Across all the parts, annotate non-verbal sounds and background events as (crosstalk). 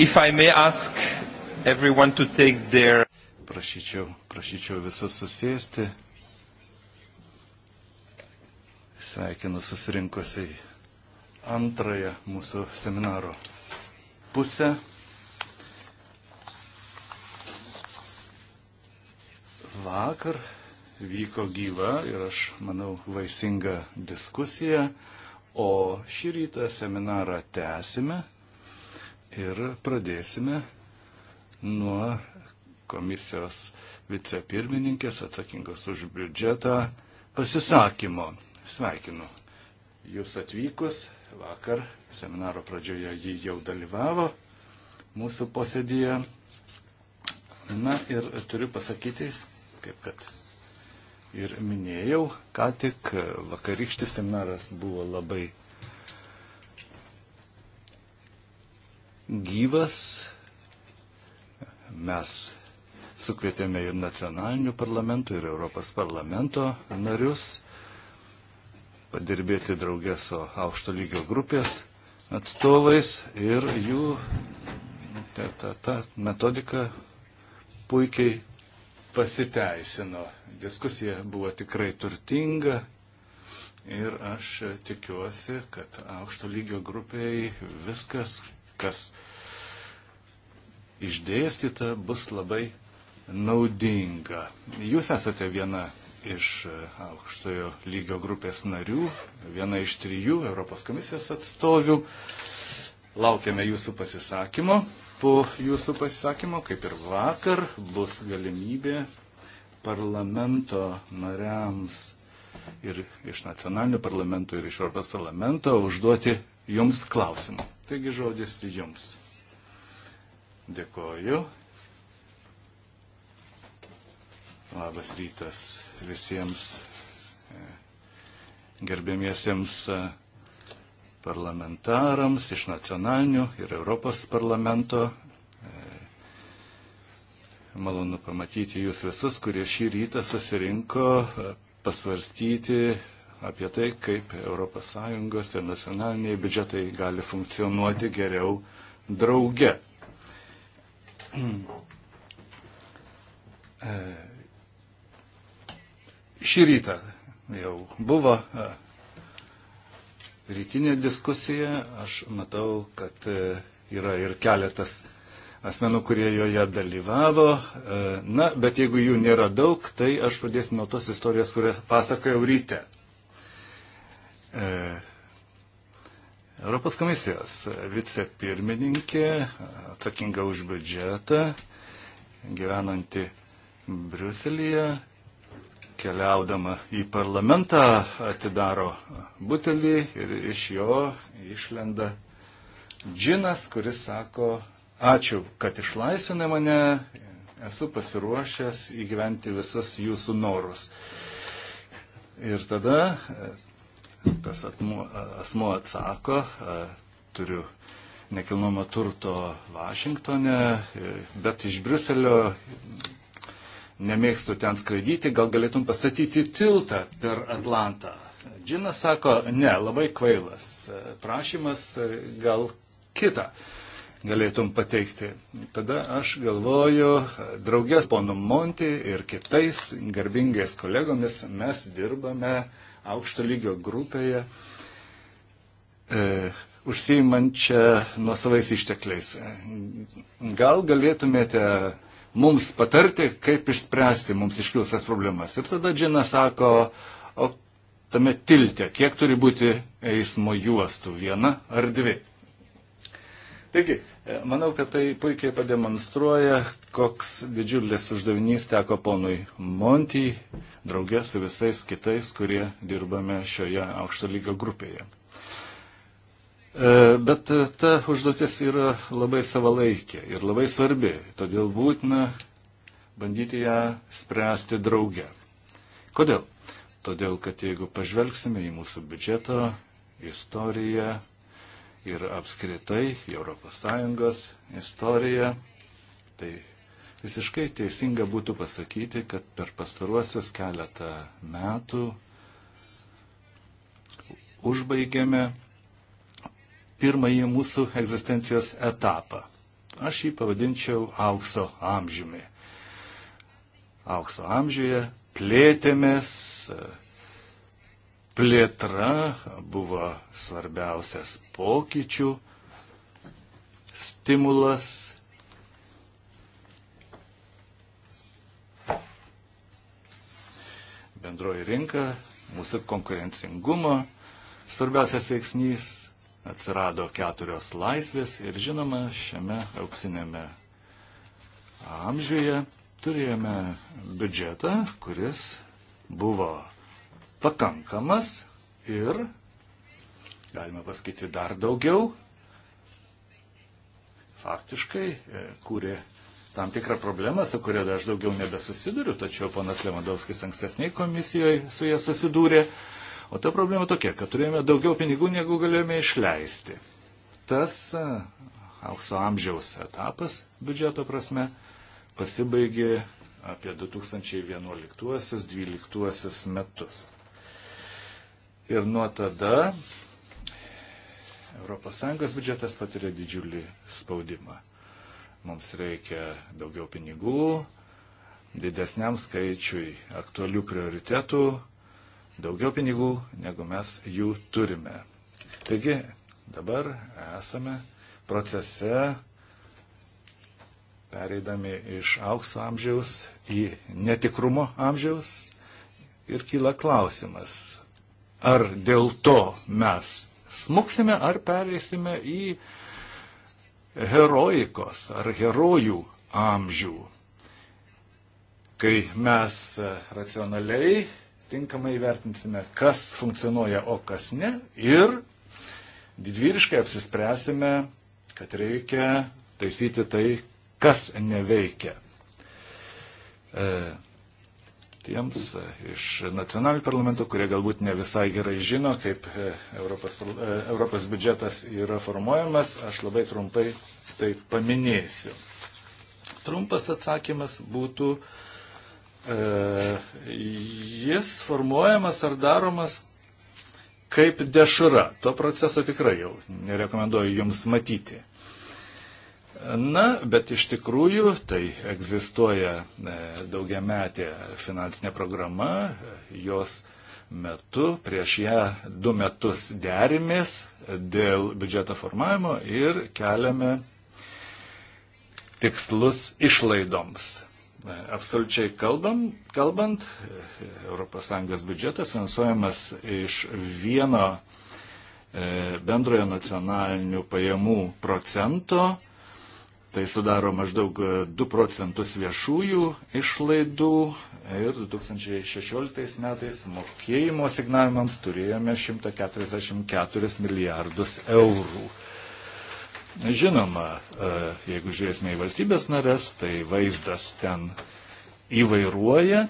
If I may ask everyone to take their... Prašyčiau, prašyčiau visus susėsti. Sveikinu susirinkusiai antrąją mūsų seminaro pusę. Vakar vyko gyva ir aš manau vaisinga diskusija, o šį rytą seminarą tęsime ir pradėsime nuo komisijos vicepirmininkės atsakingos už biudžetą pasisakymo. Sveikinu Jūs atvykus. Vakar seminaro pradžioje jį jau dalyvavo mūsų posėdėje. Na ir turiu pasakyti, kaip kad ir minėjau, ką tik vakarykštis seminaras buvo labai gyvas. Mes sukvietėme ir nacionalinių parlamentų, ir Europos parlamento narius padirbėti draugės su aukšto lygio grupės atstovais ir jų ta, ta, ta metodika puikiai pasiteisino. Diskusija buvo tikrai turtinga ir aš tikiuosi, kad aukšto lygio grupiai viskas kas išdėstyta, bus labai naudinga. Jūs esate viena iš e, aukštojo lygio grupės narių, viena iš trijų Europos komisijos atstovių. Laukiame jūsų pasisakymo. Po jūsų pasisakymo, kaip ir vakar, bus galimybė parlamento nariams ir iš nacionalinių parlamentų ir iš Europos parlamento užduoti jums klausimų. Taigi žodis jums. Dėkoju. Labas rytas visiems e, gerbėmiesiems e, parlamentarams iš nacionalinių ir Europos parlamento. E, malonu pamatyti jūs visus, kurie šį rytą susirinko pasvarstyti apie tai, kaip ES ir nacionaliniai biudžetai gali funkcionuoti geriau drauge. E, šį rytą jau buvo e, rytinė diskusija, aš matau, kad e, yra ir keletas asmenų, kurie joje dalyvavo. Na, bet jeigu jų nėra daug, tai aš pradėsiu nuo tos istorijos, kurią pasakojau ryte. E, Europos komisijos vicepirmininkė, atsakinga už biudžetą, gyvenanti Briuselėje, keliaudama į parlamentą, atidaro butelį ir iš jo išlenda džinas, kuris sako, ačiū, kad išlaisvinai mane, esu pasiruošęs įgyventi visus jūsų norus. Ir tada tas atmo, asmo atsako. E, turiu nekilnojamo turto Vašingtone, e, bet iš Briuselio nemėgstu ten skraidyti, gal galėtum pastatyti tiltą per Atlantą. Džinas sako, ne, labai kvailas e, prašymas, gal kitą galėtum pateikti. Tada aš galvoju, draugės ponu Monti ir kitais garbingais kolegomis mes dirbame uh, aukšto lygio grupėje e, užsiimančią nuosavais ištekliais. Gal galėtumėte mums patarti, kaip išspręsti mums iškilusias problemas. Ir tada Džina sako, o tame tilte, kiek turi būti eismo juostų, viena ar dvi. Taigi, E, manau, kad tai puikiai pademonstruoja, koks didžiulis uždavinys teko ponui Monty, draugės su visais kitais, kurie dirbame šioje aukšto lygio grupėje. E, bet ta užduotis yra labai savalaikė ir labai svarbi, todėl būtina bandyti ją spręsti drauge. Kodėl? Todėl, kad jeigu pažvelgsime į mūsų biudžeto istoriją, ir apskritai ES istoriją. Tai visiškai teisinga būtų pasakyti, kad per pastaruosius keletą metų užbaigėme pirmąjį mūsų egzistencijos etapą. Aš jį pavadinčiau aukso amžiumi. Aukso amžiuje plėtėmės, plėtra buvo svarbiausias pokyčių stimulas. Bendroji rinka, mūsų konkurencingumo, svarbiausias veiksnys atsirado keturios laisvės ir žinoma, šiame auksinėme amžiuje turėjome biudžetą, kuris buvo pakankamas ir, galime pasakyti, dar daugiau, faktiškai e, kūrė tam tikrą problemą, su kuria aš daugiau nebesusiduriu, tačiau ponas Levandovskis ankstesniai komisijoje su ja susidūrė. O ta problema tokia, kad turėjome daugiau pinigų, negu galėjome išleisti. Tas e, aukso amžiaus etapas biudžeto prasme pasibaigė apie 2011-2012 metus. Ir nuo tada ES biudžetas patiria didžiulį spaudimą. Mums reikia daugiau pinigų, didesniam skaičiui aktualių prioritetų, daugiau pinigų, negu mes jų turime. Taigi dabar esame procese pereidami iš aukso amžiaus į netikrumo amžiaus ir kyla klausimas, ar dėl to mes smuksime, ar pereisime į herojikos ar herojų amžių, kai mes e, racionaliai tinkamai vertinsime, kas funkcionuoja, o kas ne, ir didvyriškai apsispręsime, kad reikia taisyti tai, kas neveikia. E, tiems e, iš nacionalinių parlamentų, kurie galbūt ne visai gerai žino, kaip e, Europos, e, Europos biudžetas yra formuojamas, aš labai trumpai tai paminėsiu. Trumpas atsakymas būtų, e, jis formuojamas ar daromas kaip dešra. To proceso tikrai jau nerekomenduoju jums matyti. Na, bet iš tikrųjų tai egzistuoja e, daugiametė finansinė programa, e, jos metu, prieš ją du metus derimės dėl biudžeto formavimo ir keliame tikslus išlaidoms. E, absoliučiai kalbam, kalbant, ES biudžetas finansuojamas iš vieno bendrojo nacionalinių pajamų procento Tai sudaro maždaug 2 e, procentus viešųjų išlaidų ir 2016 metais mokėjimo signavimams turėjome 144 milijardus eurų. Žinoma, e, jeigu žiūrėsime į valstybės nares, tai vaizdas ten įvairuoja,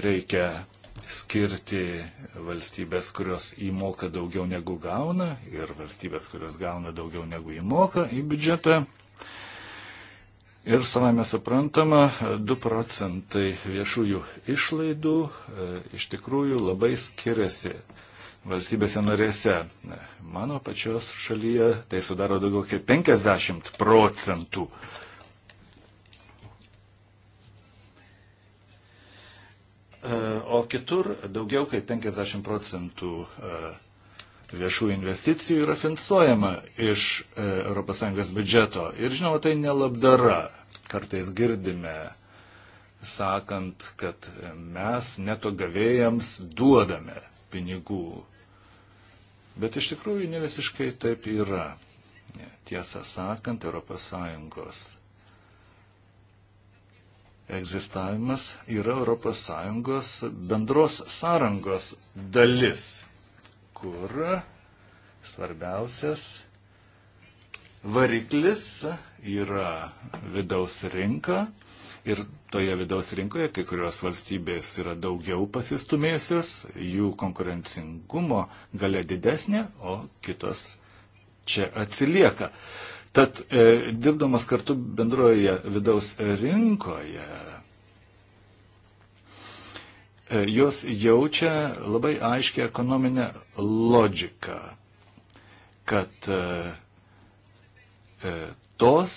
reikia skirti valstybės, kurios įmoka daugiau negu gauna ir valstybės, kurios gauna daugiau negu įmoka į biudžetą. Ir savame suprantama, 2 procentai viešųjų išlaidų e, iš tikrųjų labai skiriasi valstybėse narėse. Mano pačios šalyje tai sudaro daugiau kaip 50 procentų. E, E, o kitur daugiau kaip 50 procentų e, viešų investicijų yra finansuojama iš e, ES biudžeto. Ir žinoma, tai nelabdara. Kartais girdime, sakant, kad mes neto gavėjams duodame pinigų. Bet iš tikrųjų ne visiškai taip yra. Tiesą sakant, ES egzistavimas yra ES bendros sąrangos dalis, kur svarbiausias variklis yra vidaus rinka ir toje vidaus rinkoje kai kurios valstybės yra daugiau pasistumėjusios, jų konkurencingumo gale didesnė, o kitos čia atsilieka. Tad e, dirbdamas kartu bendroje vidaus rinkoje, e, jos jaučia labai aiškę ekonominę logiką, kad e, e, tos,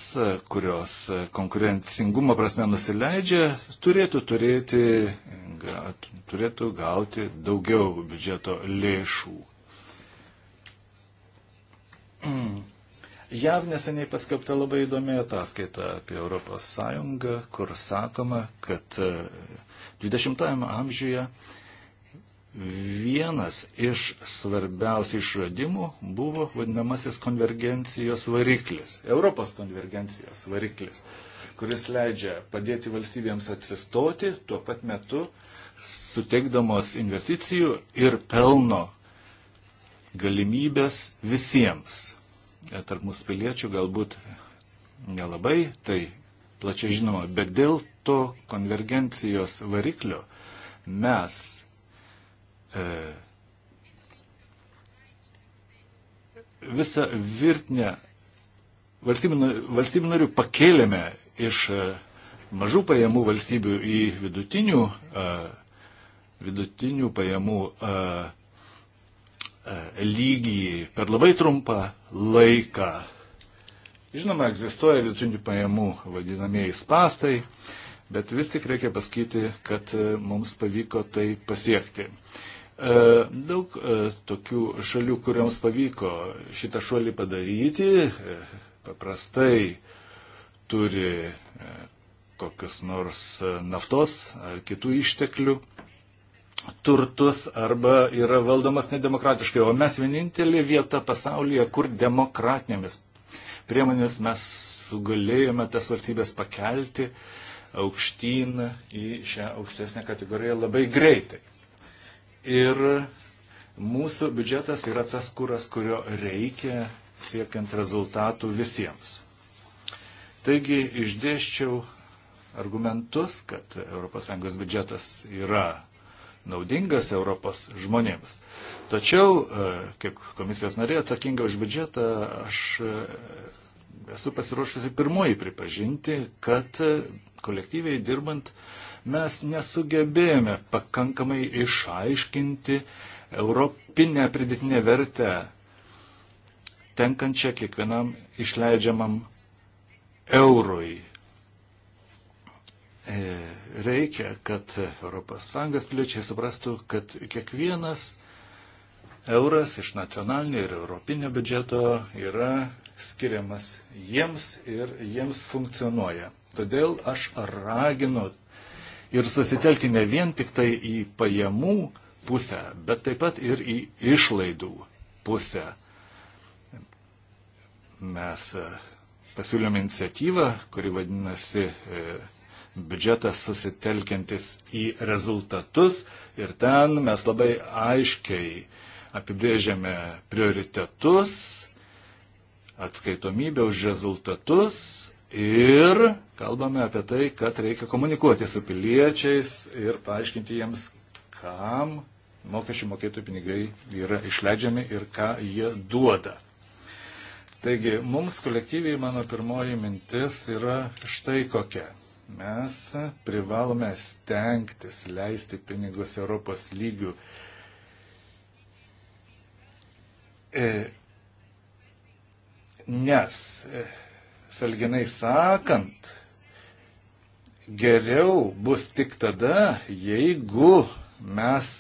kurios konkurencingumo prasme nusileidžia, turėtų, turėti, ga, turėtų gauti daugiau biudžeto lėšų. JAV neseniai paskelbta labai įdomi ataskaita apie ES, kur sakoma, kad 20-ame e, amžiuje vienas iš svarbiausių išradimų buvo vadinamasis konvergencijos variklis, Europos konvergencijos variklis, kuris leidžia padėti valstybėms atsistoti tuo pat metu, suteikdamos investicijų ir pelno galimybės visiems. E, tarp mūsų piliečių galbūt nelabai tai plačiai žinoma, bet dėl to konvergencijos variklio mes e, visą virtinę valstybių narių pakėlėme iš e, mažų pajamų valstybių į vidutinių, e, vidutinių pajamų e, E, lygį per labai trumpą laiką. Žinoma, egzistuoja vidutinių pajamų vadinamieji spastai, bet vis tik reikia pasakyti, kad e, mums pavyko tai pasiekti. E, daug tokių šalių, kuriams pavyko šitą šuolį padaryti, paprastai turi kokius nors naftos ar kitų išteklių turtus arba yra valdomas nedemokratiškai. O mes vienintelė vieta pasaulyje, kur demokratinėmis priemonės mes sugalėjome tas valstybės pakelti aukštyn į šią aukštesnę kategoriją labai greitai. Ir mūsų biudžetas yra tas kuras, kurio reikia siekiant rezultatų visiems. Taigi išdėščiau argumentus, kad ES biudžetas yra naudingas Europos žmonėms. Tačiau, e, kaip komisijos narė atsakinga už biudžetą, aš e, esu pasiruošusi pirmoji pripažinti, kad e, kolektyviai dirbant mes nesugebėjome pakankamai išaiškinti europinę pridėtinę vertę tenkančią kiekvienam išleidžiamam eurui. E, reikia, kad ES piliečiai suprastų, kad kiekvienas euras iš nacionalinio ir europinio biudžeto yra skiriamas jiems ir jiems funkcionuoja. Todėl aš raginu ir susitelkti ne vien tik tai į pajamų pusę, bet taip pat ir į išlaidų pusę. Mes pasiūlėme iniciatyvą, kuri vadinasi e, biudžetas susitelkiantis į rezultatus ir ten mes labai aiškiai apibrėžiame prioritetus, atskaitomybę už rezultatus ir kalbame apie tai, kad reikia komunikuoti su piliečiais ir paaiškinti jiems, kam mokesčių mokėtojų pinigai yra išleidžiami ir ką jie duoda. Taigi, mums kolektyviai mano pirmoji mintis yra štai kokia. Mes privalome stengtis leisti pinigus Europos lygių. E, nes, e, salginai sakant, geriau bus tik tada, jeigu mes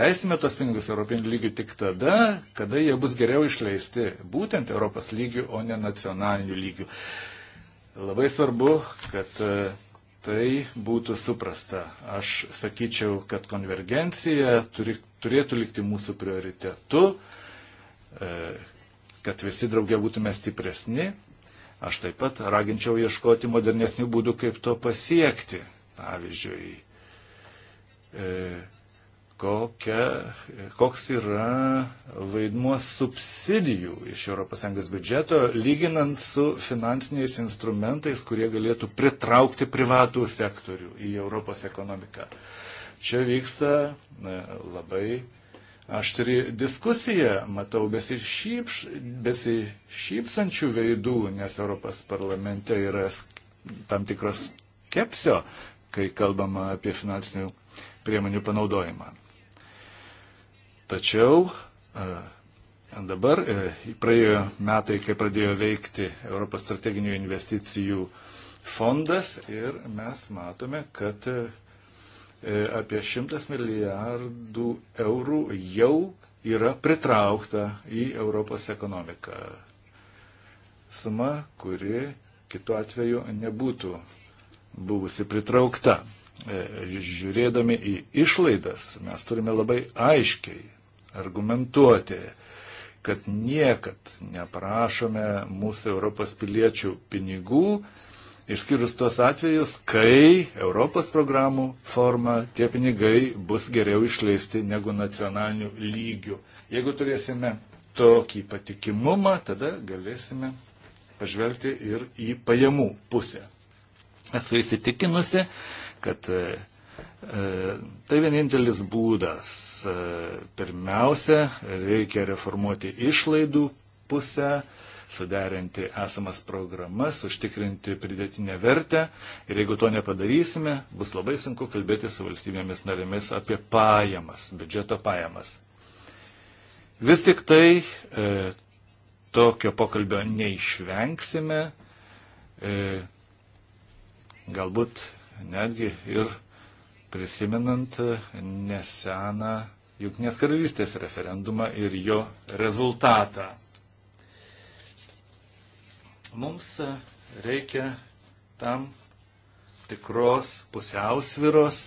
leisime tos pinigus Europinių lygių tik tada, kada jie bus geriau išleisti būtent Europos lygių, o ne nacionalinių lygių. Labai svarbu, kad e, tai būtų suprasta. Aš sakyčiau, kad konvergencija turi, turėtų likti mūsų prioritetu, e, kad visi draugė būtume stipresni. Aš taip pat raginčiau ieškoti modernesnių būdų, kaip to pasiekti. Pavyzdžiui, e, kokia, koks yra vaidmuo subsidijų iš ES biudžeto, lyginant su finansiniais instrumentais, kurie galėtų pritraukti privatų sektorių į Europos ekonomiką. Čia vyksta labai aštri diskusija, matau besišyps, besišypsančių veidų, nes Europos parlamente yra tam tikras kepsio, kai kalbama apie finansinių priemonių panaudojimą. Tačiau e, dabar e, praėjo metai, kai pradėjo veikti Europos strateginių investicijų fondas ir mes matome, kad e, apie 100 milijardų eurų jau yra pritraukta į Europos ekonomiką. Suma, kuri kitu atveju nebūtų buvusi pritraukta žiūrėdami į išlaidas, mes turime labai aiškiai argumentuoti, kad niekad neprašome mūsų Europos piliečių pinigų, išskyrus tuos atvejus, kai Europos programų forma tie pinigai bus geriau išleisti negu nacionalinių lygių. Jeigu turėsime tokį patikimumą, tada galėsime pažvelgti ir į pajamų pusę. Esu įsitikinusi, kad E, tai vienintelis būdas. E, pirmiausia, reikia reformuoti išlaidų pusę, suderinti esamas programas, užtikrinti pridėtinę vertę. Ir jeigu to nepadarysime, bus labai sunku kalbėti su valstybėmis narėmis apie pajamas, biudžeto pajamas. Vis tik tai e, tokio pokalbio neišvengsime, e, galbūt netgi ir prisimenant neseną Junknės karalystės referendumą ir jo rezultatą. Mums reikia tam tikros pusiausviros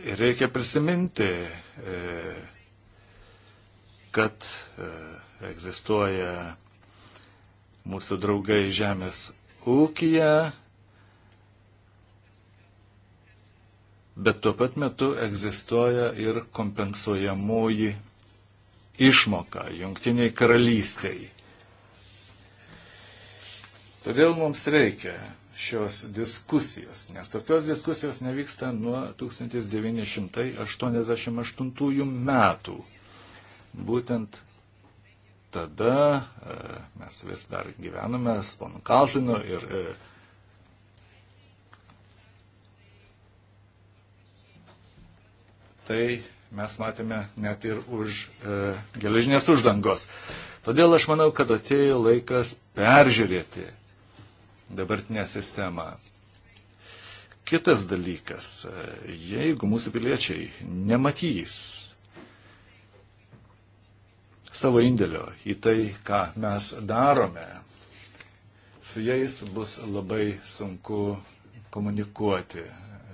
ir reikia prisiminti, e, kad e, egzistuoja mūsų draugai žemės ūkija, bet tuo pat metu egzistuoja ir kompensuojamoji išmoka jungtiniai karalystiai. Todėl mums reikia šios diskusijos, nes tokios diskusijos nevyksta nuo 1988 metų. Būtent tada e, mes vis dar gyvename Sponu Kaltinu ir e, tai mes matėme net ir už e, geležinės uždangos. Todėl aš manau, kad atėjo laikas peržiūrėti dabartinę sistemą. Kitas dalykas, e, jeigu mūsų piliečiai nematys savo indėlio į tai, ką mes darome, su jais bus labai sunku komunikuoti.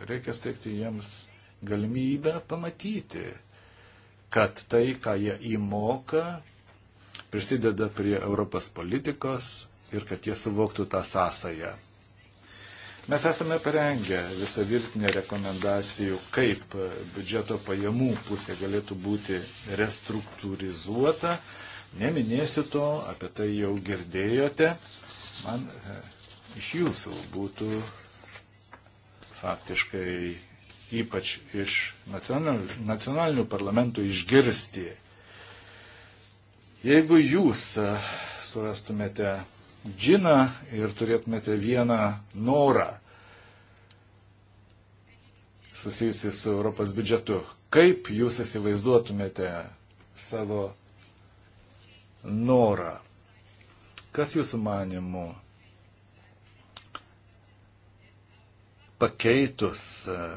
Reikia steigti jiems galimybę pamatyti, kad tai, ką jie įmoka, prisideda prie Europos politikos ir kad jie suvoktų tą sąsają. Mes esame parengę visą virtinę rekomendacijų, kaip biudžeto pajamų pusė galėtų būti restruktūrizuota. Neminėsiu to, apie tai jau girdėjote. Man e, iš jūsų būtų faktiškai ypač iš nacionalinių, nacionalinių parlamentų išgirsti. Jeigu jūs e, surastumėte džiną ir turėtumėte vieną norą susijusi su Europos biudžetu, kaip jūs įsivaizduotumėte savo norą? Kas jūsų manimu pakeitus uh,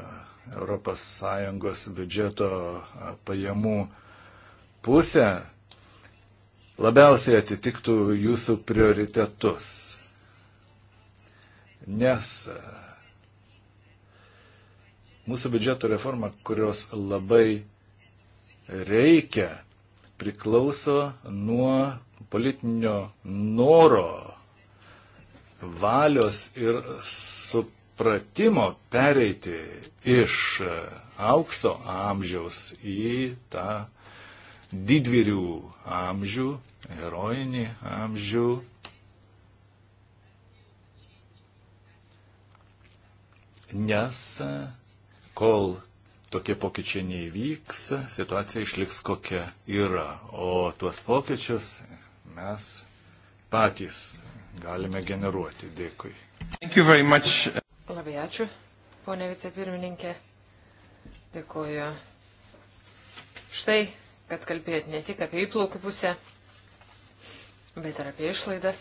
ES biudžeto pajamų pusę labiausiai atitiktų jūsų prioritetus. Nes mūsų biudžeto reforma, kurios labai reikia, priklauso nuo politinio noro, valios ir supratimų supratimo pereiti iš e, aukso amžiaus į tą didvyrių amžių, herojinį amžių. Nes e, kol tokie pokyčiai neįvyks, situacija išliks kokia yra. O tuos pokyčius mes patys galime generuoti. Dėkui. Labai ačiū, ponė vicepirmininkė. Dėkuoju. Štai, kad kalbėjot ne tik apie įplaukų pusę, bet ir apie išlaidas.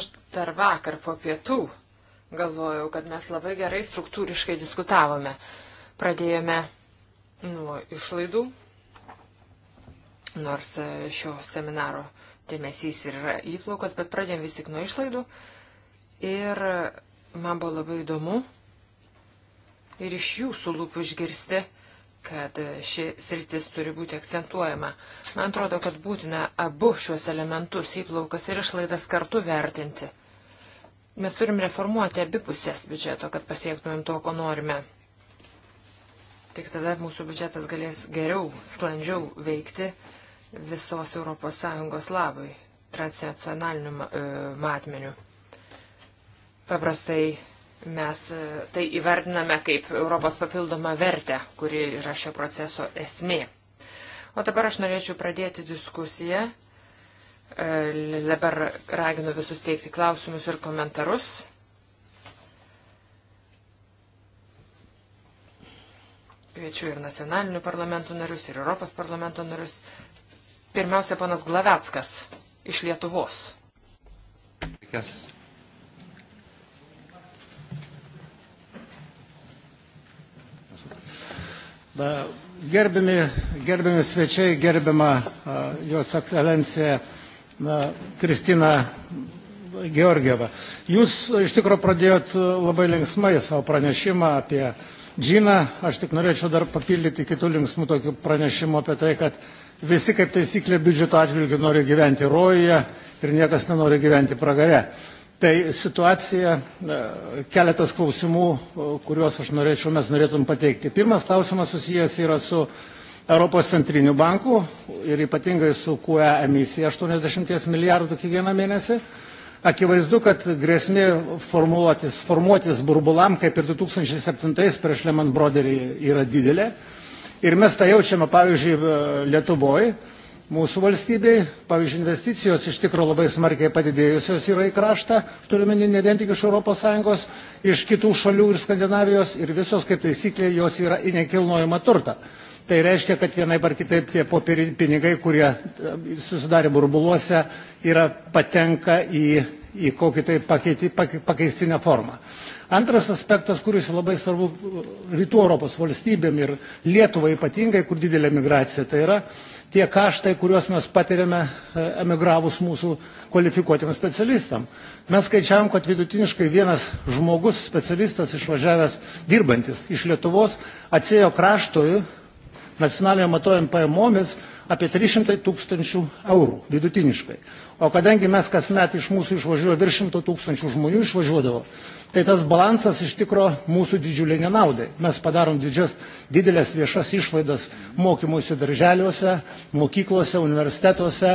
Aš dar vakar po pietų galvojau, kad mes labai gerai struktūriškai diskutavome. Pradėjome nuo išlaidų, nors šio seminaro dėmesys ir yra įplaukos, bet pradėjom vis tik nuo išlaidų. Ir Man buvo labai įdomu ir iš jūsų lūpų išgirsti, kad ši sritis turi būti akcentuojama. Man atrodo, kad būtina abu šios elementus įplaukas ir išlaidas kartu vertinti. Mes turim reformuoti abipusės biudžeto, kad pasiektumėm to, ko norime. Tik tada mūsų biudžetas galės geriau, sklandžiau veikti visos ES labui, transnacionaliniu e, matmeniu. Paprastai mes e, tai įvardiname kaip Europos papildomą vertę, kuri yra šio proceso esmė. O dabar aš norėčiau pradėti diskusiją. E, dabar raginu visus teikti klausimus ir komentarus. Kviečiu ir nacionalinių parlamentų narius, ir Europos parlamento narius. Pirmiausia, panas Glaveckas iš Lietuvos. Yes. Gerbiami, gerbiami svečiai, gerbiama Jos ekscelencija Kristina Georgieva. Jūs iš tikrųjų pradėjot labai linksmai savo pranešimą apie džiną. Aš tik norėčiau dar papildyti kitų linksmų tokių pranešimų apie tai, kad visi kaip taisyklė biudžeto atžvilgių nori gyventi rojuje ir niekas nenori gyventi pragare. Tai situacija, keletas klausimų, kuriuos aš norėčiau, mes norėtum pateikti. Pirmas klausimas susijęs yra su Europos centriniu banku ir ypatingai su QE emisija 80 milijardų kiekvieną mėnesį. Akivaizdu, kad grėsmė formuotis, formuotis burbulam, kaip ir 2007 prieš Lehman Broderį, yra didelė. Ir mes tą jaučiame, pavyzdžiui, Lietuvoje mūsų valstybei. Pavyzdžiui, investicijos iš tikrųjų labai smarkiai padidėjusios yra į kraštą, turiuomenį ne vien tik iš ES, iš kitų šalių ir Skandinavijos ir visos kaip taisyklė jos yra į nekilnojimą turtą. Tai reiškia, kad vienai par kitaip tie popieriniai pinigai, kurie e, susidarė burbuluose, yra patenka į, į kokį tai pakeiti, pakeistinę formą. Antras aspektas, kuris labai svarbu e, rytų Europos valstybėm ir Lietuvai ypatingai, kur didelė migracija, tai yra tie kaštai, kuriuos mes patiriame e, emigravus mūsų kvalifikuotiems specialistam. Mes skaičiavam, kad vidutiniškai vienas žmogus, specialistas išvažiavęs, dirbantis iš Lietuvos, atsėjo kraštojų nacionalinio matuojant pajamomis apie 300 tūkstančių eurų vidutiniškai. O kadangi mes kasmet iš mūsų išvažiuoja virš 100 tūkstančių žmonių išvažiuodavo, tai tas balansas iš tikro mūsų didžiulė nenaudai. Mes padarom didžias, didelės viešas išlaidas mokymuose darželiuose, mokyklose, universitetuose,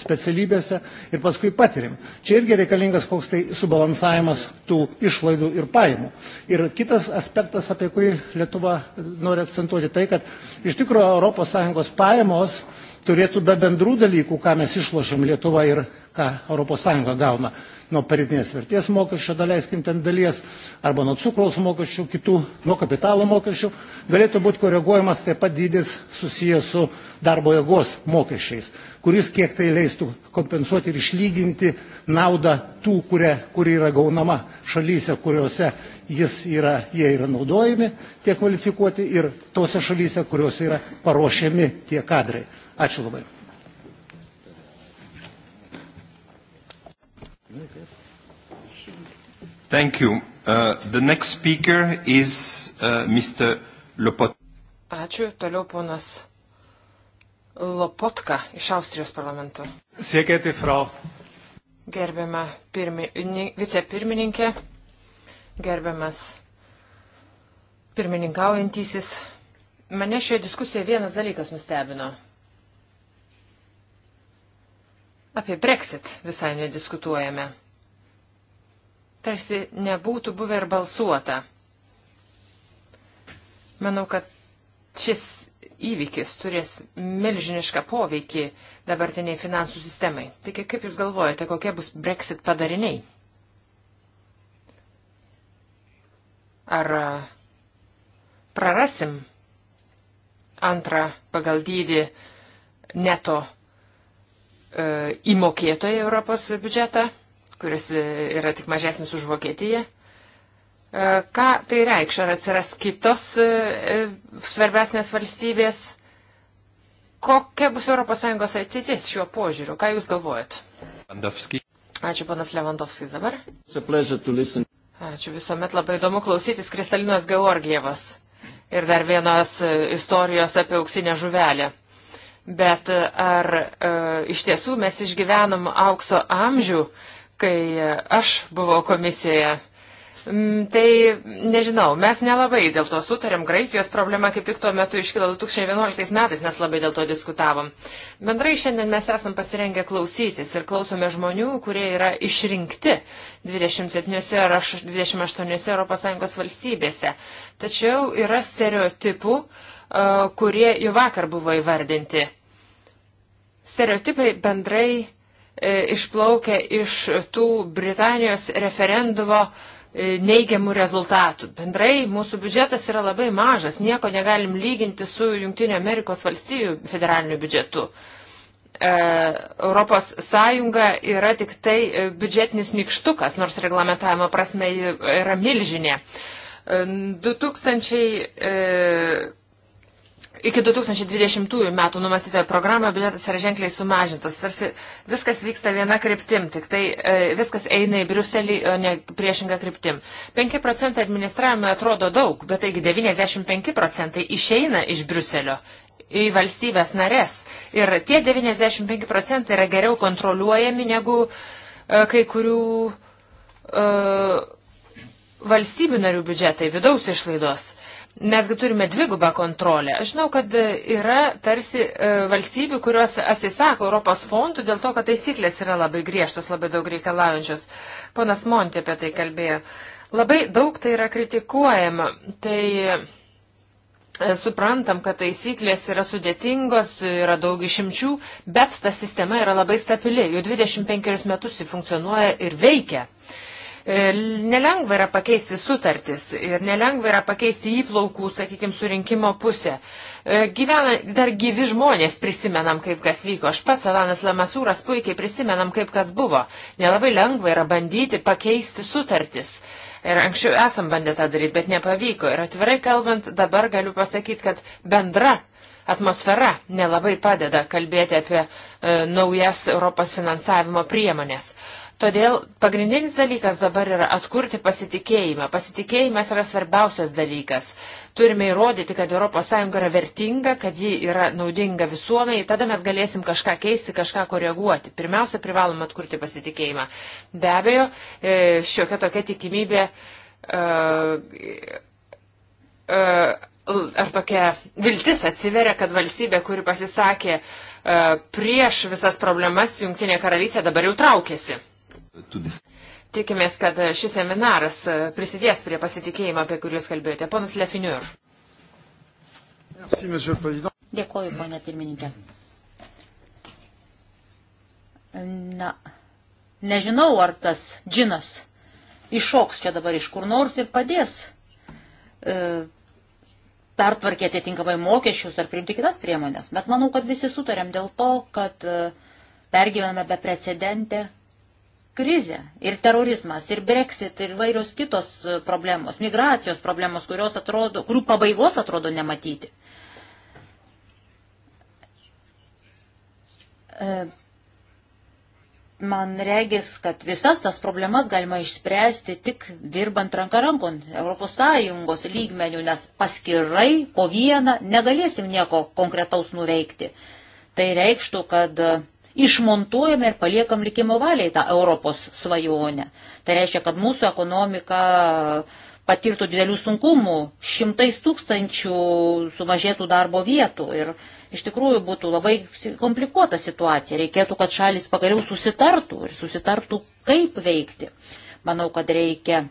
specialybėse ir paskui patirim. Čia irgi reikalingas koks tai subalansavimas tų išlaidų ir pajamų. Ir kitas aspektas, apie kurį Lietuva nori akcentuoti, tai, kad iš tikro ES pajamos turėtų be bendrų dalykų, ką mes išlošiam Lietuva ir ką ES gauna nuo paritinės vertės mokesčio, daleiskim ten dalies, arba nuo cukraus mokesčių, kitų, nuo kapitalo mokesčių, galėtų būti koreguojamas taip pat dydis susijęs su darbo jėgos mokesčiais, kuris kiek tai leistų kompensuoti ir išlyginti naudą tų, kurie, kuri yra gaunama šalyse, kuriuose jis yra, jie yra naudojami, tie kvalifikuoti ir tose šalyse, kuriuose yra paruošiami tie kadrai. Ačiū labai. Thank you. Uh, the next speaker is uh, Mr. Lopot. Ačiū. Toliau ponas Lopotka iš Austrijos parlamento. Siekėti, frau. Gerbiama pirmi, vicepirmininkė, gerbiamas pirmininkaujantysis. Mane šioje diskusijoje vienas dalykas nustebino. Apie Brexit visai nediskutuojame tarsi nebūtų buvę ir balsuota. Manau, kad šis įvykis turės milžinišką poveikį dabartiniai finansų sistemai. Tik kaip Jūs galvojate, kokie bus Brexit padariniai? Ar prarasim antrą pagal dydį neto e, įmokėtoją Europos biudžetą? kuris e, yra tik mažesnis už Vokietiją. E, ką tai reikš? Ar atsiras kitos e, svarbesnės valstybės? Kokia bus ES ateitis šiuo požiūriu? Ką Jūs galvojat? Lewandowski. Ačiū, panas Levandovskis dabar. Ačiū visuomet labai įdomu klausytis Kristalinos Georgievas. Ir dar vienos istorijos apie auksinę žuvelę. Bet ar e, iš tiesų mes išgyvenom aukso amžių? E, kai aš buvau komisijoje. Mm, tai nežinau, mes nelabai dėl to sutarėm, Graikijos problema kaip tik tuo metu iškilo 2011 metais, mes labai dėl to diskutavom. Bendrai šiandien mes esam pasirengę klausytis ir klausome žmonių, kurie yra išrinkti 27 ar 28 ES valstybėse. Tačiau yra stereotipų, kurie jau vakar buvo įvardinti. Stereotipai bendrai E, išplaukia iš tų Britanijos referendumo e, neigiamų rezultatų. Bendrai mūsų biudžetas yra labai mažas, nieko negalim lyginti su Junktinio Amerikos valstijų federaliniu biudžetu. E, Europos Sąjunga yra tik tai biudžetinis mykštukas, nors reglamentavimo prasme yra milžinė. 2000 Iki 2020 metų numatytoje programoje biudžetas yra ženkliai sumažintas. Tarsi viskas vyksta viena kryptim, tik tai e, viskas eina į Briuselį, o ne priešingą kryptim. 5 procentai administravime atrodo daug, bet taigi 95 procentai išeina iš Briuselio į valstybės narės. Ir tie 95 procentai yra geriau kontroliuojami negu e, kai kurių e, valstybių narių biudžetai, vidaus išlaidos. Mesgi turime dvigubą kontrolę. Aš žinau, kad yra tarsi e, valstybių, kurios atsisako Europos fondų dėl to, kad taisyklės yra labai griežtos, labai daug reikalaujančios. Ponas Monti apie tai kalbėjo. Labai daug tai yra kritikuojama. Tai e, suprantam, kad taisyklės yra sudėtingos, yra daug išimčių, bet ta sistema yra labai stabili. Jau 25 metus ji funkcionuoja ir veikia. Uh, E, nelengva yra pakeisti sutartis ir nelengva yra pakeisti įplaukų, sakykime, surinkimo pusę. E, gyvena dar gyvi žmonės, prisimenam, kaip kas vyko. Aš pats, Alanas Lamasūras, puikiai prisimenam, kaip kas buvo. Nelabai lengva yra bandyti pakeisti sutartis. Ir anksčiau esam bandę tą daryti, bet nepavyko. Ir atvirai kalbant, dabar galiu pasakyti, kad bendra atmosfera nelabai padeda kalbėti apie e, naujas Europos finansavimo priemonės. E, Todėl pagrindinis dalykas dabar yra atkurti pasitikėjimą. Pasitikėjimas yra svarbiausias dalykas. Turime įrodyti, kad ES yra vertinga, kad ji yra naudinga visuomeniai, tada mes galėsim kažką keisti, kažką koreguoti. Pirmiausia, privalom atkurti pasitikėjimą. Be abejo, e, šiokia tokia tikimybė. Uh, uh, ar tokia viltis atsiveria, kad valstybė, kuri pasisakė prieš visas problemas, Junktinė karalystė dabar jau traukėsi. Tikimės, kad šis seminaras prisidės prie pasitikėjimo, apie kuriuos kalbėjote. Ponas Lefiniur. Dėkoju, ponė pirmininkė. Na, nežinau, ar tas džinas iššoks čia dabar iš kur nors ir padės e, pertvarkė atitinkamai mokesčius ar priimti kitas priemonės. Bet manau, kad visi sutarėm dėl to, kad e, pergyvename be precedentę krizė, ir terorizmas, ir Brexit, ir vairios kitos e, problemos, migracijos problemos, kurios atrodo, kurių pabaigos atrodo nematyti. E, man regis, kad visas tas problemas galima išspręsti tik dirbant ranką rankon ES lygmenių, nes paskirai po vieną negalėsim nieko konkretaus nuveikti. Tai reikštų, kad išmontuojame ir paliekam likimo valiai tą Europos svajonę. Tai reiškia, kad mūsų ekonomika patirtų didelių sunkumų, šimtais tūkstančių sumažėtų darbo vietų ir iš tikrųjų būtų labai komplikuota situacija. Reikėtų, kad šalis pagaliau susitartų ir susitartų, kaip veikti. Manau, kad reikia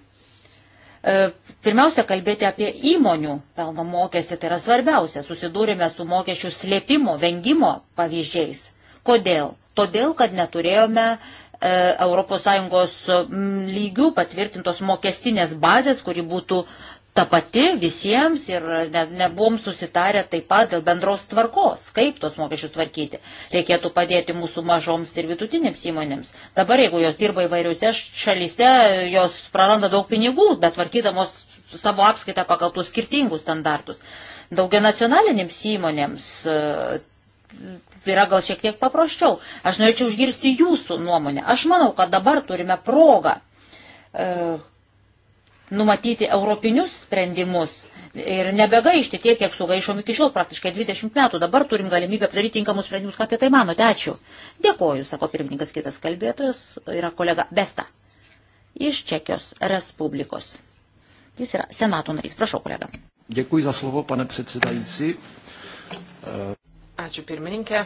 e, Pirmiausia, kalbėti apie įmonių pelno mokestį, tai yra svarbiausia. Susidūrėme su mokesčių slėpimo, vengimo pavyzdžiais. Kodėl? Todėl, kad neturėjome ES lygių patvirtintos mokestinės bazės, kuri būtų ta pati visiems ir ne, nebuvom susitarę taip pat dėl bendros tvarkos, kaip tos mokesčius tvarkyti. Reikėtų padėti mūsų mažoms ir vidutinėms įmonėms. Dabar, jeigu jos dirba įvairiuose šalyse, jos praranda daug pinigų, bet tvarkydamos savo apskaitą pagal tų skirtingus standartus. Daugia nacionalinėms įmonėms e, Tai yra gal šiek tiek paprasčiau. Aš norėčiau užgirsti jūsų nuomonę. Aš manau, kad dabar turime progą e, numatyti europinius sprendimus ir nebegaišti tiek, kiek sugaišom iki šiol, praktiškai 20 metų. Dabar turim galimybę padaryti tinkamus sprendimus. Ką apie tai manote? Ačiū. Dėkoju, sako pirmininkas kitas kalbėtojas, yra kolega Besta iš Čekijos Respublikos. Jis yra senato narys. Prašau, kolega. Děkuji za slovo, pane předsedající. Ačiū pirmininkė.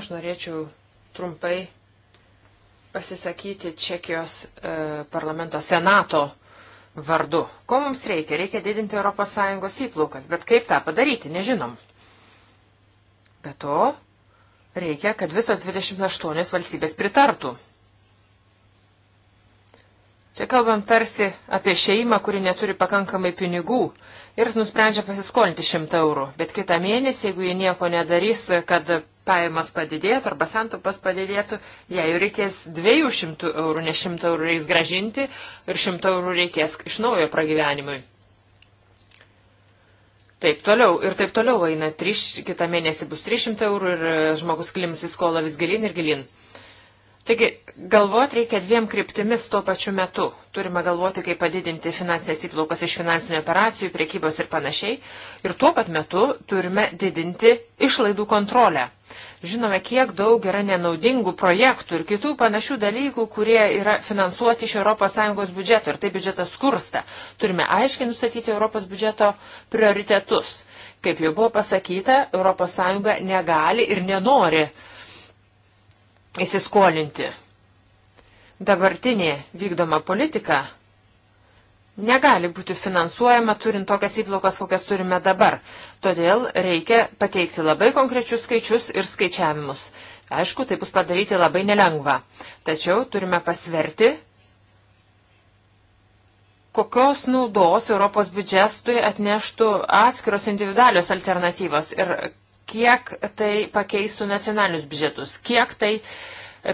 Aš norėčiau trumpai pasisakyti Čekijos e, parlamento senato vardu. Ko mums reikia? Reikia didinti ES įplaukas, bet kaip tą padaryti, nežinom. Be to, reikia, kad visos 28 valstybės pritartų. Čia kalbam tarsi apie šeimą, kuri neturi pakankamai pinigų ir nusprendžia pasiskolinti 100 eurų, bet kitą mėnesį, jeigu jie nieko nedarys, kad pajamas padidėtų arba santupas padidėtų, jei jau reikės 200 eurų, ne 100 eurų reiks gražinti ir 100 eurų reikės iš naujo pragyvenimui. Taip toliau ir taip toliau eina, triš, kitą mėnesį bus 300 eurų ir žmogus klims į skolą vis gilin ir gilin. Taigi, galvoti reikia dviem kryptimis tuo pačiu metu. Turime galvoti, kaip padidinti finansinės įplaukas iš finansinių operacijų, priekybos ir panašiai. Ir tuo pat metu turime didinti išlaidų kontrolę. Žinome, kiek daug yra nenaudingų projektų ir kitų panašių dalykų, kurie yra finansuoti iš ES biudžeto ir tai biudžetas skursta. Turime aiškiai nustatyti ES biudžeto prioritetus. Kaip jau buvo pasakyta, ES negali ir nenori įsiskolinti. Dabartinė vykdoma politika negali būti finansuojama turint tokias įplaukas, kokias turime dabar. Todėl reikia pateikti labai konkrečius skaičius ir skaičiavimus. Aišku, tai bus padaryti labai nelengva. Tačiau turime pasverti, kokios naudos Europos biudžestui atneštų atskiros individualios alternatyvos ir kiek tai pakeistų nacionalinius biudžetus, kiek tai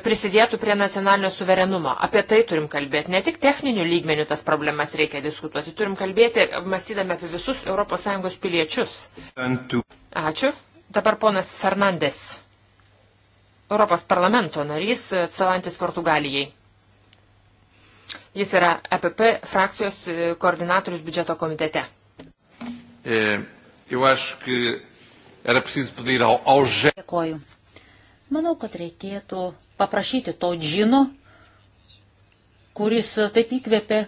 prisidėtų prie nacionalinio suverenumo. Apie tai turim kalbėti. Ne tik techninių lygmenių tas problemas reikia diskutuoti, turim kalbėti, mąstydami apie visus ES piliečius. Ačiū. Dabar ponas Fernandes, Europos parlamento narys, atsovantis Portugalijai. Jis yra EPP frakcijos koordinatorius biudžeto komitete. É, eh, eu acho que Era preciso pedir ao, ao Dėkoju. Manau, kad reikėtų paprašyti to džino, kuris taip įkvėpė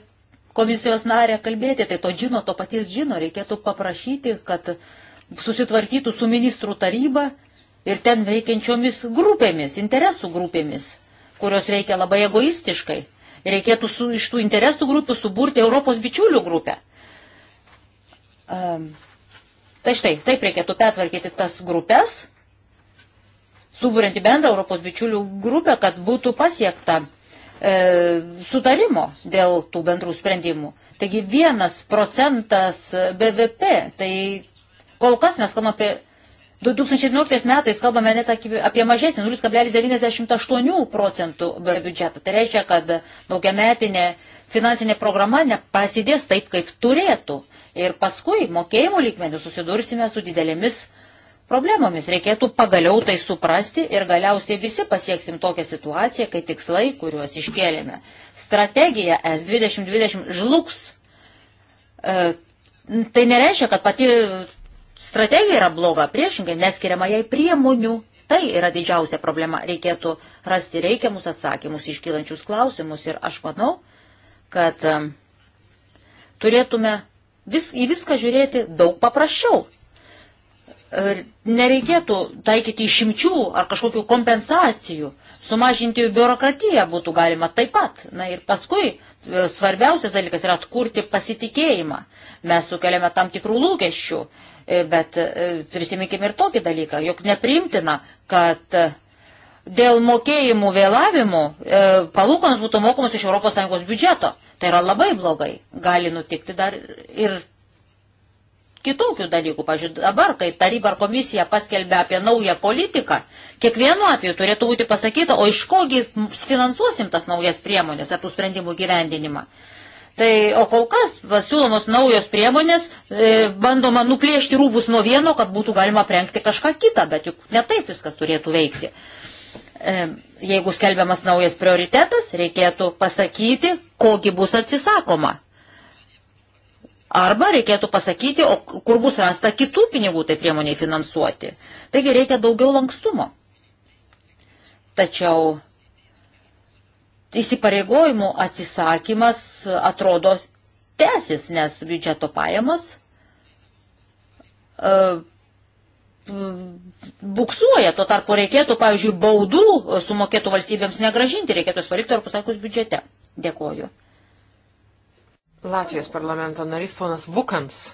komisijos narę kalbėti, tai to džino, to paties džino reikėtų paprašyti, kad susitvarkytų su ministrų taryba ir ten veikiančiomis grupėmis, interesų grupėmis, kurios veikia labai egoistiškai. Reikėtų su, iš tų interesų grupių suburti Europos bičiulių grupę. Um, Tai štai, taip reikėtų pertvarkyti tas grupės, suburianti bendrą Europos bičiulių grupę, kad būtų pasiekta e, sutarimo dėl tų bendrų sprendimų. Taigi vienas procentas BVP, tai kol kas mes kalbame apie 2011 metais kalbame net apie mažesnį 0,98 procentų biudžetą. Tai reiškia, kad daugiametinė finansinė programa nepasidės taip, kaip turėtų. Ir paskui mokėjimų lygmenių susidursime su didelėmis problemomis. Reikėtų pagaliau tai suprasti ir galiausiai visi pasieksim tokią situaciją, kai tikslai, kuriuos iškėlėme. Strategija S2020 žlugs. E, tai nereiškia, kad pati strategija yra bloga, priešingai neskiriama jai priemonių. Tai yra didžiausia problema. Reikėtų rasti reikiamus atsakymus iškylančius klausimus ir aš manau, kad um, turėtume vis, į viską žiūrėti daug paprasčiau. Nereikėtų taikyti išimčių ar kažkokių kompensacijų. Sumažinti biurokratiją būtų galima taip pat. Na ir paskui e, svarbiausias dalykas yra atkurti pasitikėjimą. Mes sukeliame tam tikrų lūkesčių E, bet e, prisiminkime ir tokį dalyką, jog neprimtina, kad e, dėl mokėjimų vėlavimų palūkanos būtų mokamos iš ES biudžeto. Tai yra labai blogai. Gali nutikti dar ir kitokių dalykų. Pavyzdžiui, dabar, kai taryba ar komisija paskelbė apie naują politiką, kiekvienu atveju turėtų būti pasakyta, o iš kogi finansuosim tas naujas priemonės ar tų sprendimų gyvendinimą. Tai, o kol kas pasiūlomos naujos priemonės, e, bandoma nuplėšti rūbus nuo vieno, kad būtų galima prengti kažką kitą, bet juk netaip viskas turėtų veikti. E, jeigu skelbiamas naujas prioritetas, reikėtų pasakyti, kogi bus atsisakoma. Arba reikėtų pasakyti, o kur bus rasta kitų pinigų tai priemoniai finansuoti. Taigi reikia daugiau lankstumo. Tačiau įsipareigojimų atsisakymas atrodo tęsis, nes biudžeto pajamas uh, buksuoja. Tuo tarpu reikėtų, pavyzdžiui, baudų sumokėtų valstybėms negražinti, reikėtų svaryti Europos Sąjungos biudžete. Dėkoju. Latvijos parlamento narys ponas Vukans.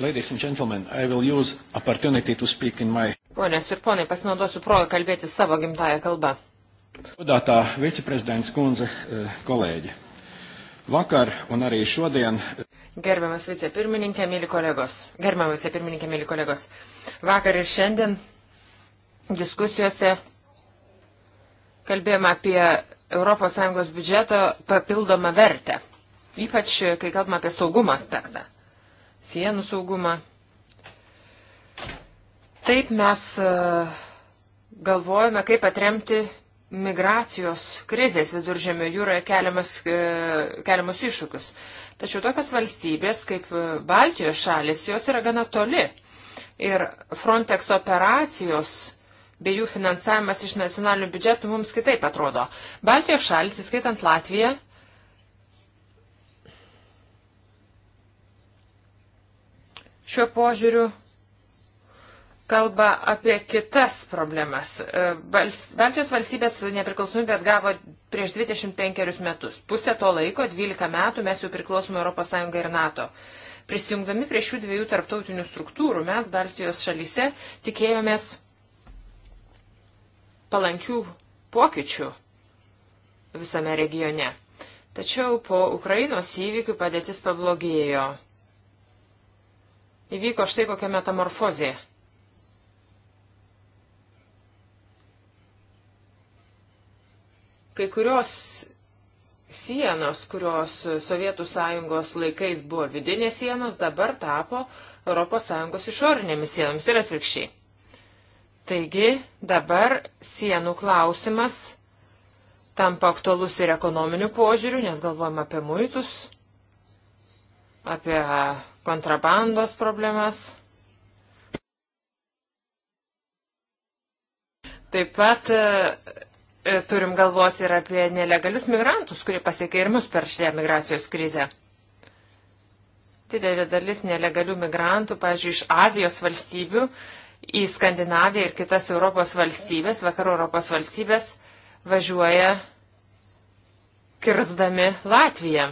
Ladies and gentlemen, I will use opportunity to speak in my Ponės ir ponai, pasinaudosiu progą kalbėti savo gimtają kalbą. Godātā viceprezidents kundze, e, kolēģi. Vakar un arī šodien. E, Gerbiamas vicepirmininkė, mėly kolegos. Gerbiamas vicepirmininkė, mėly kolegos. Vakar ir šiandien diskusijose kalbėjome apie ES biudžeto papildomą vertę. Ypač, e, kai kalbame apie saugumo aspektą. Sienų saugumą, Taip mes e, galvojame, kaip atremti migracijos krizės viduržėmio jūroje keliamas, e, keliamus iššūkius. Tačiau tokios valstybės kaip e, Baltijos šalis, jos yra gana toli. Ir Frontex operacijos bei jų finansavimas iš nacionalinių biudžetų mums kitaip atrodo. Baltijos šalis, įskaitant Latviją, šiuo požiūriu kalba apie kitas problemas. E, Baltijos valstybės nepriklausomybę atgavo prieš 25 metus. Pusę to laiko, 12 metų, mes jau priklausome ES ir NATO. Prisijungdami prie šių dviejų tarptautinių struktūrų, mes Baltijos šalyse tikėjomės palankių pokyčių visame regione. Tačiau po Ukrainos įvykių padėtis pablogėjo. Įvyko štai kokia metamorfozė Kai kurios sienos, kurios Sovietų sąjungos laikais buvo vidinės sienos, dabar tapo Europos sąjungos išorinėmis sienomis ir atvirkščiai. Taigi dabar sienų klausimas tampa aktualus ir ekonominiu požiūriu, nes galvojam apie muitus, apie kontrabandos problemas. Taip pat E, turim galvoti ir apie nelegalius migrantus, kurie pasiekė ir mus per šią migracijos krizę. Didelė dalis nelegalių migrantų, pavyzdžiui, iš Azijos valstybių į Skandinaviją ir kitas Europos valstybės, vakarų Europos valstybės važiuoja kirzdami Latviją.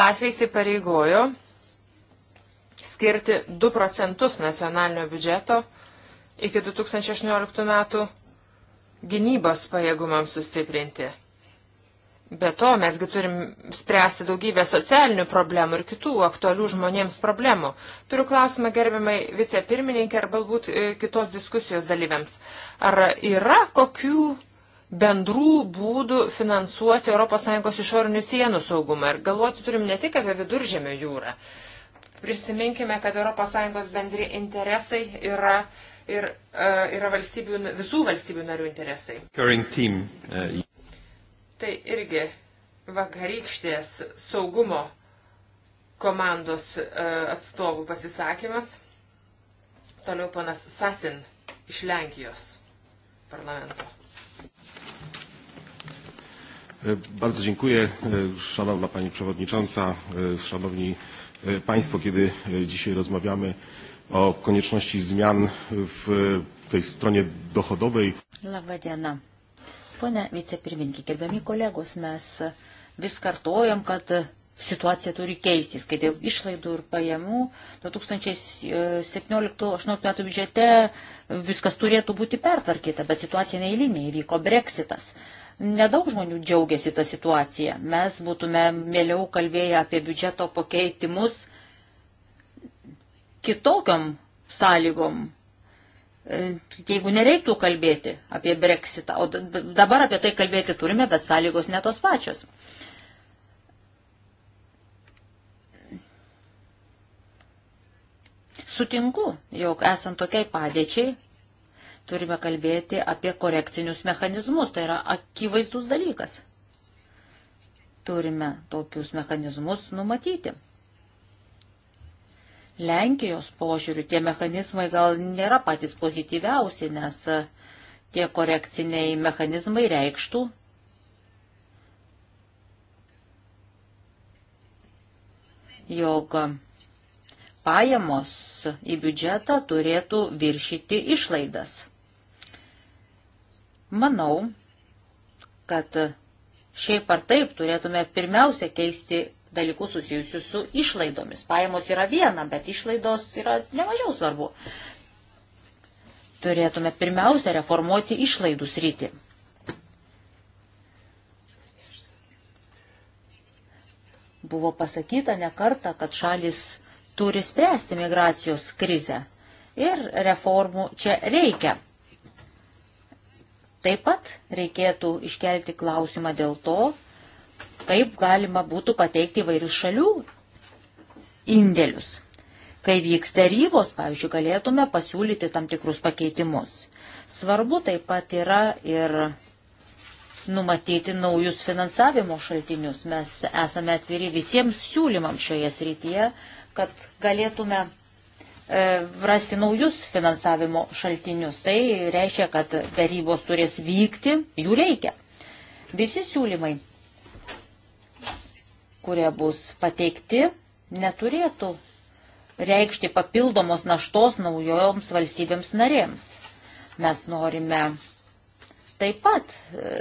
Latvija įsipareigojo skirti 2 procentus nacionalinio biudžeto iki 2018 metų gynybos pajėgumams sustiprinti. Be to, mesgi turim spręsti daugybę socialinių problemų ir kitų aktualių žmonėms problemų. Turiu klausimą gerbiamai vicepirmininkė ar galbūt e, kitos diskusijos dalyviams. Ar yra kokių bendrų būdų finansuoti ES išorinių sienų saugumą? Ir galvoti turim ne tik apie viduržėmio jūrą, Prisiminkime, kad ES bendri interesai yra ir e, yra valstybių, visų valstybių narių interesai. E, tai irgi vakarykštės saugumo komandos e, atstovų pasisakymas. Toliau panas Sasin iš Lenkijos parlamento. Bardzo dziękuję, szanowna pani przewodnicząca, szanowni E, państwo, kiedy e, dzisiaj rozmawiamy o konieczności zmian w e, tej stronie dochodowej. Labą dieną. Pone vicepirmininkė, gerbiami kolegos, mes vis kartojam, kad situacija turi keistis, kai dėl išlaidų ir pajamų 2017-2018 metų biudžete viskas turėtų būti pertvarkyta, bet situacija neįlinė, įvyko breksitas. Nedaug žmonių džiaugiasi tą situaciją. Mes būtume mėliau kalbėję apie biudžeto pakeitimus kitokiam sąlygom, e, jeigu nereiktų kalbėti apie breksitą, o dabar apie tai kalbėti turime, bet sąlygos netos pačios. Sutinku, jog esant tokiai padėčiai, turime kalbėti apie korekcinius mechanizmus. Tai yra akivaizdus dalykas. Turime tokius mechanizmus numatyti. Lenkijos požiūrių tie mechanizmai gal nėra patys pozityviausi, nes e, tie korekciniai mechanizmai reikštų. jog pajamos į biudžetą turėtų viršyti išlaidas. Manau, kad šiaip ar taip turėtume pirmiausia keisti dalykus susijusius su išlaidomis. Pajamos yra viena, bet išlaidos yra nemažiau svarbu. Turėtume pirmiausia reformuoti išlaidų sritį. Buvo pasakyta ne kartą, kad šalis turi spręsti migracijos krizę ir reformų čia reikia. Taip pat reikėtų iškelti klausimą dėl to, kaip galima būtų pateikti vairių šalių indėlius. Kai vyks tarybos, pavyzdžiui, galėtume pasiūlyti tam tikrus pakeitimus. Svarbu taip pat yra ir numatyti naujus finansavimo šaltinius. Mes esame atviri visiems siūlymams šioje srityje, kad galėtume E, rasti naujus finansavimo šaltinius. Tai reiškia, kad darybos turės vykti, jų reikia. Visi siūlymai, kurie bus pateikti, neturėtų reikšti papildomos naštos naujojoms valstybėms narėms. Mes norime taip pat e,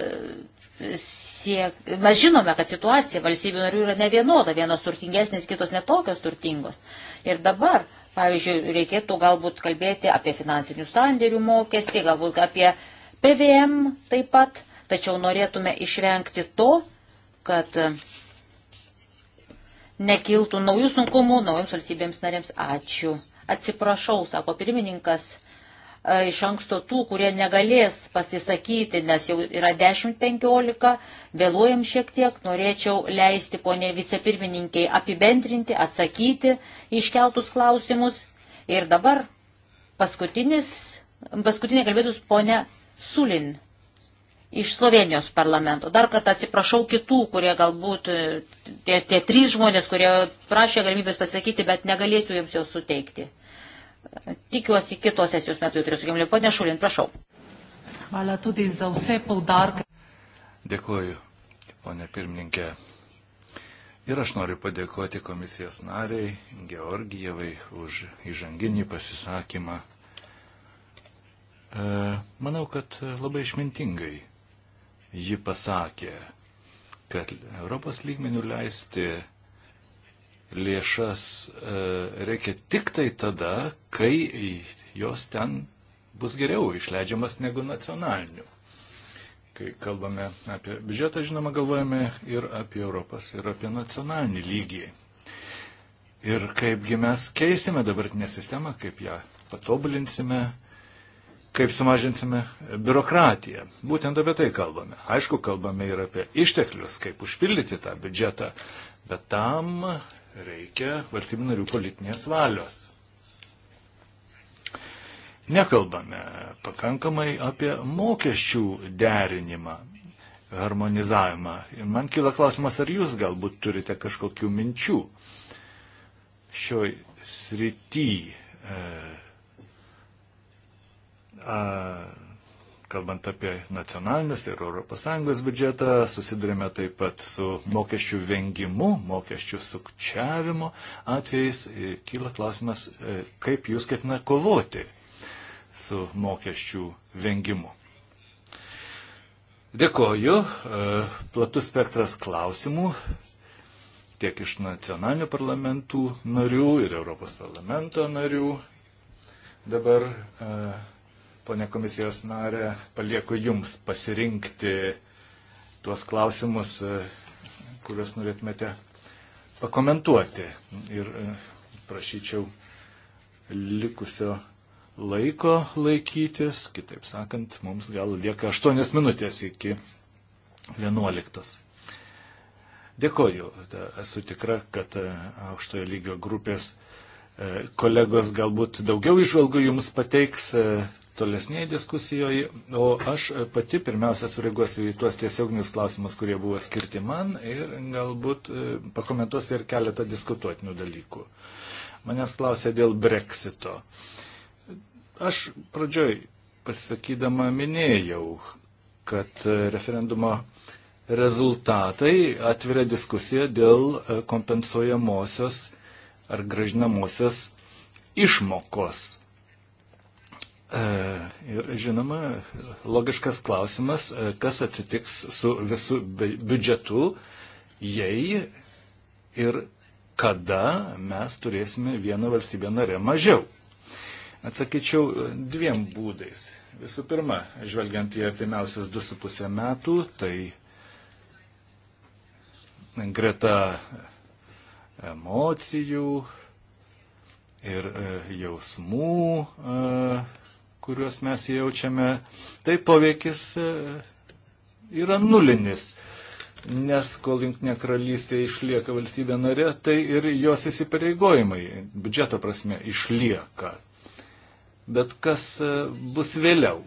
siek... Mes žinome, kad situacija valstybių narių yra nevienoda, vienos turtingesnės, kitos netokios turtingos. Ir dabar Pavyzdžiui, reikėtų galbūt kalbėti apie finansinių sandėrių mokestį, galbūt apie PVM taip pat, tačiau norėtume išvengti to, kad nekiltų naujų sunkumų naujoms valstybėms narėms. Ačiū. Atsiprašau, sako pirmininkas, E, iš anksto tų, kurie negalės pasisakyti, nes jau yra 10-15, vėluojam šiek tiek, norėčiau leisti ponė vicepirmininkiai apibendrinti, atsakyti iškeltus klausimus. Ir dabar paskutinis, paskutinė kalbėtus ponė Sulin iš Slovenijos parlamento. Dar kartą atsiprašau kitų, kurie galbūt, e, tie, tie trys žmonės, kurie prašė galimybės pasakyti, bet negalėsiu jiems jau suteikti. Tikiuosi, kitos sesijos metu turėsiu galimybę. Pane Šulin, prašau. Hvala tudi za vse poudarke. Dėkuoju, ponė pirmininkė. Ir aš noriu padėkoti komisijos nariai Georgijevai už įžanginį pasisakymą. E, manau, kad labai išmintingai ji pasakė, kad Europos lygmenių leisti lėšas e, reikia tik tai tada, kai jos ten bus geriau išleidžiamas negu nacionaliniu. Kai kalbame apie biudžetą, žinoma, galvojame ir apie Europos, ir apie nacionalinį lygį. Ir kaipgi mes keisime dabartinę sistemą, kaip ją patobulinsime, kaip sumažinsime biurokratiją. Būtent apie tai kalbame. Aišku, kalbame ir apie išteklius, kaip užpildyti tą biudžetą, bet tam reikia valstybių narių politinės valios. Nekalbame pakankamai apie mokesčių derinimą, harmonizavimą. Ir man kyla klausimas, ar jūs galbūt turite kažkokių minčių šioj srity. E, a, kalbant apie nacionalinės ir ES biudžetą, susidurime taip pat su mokesčių vengimu, mokesčių sukčiavimo atvejais. E, kyla klausimas, e, kaip jūs ketina kovoti su mokesčių vengimu. Dėkoju. E, platus spektras klausimų tiek iš nacionalinių parlamentų narių ir Europos parlamento narių. Dabar uh, Pone komisijos narė, palieku Jums pasirinkti tuos klausimus, e, kuriuos norėtumėte pakomentuoti. Ir e, prašyčiau likusio laiko laikytis, kitaip sakant, mums gal lieka 8 minutės iki 11. Dėkoju, esu tikra, kad e, aukštojo lygio grupės kolegos galbūt daugiau išvalgų jums pateiks, tolesniai diskusijoje, o aš pati pirmiausia sureaguosiu į tuos tiesioginius klausimus, kurie buvo skirti man ir galbūt e, pakomentuosiu ir keletą diskutuotinių dalykų. Manęs klausė dėl breksito. Aš pradžioj pasisakydama minėjau, kad e, referendumo rezultatai atveria diskusiją dėl e, kompensuojamosios ar gražinamosios išmokos. E, ir žinoma, logiškas klausimas, e, kas atsitiks su visu biudžetu, jei ir kada mes turėsime vieną valstybę narę mažiau. Atsakyčiau e, dviem būdais. Visų pirma, žvelgiant į artimiausias 2,5 metų, tai greta emocijų ir jausmų kuriuos mes jaučiame, tai poveikis e, yra nulinis. Nes kol Junktinė karalystė išlieka valstybė narė, tai ir jos įsipareigojimai biudžeto prasme išlieka. Bet kas e, bus vėliau,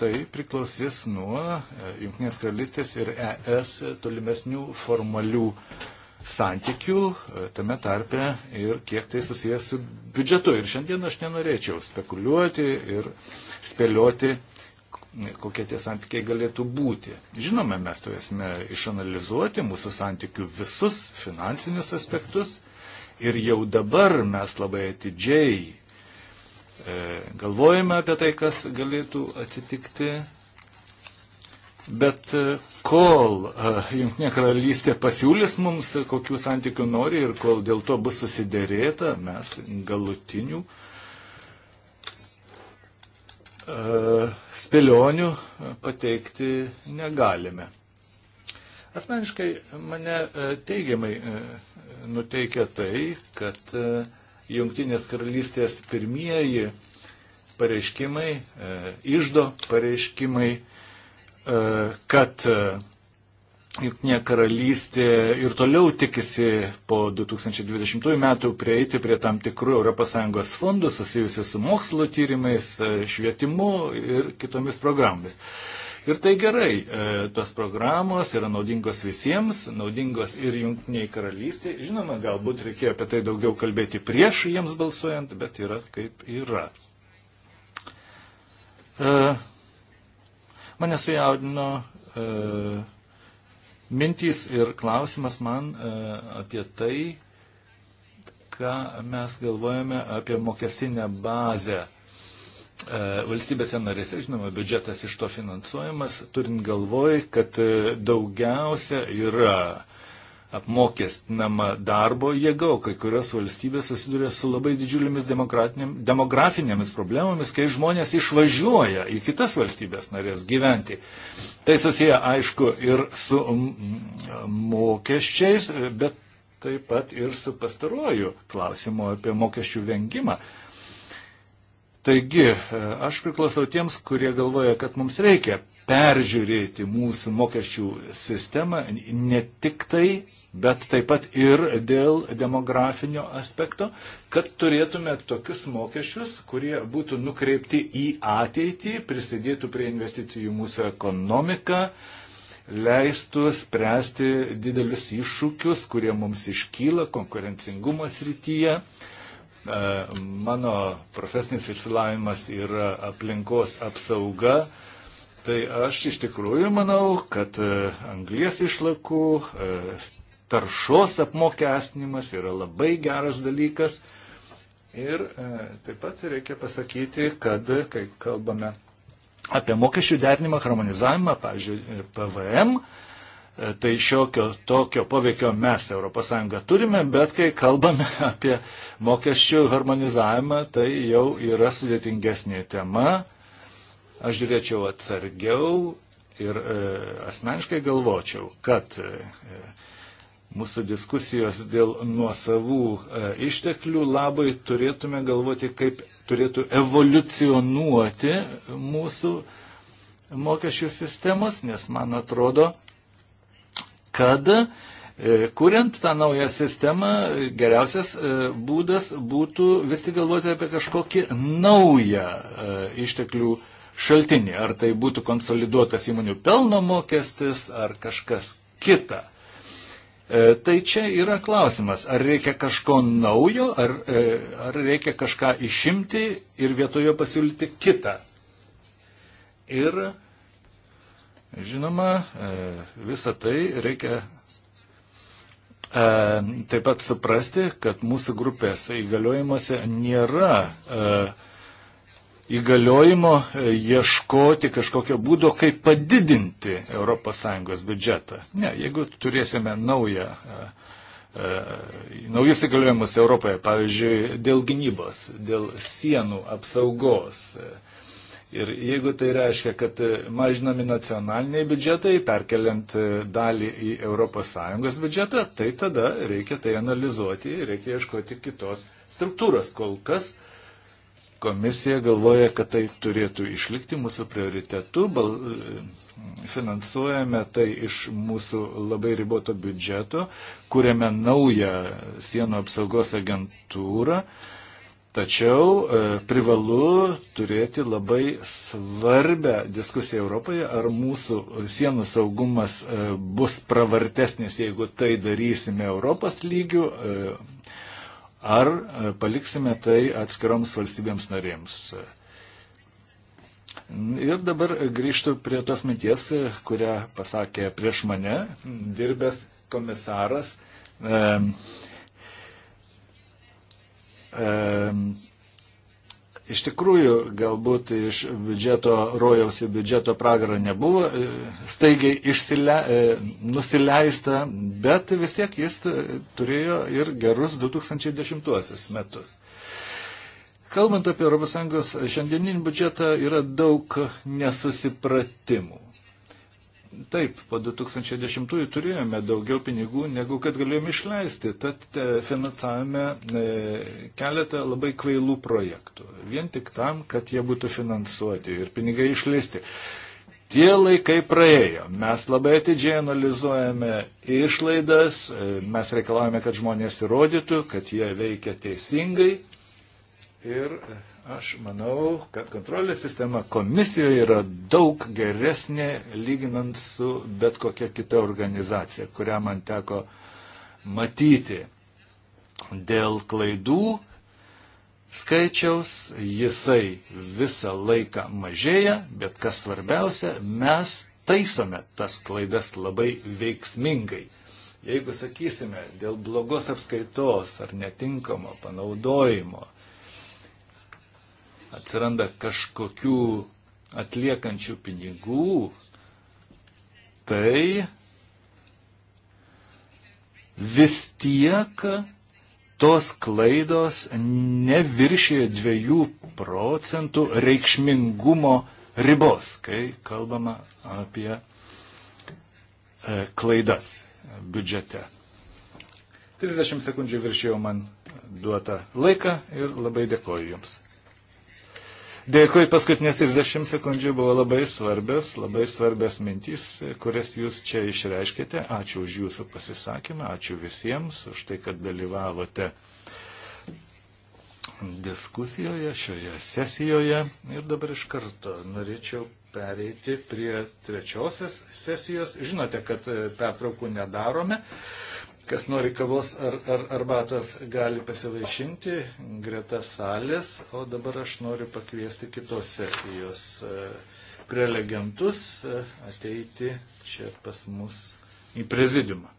tai priklausys nuo e, Junktinės karalystės ir ES tolimesnių formalių uh, santykių, e, tame tarpe ir kiek tai susijęs su biudžetu. Ir šiandien aš nenorėčiau spekuliuoti ir spėlioti, e, kokie tie santykiai galėtų būti. Žinoma, mes turėsime išanalizuoti mūsų santykių visus finansinius aspektus ir jau dabar mes labai atidžiai e, galvojame apie tai, kas galėtų atsitikti Bet e, kol e, Junktinė karalystė pasiūlys mums, e, kokių santykių nori ir kol dėl to bus susidėrėta, mes galutinių spėlionių pateikti negalime. Asmeniškai mane teigiamai nuteikia tai, kad Junktinės karalystės pirmieji pareiškimai, išdo pareiškimai, kad e, Junktinė karalystė ir toliau tikisi po 2020 metų prieiti prie tam tikrų ES fondų susijusių su mokslo tyrimais, e, švietimu ir kitomis programomis. Ir tai gerai, e, tos programos yra naudingos visiems, naudingos ir Junktiniai karalystė. Žinoma, galbūt reikėjo apie tai daugiau kalbėti prieš jiems balsuojant, bet yra kaip yra. Uh, Mane sujaudino e, mintys ir klausimas man e, apie tai, ką mes galvojame apie mokestinę bazę e, valstybėse narėse, žinoma, biudžetas iš to finansuojamas, turint galvoj, kad e, daugiausia yra apmokestinama darbo jėga, o kai kurios valstybės susiduria su labai didžiulėmis demografinėmis problemomis, kai žmonės išvažiuoja į kitas valstybės narės gyventi. Tai susiję, aišku, ir su mokesčiais, bet taip pat ir su pastaruoju klausimu apie mokesčių vengimą. Taigi, aš priklausau tiems, kurie galvoja, kad mums reikia peržiūrėti mūsų mokesčių sistemą ne tik tai bet taip pat ir dėl demografinio aspekto, kad turėtume tokius mokesčius, kurie būtų nukreipti į ateitį, prisidėtų prie investicijų mūsų ekonomiką, leistų spręsti didelius iššūkius, kurie mums iškyla konkurencingumo srityje. E, mano profesinis išsilavimas yra aplinkos apsauga. Tai aš iš tikrųjų manau, kad e, anglies išlakų, e, taršos apmokestinimas yra labai geras dalykas. Ir e, taip pat reikia pasakyti, kad kai kalbame apie mokesčių derinimą, harmonizavimą, pavyzdžiui, e, PVM, e, tai šiokio tokio poveikio mes ES turime, bet kai kalbame (laughs) apie mokesčių harmonizavimą, tai jau yra sudėtingesnė tema. Aš žiūrėčiau atsargiau ir e, asmeniškai galvočiau, kad e, mūsų diskusijos dėl nuosavų e, išteklių labai turėtume galvoti, kaip turėtų evoliucionuoti mūsų mokesčių sistemos, nes man atrodo, kad e, kuriant tą naują sistemą geriausias e, būdas būtų vis tik galvoti apie kažkokį naują išteklių šaltinį. Ar tai būtų konsoliduotas įmonių pelno mokestis ar kažkas kita. E, tai čia yra klausimas, ar reikia kažko naujo, ar, e, ar reikia kažką išimti ir vietoje pasiūlyti kitą. Ir, žinoma, e, visą tai reikia taip pat suprasti, kad mūsų grupės įgaliojimuose nėra uh, įgaliojimo e, ieškoti kažkokio būdo, kaip padidinti ES biudžetą. Ne, jeigu turėsime naują, e, e, naujus įgaliojimus Europoje, pavyzdžiui, dėl gynybos, dėl sienų apsaugos. Ir jeigu tai reiškia, kad mažinami nacionaliniai biudžetai, perkeliant dalį į ES biudžetą, tai tada reikia tai analizuoti, reikia ieškoti kitos struktūros. Kol kas Komisija galvoja, kad tai turėtų išlikti mūsų prioritetu, bal, e, finansuojame tai iš mūsų labai riboto biudžeto, kuriame naują sienų apsaugos agentūrą, tačiau e, privalu turėti labai svarbę diskusiją Europoje, ar mūsų sienų saugumas e, bus pravartesnis, jeigu tai darysime Europos lygių. E, ar e, paliksime tai atskiroms valstybėms narėms. Ir dabar grįžtu prie tos minties, kurią pasakė prieš mane dirbęs komisaras. E, e, Iš tikrųjų, galbūt iš biudžeto rojaus į biudžeto pragarą nebuvo e, staigiai išsile, e, nusileista, bet vis tiek jis turėjo ir gerus 2010 metus. Kalbant apie ES šiandieninį biudžetą, yra daug nesusipratimų. Taip, po 2010 turėjome daugiau pinigų, negu kad galėjome išleisti, tad e, finansavome e, keletą labai kvailų projektų, vien tik tam, kad jie būtų finansuoti ir pinigai išleisti. Tie laikai praėjo. Mes labai atidžiai analizuojame išlaidas, e, mes reikalavome, kad žmonės įrodytų, kad jie veikia teisingai ir Aš manau, kad kontrolės sistema komisijoje yra daug geresnė lyginant su bet kokia kita organizacija, kurią man teko matyti. Dėl klaidų skaičiaus jisai visą laiką mažėja, bet kas svarbiausia, mes taisome tas klaidas labai veiksmingai. Jeigu sakysime dėl blogos apskaitos ar netinkamo panaudojimo, atsiranda kažkokių atliekančių pinigų, tai vis tiek tos klaidos neviršė 2 procentų reikšmingumo ribos, kai kalbama apie e, klaidas biudžete. 30 sekundžių viršėjau man duotą laiką ir labai dėkoju Jums. Dėkui, paskutinės 30 sekundžių buvo labai svarbės, labai svarbės mintys, kurias jūs čia išreiškite. Ačiū už jūsų pasisakymą, ačiū visiems už tai, kad dalyvavote diskusijoje, šioje sesijoje. Ir dabar iš karto norėčiau pereiti prie trečiosios sesijos. Žinote, kad e, pertraukų nedarome kas nori kavos ar, ar arbatos, gali pasivaišinti greta salės, o dabar aš noriu pakviesti kitos sesijos e, prelegentus e, ateiti čia pas mus į prezidiumą.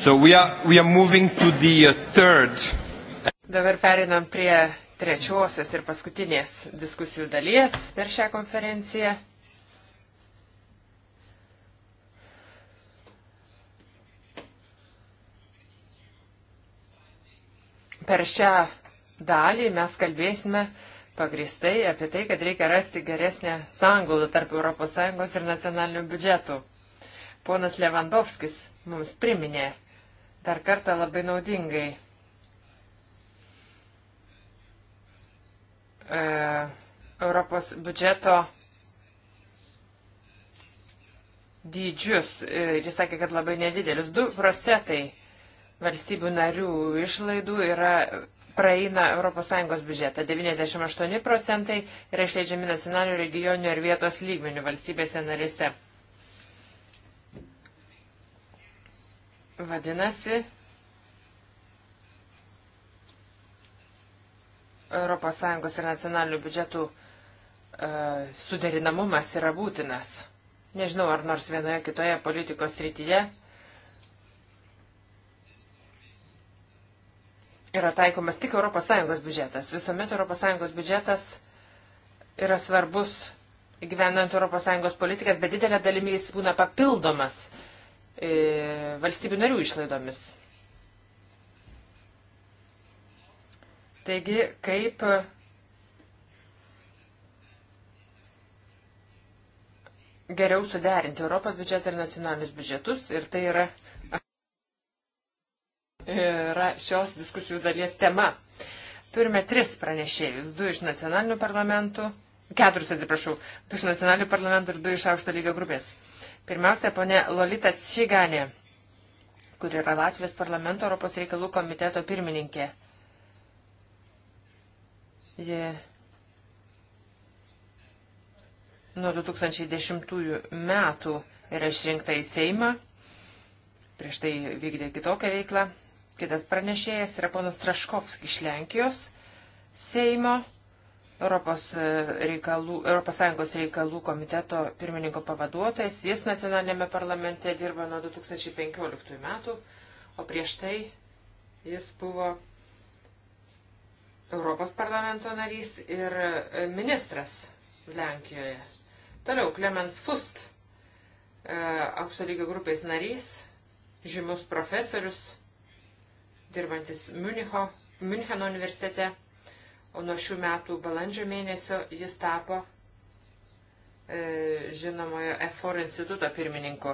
So we are, we are moving to the uh, third. Dabar perinam prie trečiosios ir paskutinės diskusijų dalies per šią konferenciją. Per šią dalį mes kalbėsime pagristai apie tai, kad reikia rasti geresnę sąnglaudą tarp ES ir nacionalinių biudžetų. Ponas Levandovskis mums priminė dar kartą labai naudingai. E, Europos biudžeto dydžius. E, jis sakė, kad labai nedidelis. 2 procentai valstybių narių išlaidų yra praeina ES biudžetą. 98 procentai yra išleidžiami nacionalinių, regioninių ir vietos lygmenių valstybėse narėse. Vadinasi, ES ir nacionalinių biudžetų e, suderinamumas yra būtinas. Nežinau, ar nors vienoje kitoje politikos rytyje yra taikomas tik ES biudžetas. Visuomet ES biudžetas yra svarbus gyvenant ES politikas, bet didelė dalimi jis būna papildomas E, valstybių narių išlaidomis. Taigi, kaip geriau suderinti Europos biudžetą ir nacionalinius biudžetus ir tai yra, yra šios diskusijų dalies tema. Turime tris pranešėjus, du iš nacionalinių parlamentų, keturis atsiprašau, du iš nacionalinių parlamentų ir du iš aukšto lygio grupės. Pirmiausia, ponė Lolita Čiganė, kur yra Latvijos parlamento Europos reikalų komiteto pirmininkė. Ji nuo 2010 metų yra išrinkta į Seimą, prieš tai vykdė kitokią veiklą. Kitas pranešėjas yra ponas Traškovskis iš Lenkijos Seimo. Europos, e, reikalų, Europos Sąjungos reikalų komiteto pirmininko pavaduotojas. Jis nacionalinėme parlamente dirba nuo 2015 metų, o prieš tai jis buvo Europos parlamento narys ir e, ministras Lenkijoje. Toliau Klemens Fust, e, aukšto lygio grupės narys, žymus profesorius, dirbantis Müncheno universitete o nuo šių metų balandžio mėnesio jis tapo e, žinomojo EFOR instituto pirmininku.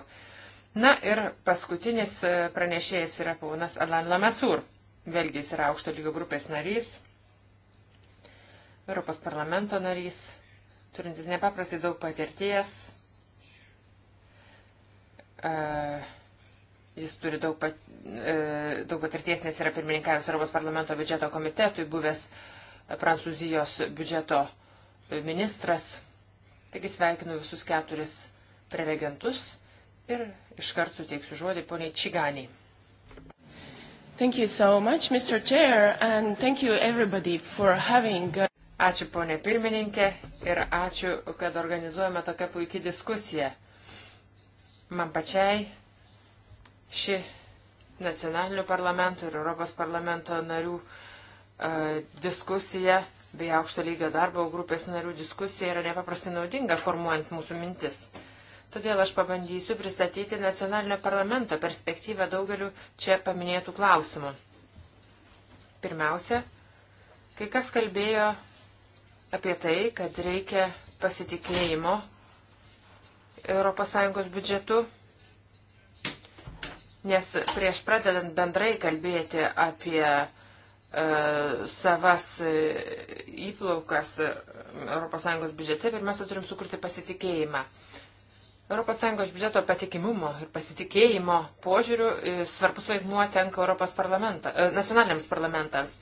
Na ir paskutinis e, pranešėjas yra ponas Alan Lamasur. Vėlgi jis yra aukšto lygio grupės narys, Europos parlamento narys, turintis nepaprastai daug patirties. E, Jis turi daug, pat, e, daug patirties, nes yra pirmininkavęs Europos parlamento biudžeto komitetui, buvęs Prancūzijos biudžeto ministras. Taigi sveikinu visus keturis prelegentus ir iškart suteiksiu žodį poniai Čiganiai. Thank you so much, Mr. Chair, and thank you everybody for having. Uh, ačiū ponė pirmininkė ir ačiū, kad organizuojame tokią puikią diskusiją. Man pačiai ši nacionalinių parlamentų ir Europos parlamento narių uh, E, diskusija bei aukšto lygio darbo grupės narių diskusija yra nepaprastai naudinga formuojant mūsų mintis. Todėl aš pabandysiu pristatyti nacionalinio parlamento perspektyvą daugeliu čia paminėtų klausimų. Pirmiausia, kai kas kalbėjo apie tai, kad reikia pasitikėjimo ES biudžetu, nes prieš pradedant bendrai kalbėti apie uh, E, savas e, įplaukas e, ES biudžete, pirmiausia, turim sukurti pasitikėjimą. ES biudžeto patikimumo ir pasitikėjimo požiūrių svarbus vaidmuo tenka Europos parlamenta, nacionaliniams parlamentams.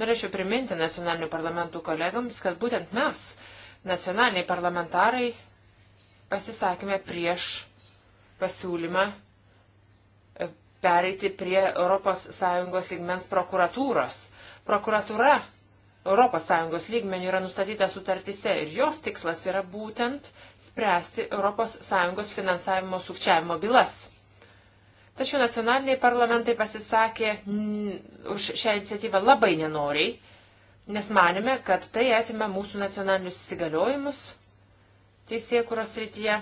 Norėčiau priminti nacionalinių parlamentų kolegams, kad būtent mes, nacionaliniai parlamentarai, pasisakėme prieš pasiūlymą pereiti prie ES lygmens prokuratūros. Prokuratūra ES lygmenių yra nustatyta sutartise ir jos tikslas yra būtent spręsti ES finansavimo sukčiavimo bylas. Tačiau nacionaliniai parlamentai pasisakė už šią iniciatyvą labai nenoriai, nes manėme, kad tai atima mūsų nacionalinius įsigaliojimus teisėkuros rytyje.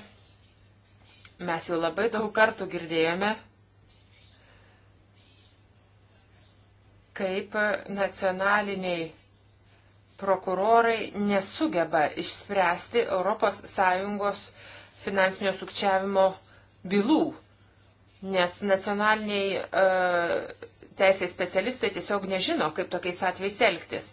Mes jau labai daug kartų girdėjome kaip nacionaliniai prokurorai nesugeba išspręsti ES finansinio sukčiavimo bylų, nes nacionaliniai e, teisės specialistai tiesiog nežino, kaip tokiais atvejais elgtis.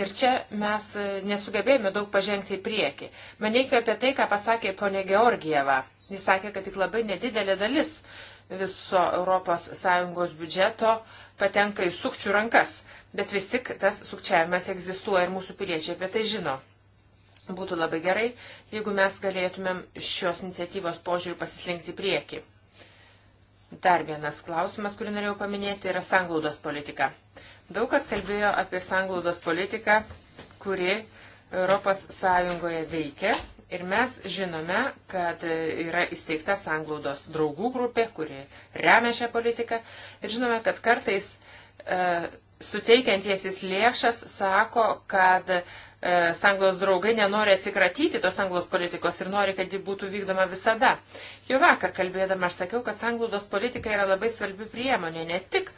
Ir čia mes e, nesugebėjome daug pažengti į priekį. Mane įkvėpė tai, ką pasakė ponė Georgieva. Jis sakė, kad tik labai nedidelė dalis viso ES biudžeto patenka į sukčių rankas. Bet vis tik tas sukčiavimas egzistuoja ir mūsų piliečiai apie tai žino. Būtų labai gerai, jeigu mes galėtumėm šios iniciatyvos požiūrį pasislinkti prieki. Dar vienas klausimas, kurį norėjau paminėti, yra sanglaudos politika. Daug kas kalbėjo apie sanglaudos politiką, kuri ES veikia Ir mes žinome, kad yra įsteigta sanglaudos draugų grupė, kuri remia šią politiką. Ir žinome, kad kartais e, suteikiantiesis lėšas sako, kad e, sanglos draugai nenori atsikratyti tos sanglos politikos ir nori, kad ji būtų vykdoma visada. Jau vakar kalbėdama aš sakiau, kad sanglaudos politika yra labai svarbi priemonė, ne tik e,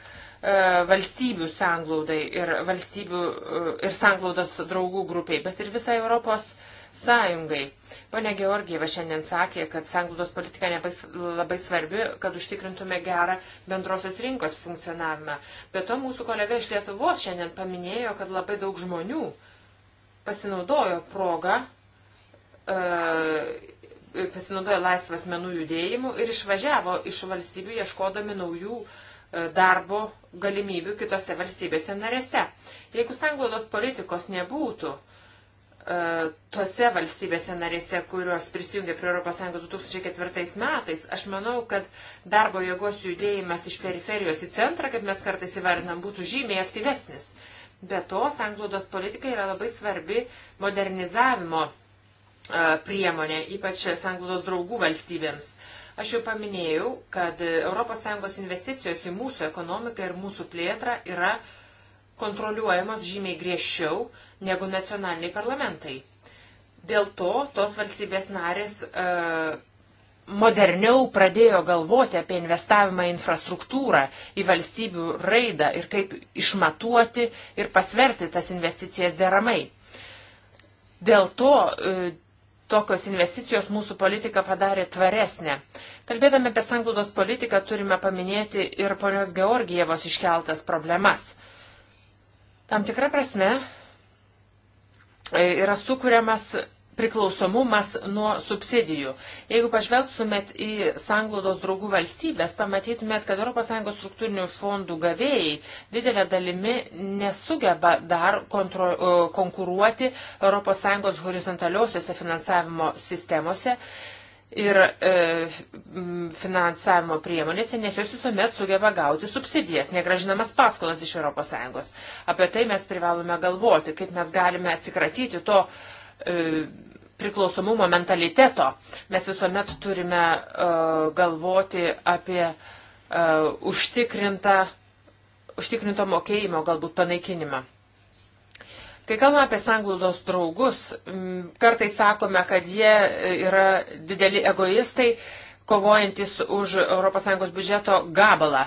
valstybių sanglaudai ir, valstybių, e, ir sanglaudos draugų grupiai, bet ir visai Europos uh, sąjungai. Pane Georgieva šiandien sakė, kad sąjungos politika nebais, labai svarbi, kad užtikrintume gerą bendrosios rinkos funkcionavimą. Bet to mūsų kolega iš Lietuvos šiandien paminėjo, kad labai daug žmonių pasinaudojo progą, e, pasinaudojo laisvas menų judėjimų ir išvažiavo iš valstybių ieškodami naujų e, darbo galimybių kitose valstybėse narėse. Jeigu sanglaudos politikos nebūtų, E, tuose valstybėse narėse, kurios prisijungė prie ES 2004 metais, aš manau, kad darbo jėgos judėjimas iš periferijos į centrą, kaip mes kartais įvardinam, būtų žymiai aktyvesnis. Be to, sanglaudos politika yra labai svarbi modernizavimo e, priemonė, ypač sanglaudos draugų valstybėms. Aš jau paminėjau, kad ES investicijos į mūsų ekonomiką ir mūsų plėtrą yra uh, kontroliuojamos žymiai griežčiau negu nacionaliniai parlamentai. Dėl to tos valstybės narės e, moderniau pradėjo galvoti apie investavimą į infrastruktūrą, į valstybių raidą ir kaip išmatuoti ir pasverti tas investicijas deramai. Dėl to e, tokios investicijos mūsų politiką padarė tvaresnę. Kalbėdami apie sanglaudos politiką turime paminėti ir ponios Georgievos iškeltas problemas. Tam tikra prasme e, yra sukūriamas priklausomumas nuo subsidijų. Jeigu pažvelgtumėt į sanglaudos draugų valstybės, pamatytumėt, kad ES struktūrinių fondų gavėjai didelė dalimi nesugeba dar kontro, e, konkuruoti ES horizontaliosiuose finansavimo sistemose ir e, finansavimo priemonėse, nes jos visuomet sugeba gauti subsidijas, negražinamas paskolas iš ES. Apie tai mes privalome galvoti, kaip mes galime atsikratyti to e, priklausomumo mentaliteto. Mes visuomet turime e, galvoti apie e, užtikrintą, užtikrinto mokėjimo galbūt panaikinimą. Kai kalbame apie sanglaudos draugus, kartais sakome, kad jie yra dideli egoistai, kovojantis už ES biudžeto gabalą.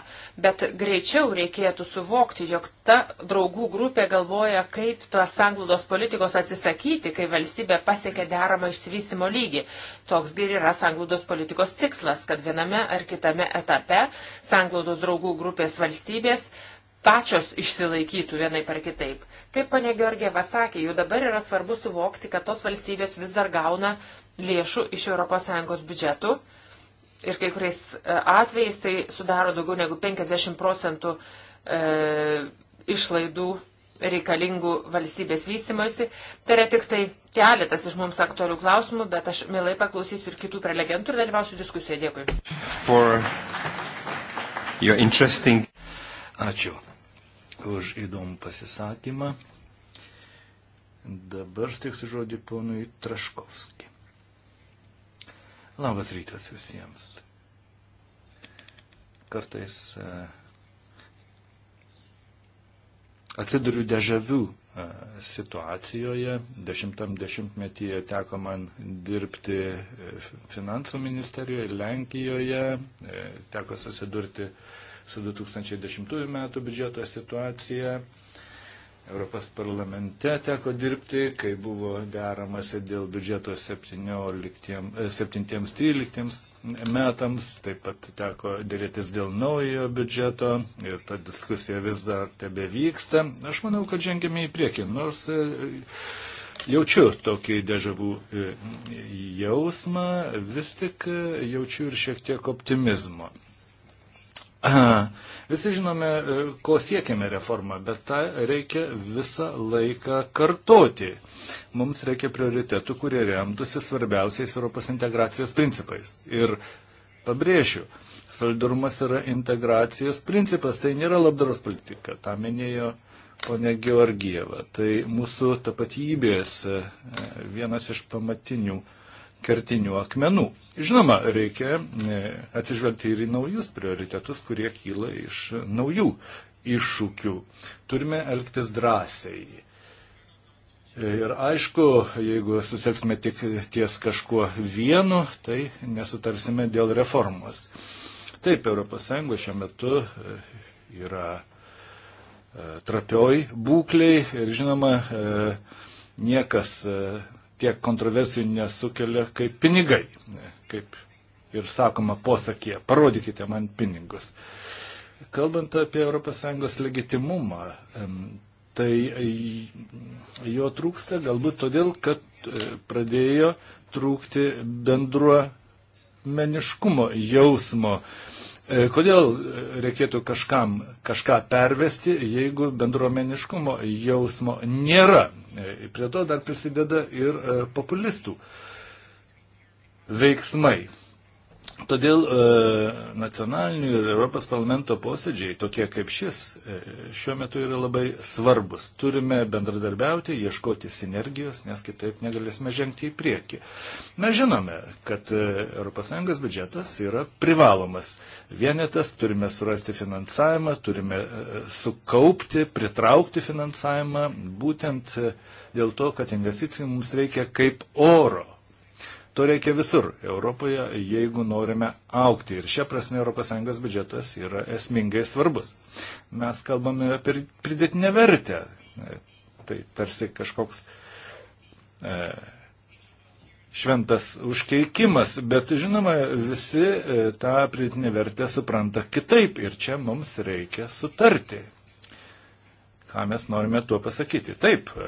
Bet greičiau reikėtų suvokti, jog ta draugų grupė galvoja, kaip tuos sanglaudos politikos atsisakyti, kai valstybė pasiekia deramą išsivysimo lygį. Toks ir yra sanglaudos politikos tikslas, kad viename ar kitame etape sanglaudos draugų grupės valstybės pačios išsilaikytų vienai par kitaip. Kaip ponė Georgieva sakė, jau dabar yra svarbu suvokti, kad tos valstybės vis dar gauna lėšų iš ES biudžetų ir kai kuriais e, atvejais tai sudaro daugiau negu 50 procentų e, išlaidų reikalingų valstybės vystimosi. Tai yra tik tai keletas iš mums aktualių klausimų, bet aš mielai paklausysiu ir kitų prelegentų ir dalyvausiu diskusijoje. Dėkui. Ačiū už įdomų pasisakymą. Dabar steiksiu žodį ponui Traškovskį. Labas rytas visiems. Kartais e, atsiduriu dežavių situacijoje. Dešimtam dešimtmetyje teko man dirbti e, finansų ministerijoje, Lenkijoje, e, teko susidurti su 2010 metų biudžeto situacija. Europos parlamente teko dirbti, kai buvo deramasi dėl biudžeto 17-13 e, metams, taip pat teko dėrėtis dėl naujo biudžeto ir ta diskusija vis dar tebe vyksta. Aš manau, kad žengėme į priekį, nors e, jaučiu tokį dežavų jausmą, vis tik e, jaučiu ir šiek tiek optimizmo. (clears throat) Visi žinome, e, ko siekiame reformą, bet tą reikia visą laiką kartoti. Mums reikia prioritetų, kurie remtųsi svarbiausiais Europos integracijos principais. Ir pabrėšiu, solidarumas yra integracijos principas, tai nėra labdaros politika, tą minėjo ponė Georgieva. Tai mūsų tapatybės e, vienas iš pamatinių kertinių akmenų. Žinoma, reikia e, atsižvelgti ir į naujus prioritetus, kurie kyla iš naujų iššūkių. Turime elgtis drąsiai. E, ir aišku, jeigu susitelksime tik ties kažkuo vienu, tai nesutarsime dėl reformos. Taip, ES šiuo metu e, yra trapioj būkliai ir žinoma, niekas tiek kontroversijų nesukelia kaip pinigai. Kaip ir sakoma posakė, parodykite man pinigus. Kalbant apie ES legitimumą, tai jo trūksta galbūt todėl, kad e, pradėjo trūkti bendruo meniškumo jausmo. E, kodėl reikėtų kažkam kažką pervesti, jeigu bendruomeniškumo jausmo nėra? E, prie to dar prisideda ir e, populistų veiksmai. Todėl e, nacionalinių ir Europos parlamento posėdžiai, tokie kaip šis, e, šiuo metu yra labai svarbus. Turime bendradarbiauti, ieškoti sinergijos, nes kitaip negalėsime žengti į priekį. Mes žinome, kad ES biudžetas yra privalomas vienetas, turime surasti finansavimą, turime e, sukaupti, pritraukti finansavimą, būtent dėl to, kad investicijų mums reikia kaip oro To reikia visur Europoje, jeigu norime aukti. Ir šia prasme ES biudžetas yra esmingai svarbus. Mes kalbame apie pridėtinę vertę. Tai tarsi kažkoks e, šventas užkeikimas, bet žinoma, visi e, tą pridėtinę vertę supranta kitaip ir čia mums reikia sutarti ką mes norime tuo pasakyti. Taip, e,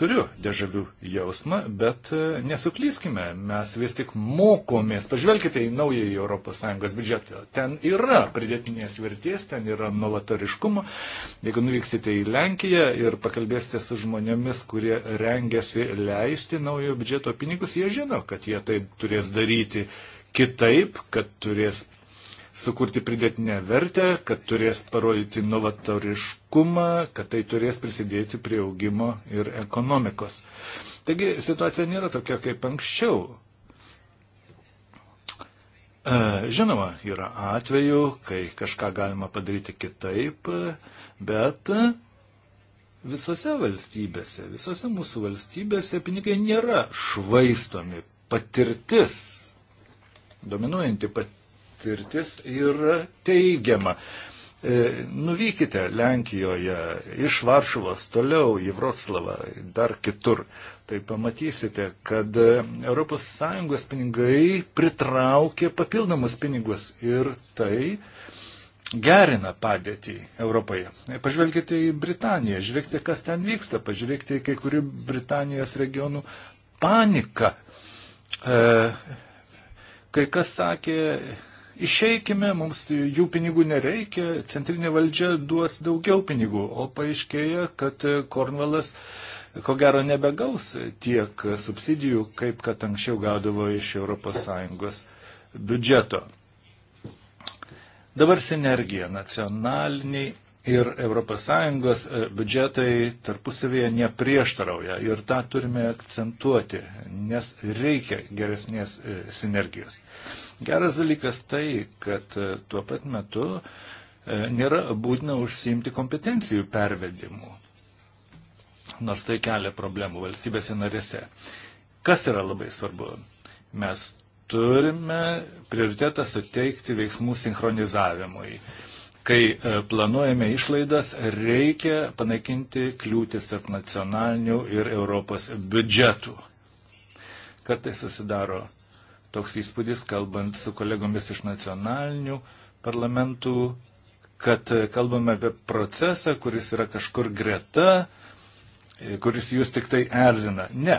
turiu dėžavių jausmą, bet e, nesuklyskime, mes vis tik mokomės. Pažvelkite į naująjį ES biudžetą. Ten yra pridėtinės vertės, ten yra novatoriškumo. Jeigu nuvyksite į Lenkiją ir pakalbėsite su žmonėmis, kurie rengiasi leisti naujo biudžeto pinigus, jie žino, kad jie tai turės daryti kitaip, kad turės sukurti pridėtinę vertę, kad turės parodyti novatoriškumą, kad tai turės prisidėti prie augimo ir ekonomikos. Taigi situacija nėra tokia kaip anksčiau. E, žinoma, yra atvejų, kai kažką galima padaryti kitaip, bet visose valstybėse, visose mūsų valstybėse pinigai nėra švaistomi. Patirtis, dominuojanti pat, patirtis yra teigiama. E, nuvykite Lenkijoje iš Varšuvos toliau į Vroclavą, dar kitur. Tai pamatysite, kad ES pinigai pritraukė papildomus pinigus ir tai gerina padėtį Europoje. E, pažvelkite į Britaniją, žiūrėkite, kas ten vyksta, pažiūrėkite į kai kurių Britanijos regionų paniką. E, kai kas sakė, Išeikime, mums tai jų pinigų nereikia, centrinė valdžia duos daugiau pinigų, o paaiškėja, kad Kornvalas ko gero nebegaus tiek subsidijų, kaip kad anksčiau gaudavo iš ES biudžeto. Dabar sinergija nacionaliniai ir ES e, biudžetai tarpusavėje neprieštarauja ir tą turime akcentuoti, nes reikia geresnės e, sinergijos. Geras dalykas tai, kad e, tuo pat metu e, nėra būtina užsiimti kompetencijų pervedimu, nors tai kelia problemų valstybėse narėse. Kas yra labai svarbu? Mes turime prioritetą suteikti veiksmų sinchronizavimui. Kai e, planuojame išlaidas, reikia panaikinti kliūtis tarp nacionalinių ir Europos biudžetų. Kartais susidaro toks įspūdis, kalbant su kolegomis iš nacionalinių parlamentų, kad e, kalbame apie procesą, kuris yra kažkur greta, e, kuris jūs tik tai erzina. Ne,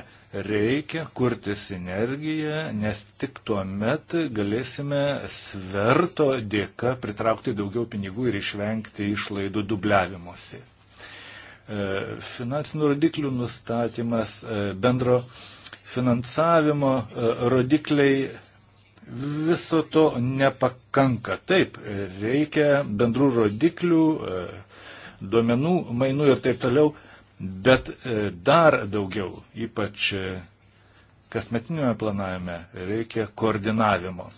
reikia kurti sinergiją, nes tik tuo met galėsime sverto dėka pritraukti daugiau pinigų ir išvengti išlaidų dubliavimuose. E, finansinių rodiklių nustatymas bendro finansavimo e, rodikliai viso to nepakanka. Taip, reikia bendrų rodiklių, e, duomenų, mainų ir taip toliau, bet e, dar daugiau, ypač kasmetinėme planavime, reikia koordinavimo.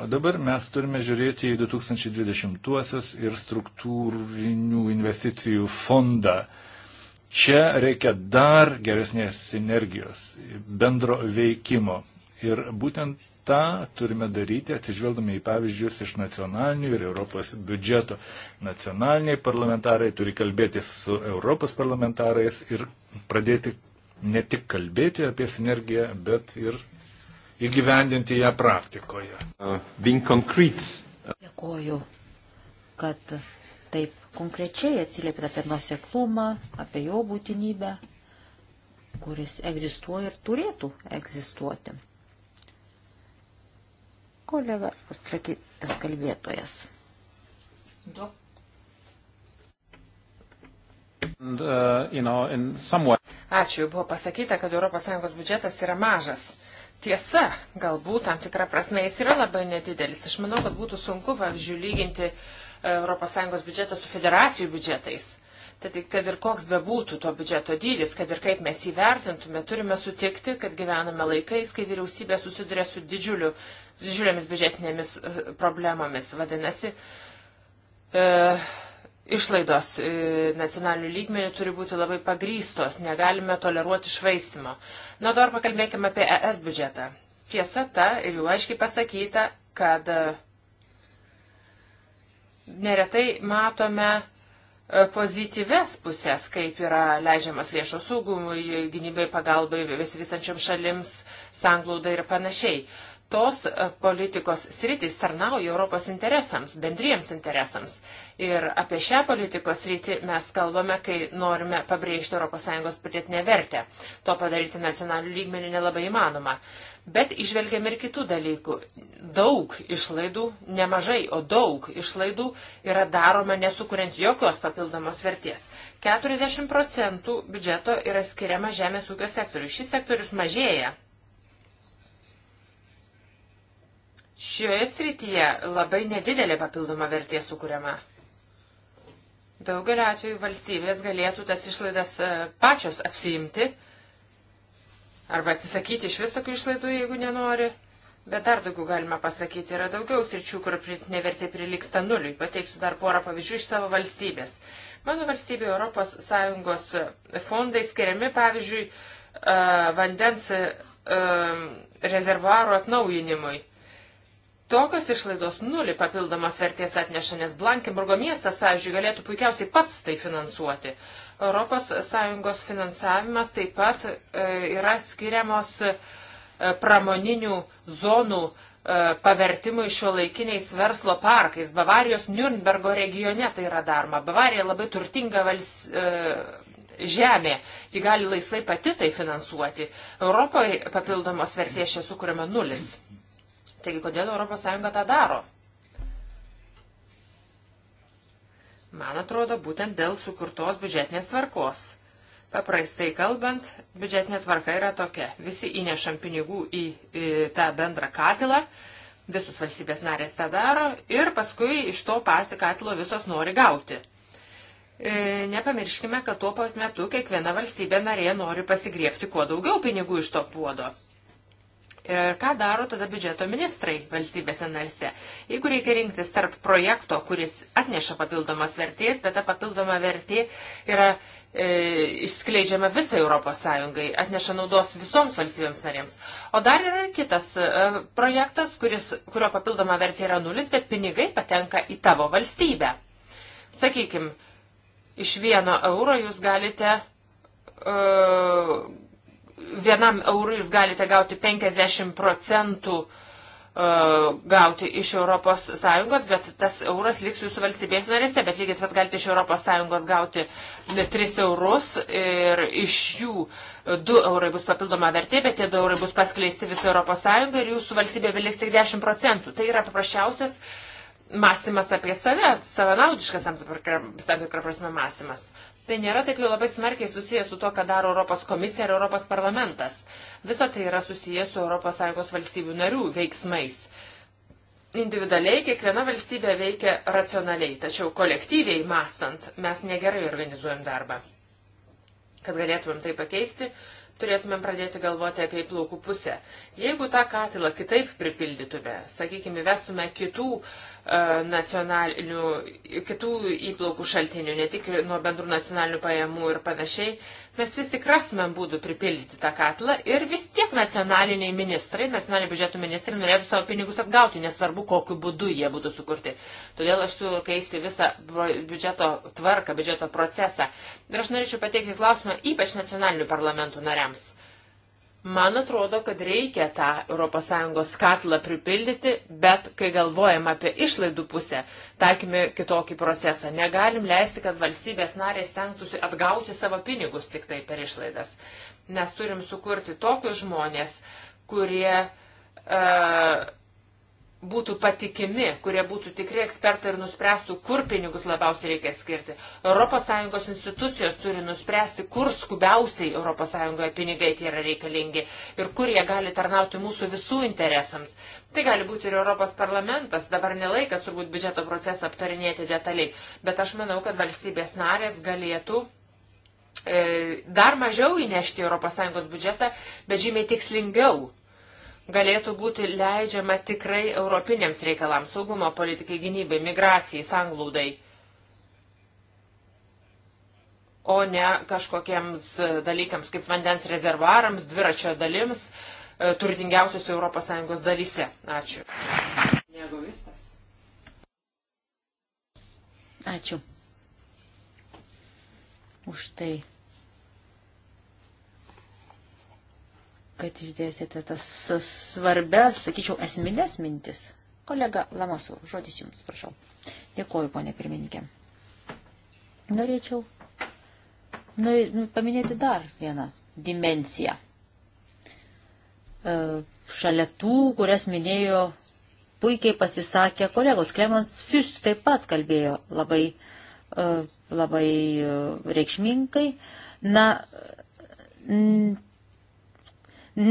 O dabar mes turime žiūrėti į 2020-uosius ir struktūrinių investicijų fondą. Čia reikia dar geresnės sinergijos, bendro veikimo. Ir būtent tą turime daryti atsižvelgdami į pavyzdžius iš nacionalinių ir Europos biudžeto. Nacionaliniai parlamentarai turi kalbėti su Europos parlamentarais ir pradėti ne tik kalbėti apie sinergiją, bet ir įgyvendinti ją praktikoje. Uh, Dėkoju, kad taip konkrečiai atsiliepėte apie nuoseklumą, apie jo būtinybę, kuris egzistuoja ir turėtų egzistuoti. Kolega, atsakytas kalbėtojas. Du. And, uh, you know, somewhat... Ačiū, buvo pasakyta, kad ES biudžetas yra mažas. Tiesa, galbūt tam tikrą prasme jis yra labai nedidelis. Aš manau, kad būtų sunku, pavyzdžiui, lyginti uh, ES biudžetą su federacijų biudžetais. Tad, kad ir koks bebūtų to biudžeto dydis, kad ir kaip mes jį vertintume, turime sutikti, kad gyvename laikais, kai vyriausybė susiduria su didžiuliu, didžiulėmis biudžetinėmis e, problemomis. Vadinasi, e, išlaidos e, nacionalinių lygmenių turi būti labai pagrystos, negalime toleruoti švaistimo. Na, dabar pakalbėkime apie ES biudžetą. Tiesa ta, ir jau aiškiai pasakyta, kad e, neretai matome e, pozityves pusės, kaip yra leidžiamas lėšos saugumui, gynybai, pagalbai vis visančiom šalims, sanglaudai ir panašiai. Tos e, politikos sritys tarnauja Europos interesams, bendriems interesams. Ir apie šią politikos rytį mes kalbame, kai norime pabrėžti ES pridėtinę vertę. To padaryti nacionalių lygmenių nelabai įmanoma. Bet išvelgiam ir kitų dalykų. Daug išlaidų, nemažai, o daug išlaidų yra daroma nesukuriant jokios papildomos vertės. 40 procentų biudžeto yra skiriama žemės ūkio sektoriui. Šis sektorius mažėja. Šioje srityje labai nedidelė papildoma vertė sukuriama. Daugelio atveju valstybės galėtų tas išlaidas e, pačios apsiimti arba atsisakyti iš vis tokių išlaidų, jeigu nenori. Bet dar daugiau galima pasakyti, yra daugiau sričių, kur pritinė vertė priliksta nuliui. Pateiksiu dar porą pavyzdžių iš savo valstybės. Mano valstybė ES fondai skiriami, pavyzdžiui, e, vandens e, rezervuarų atnaujinimui. Tokios išlaidos nulį papildomos vertės atneša, nes Blankenburgo miestas, pavyzdžiui, galėtų puikiausiai pats tai finansuoti. ES finansavimas taip pat e, yra skiriamos e, pramoninių zonų e, pavertimui šio laikiniais verslo parkais. Bavarijos Nürnbergo regione tai yra daroma. Bavarija labai turtinga vals, e, žemė, ji gali laisvai pati tai finansuoti. Europoje papildomos vertės čia sukūrėme nulis. Taigi, kodėl ES tą daro? Man atrodo, būtent dėl sukurtos biudžetinės tvarkos. Paprastai kalbant, biudžetinė tvarka yra tokia. Visi įnešam pinigų į, į tą bendrą katilą, visus valstybės narės tą daro ir paskui iš to patį katilo visos nori gauti. E, nepamirškime, kad tuo pat metu kiekviena valstybė narė nori pasigriepti kuo daugiau pinigų iš to puodo. Ir ką daro tada biudžeto ministrai valstybėse narse? Jeigu reikia rinktis tarp projekto, kuris atneša papildomas vertės, bet ta papildoma vertė yra e, išskleidžiama visai Europos Sąjungai, atneša naudos visoms valstybėms narėms. O dar yra kitas e, projektas, kuris, kurio papildoma vertė yra nulis, bet pinigai patenka į tavo valstybę. Sakykime, iš vieno euro jūs galite e, vienam eurui jūs galite gauti 50 procentų e, gauti iš ES, bet tas euras liks jūsų valstybės narėse, bet lygiai taip pat galite iš ES gauti 3 eurus ir iš jų 2 eurai bus papildoma vertė, bet tie 2 eurai bus paskleisti visą ES ir jūsų valstybė liks tik 10 procentų. Tai yra paprasčiausias mąstymas apie save, savanaudiškas tam tikrą prasme mąstymas tai nėra taip jau labai smarkiai susijęs su to, ką daro Europos komisija ir Europos parlamentas. Visa tai yra susijęs su ES valstybių narių veiksmais. Individualiai kiekviena valstybė veikia racionaliai, tačiau kolektyviai mastant mes negerai organizuojam darbą. Kad galėtumėm tai pakeisti, turėtumėm pradėti galvoti apie plaukų pusę. Jeigu tą katilą kitaip pripildytume, sakykime, vestume kitų uh, E, nacionalinių, kitų įplaukų šaltinių, ne tik nuo bendrų nacionalinių pajamų ir panašiai, mes vis tik rastumėm būdų pripildyti tą katlą ir vis tiek nacionaliniai ministrai, nacionaliniai biudžetų ministrai norėtų savo pinigus atgauti, nesvarbu, kokiu būdu jie būtų sukurti. Todėl aš siūlau keisti visą biudžeto tvarką, biudžeto procesą. Ir aš norėčiau pateikti klausimą ypač nacionalinių parlamentų nariams. Man atrodo, kad reikia tą ES katlą pripildyti, bet kai galvojam apie išlaidų pusę, taikime kitokį procesą. Negalim leisti, kad valstybės narės stengtųsi atgauti savo pinigus tik tai per išlaidas. Nes turim sukurti tokius žmonės, kurie uh, būtų patikimi, kurie būtų tikri ekspertai ir nuspręstų, kur pinigus labiausiai reikia skirti. ES institucijos turi nuspręsti, kur skubiausiai ES pinigai tie yra reikalingi ir kur jie gali tarnauti mūsų visų interesams. Tai gali būti ir Europos parlamentas, dabar nelaikas turbūt biudžeto procesą aptarinėti detaliai, bet aš manau, kad valstybės narės galėtų e, dar mažiau įnešti ES biudžetą, bet žymiai tikslingiau galėtų būti leidžiama tikrai europinėms reikalams - saugumo politikai, gynybai, migracijai, sanglūdai, o ne kažkokiems dalykams kaip vandens rezervarams, dviračio dalims, e, turtingiausios ES dalyse. Ačiū. Negovistas. Ačiū. Už tai kad išdėstėte tas svarbes, sakyčiau, esminės mintis. Kolega Lamasu, žodis jums, prašau. Dėkuoju, ponė pirmininkė. Norėčiau nu, paminėti dar vieną dimenciją. E, šalia tų, kurias minėjo puikiai pasisakė kolegos. Klemens Fiust taip pat kalbėjo labai, e, labai e, reikšmingai. Na, n,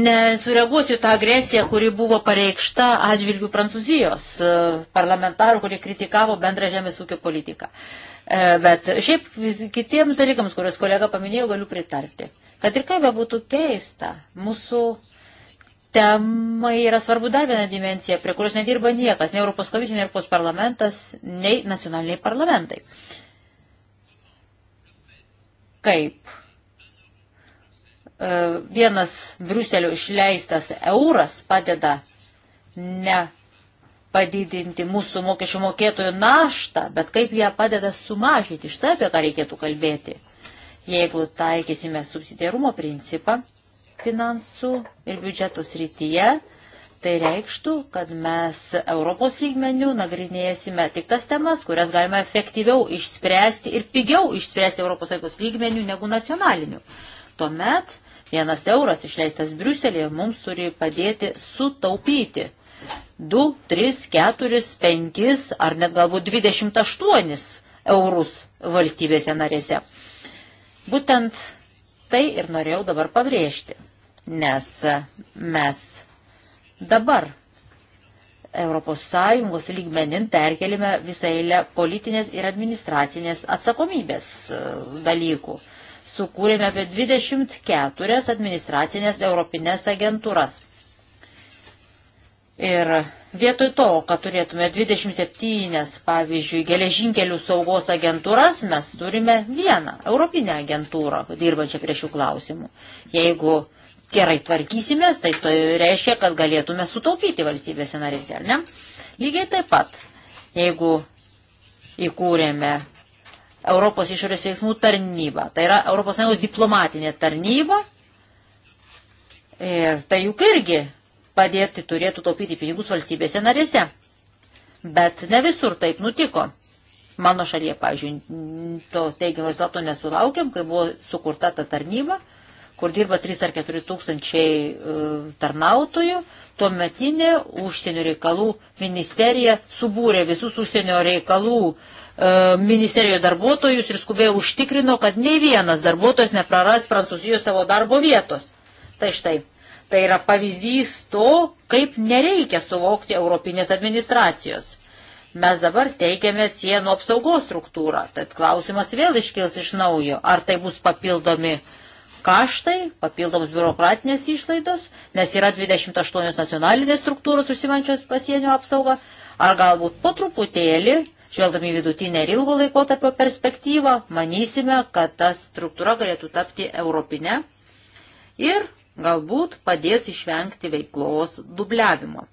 nesureaguosiu tą agresiją, kuri buvo pareikšta atžvilgių Prancūzijos e, parlamentarų, kurie kritikavo bendrą žemės ūkio politiką. E, bet šiaip kitiems dalykams, kuriuos kolega paminėjo, galiu pritarti. Kad ir kaip bebūtų keista, mūsų temai yra svarbu dar viena dimencija, prie kurios nedirba niekas, nei Europos komisija, nei Europos parlamentas, nei nacionaliniai parlamentai. Kaip E, vienas Briuselio išleistas euras padeda ne padidinti mūsų mokesčių mokėtojų naštą, bet kaip ją padeda sumažinti, iš tai apie ką reikėtų kalbėti. Jeigu taikysime subsidiarumo principą finansų ir biudžeto srityje, tai reikštų, kad mes Europos lygmenių nagrinėsime tik tas temas, kurias galime efektyviau išspręsti ir pigiau išspręsti Europos Sąjungos lygmenių negu nacionalinių. Tuomet Vienas euras išleistas Briuselėje mums turi padėti sutaupyti 2, 3, 4, 5 ar net galbūt 28 eurus valstybėse narėse. Būtent tai ir norėjau dabar pabrėžti, nes mes dabar ES lygmenin perkelime visą eilę politinės ir administracinės atsakomybės e, dalykų sukūrėme apie 24 administracinės europinės agentūras. Ir vietoj to, kad turėtume 27, pavyzdžiui, geležinkelių saugos agentūras, mes turime vieną europinę agentūrą, dirbančią prie šių klausimų. Jeigu gerai tvarkysimės, tai tai reiškia, kad galėtume sutaupyti valstybėse narėse, ar ne? Lygiai taip pat, jeigu įkūrėme Europos išorės veiksmų tarnyba. Tai yra ES diplomatinė tarnyba. Ir tai juk irgi padėti turėtų taupyti pinigus valstybėse narėse. Bet ne visur taip nutiko. Mano šalyje, pavyzdžiui, to teigiamo rezultato nesulaukėm, kai buvo sukurta ta tarnyba, kur dirba 3 ar 4 tūkstančiai e, tarnautojų. Tuometinė užsienio reikalų ministerija subūrė visus užsienio reikalų uh, E, ministerijoje darbuotojus ir skubiai užtikrino, kad nei vienas darbuotojas nepraras Prancūzijoje savo darbo vietos. Tai štai, tai yra pavyzdys to, kaip nereikia suvokti Europinės administracijos. Mes dabar steigiame sienų apsaugos struktūrą, tad klausimas vėl iškils iš naujo, ar tai bus papildomi kaštai, papildomus biurokratinės išlaidos, nes yra 28 nacionalinės struktūros užsimančios pasienio apsaugą, ar galbūt po truputėlį Žvelgdami vidutinę ir ilgo laikotarpio perspektyvą, manysime, kad ta struktūra galėtų tapti europinė ir galbūt padės išvengti veiklos dubliavimo.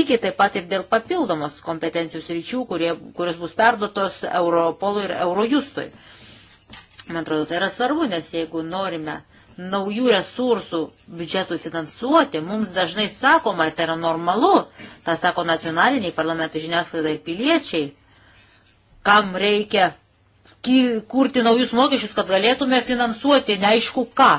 Lygiai taip pat ir dėl papildomos kompetencijų sričių, kurie, kurios bus perduotos Europolui ir Eurojustui. Man atrodo, tai yra svarbu, nes jeigu norime uh, naujų resursų biudžetų finansuoti, mums dažnai sakoma, ir tai yra normalu, tą sako nacionaliniai parlamentai žiniasklaida ir piliečiai, kam reikia kurti naujus mokesčius, kad galėtume finansuoti neaišku ką.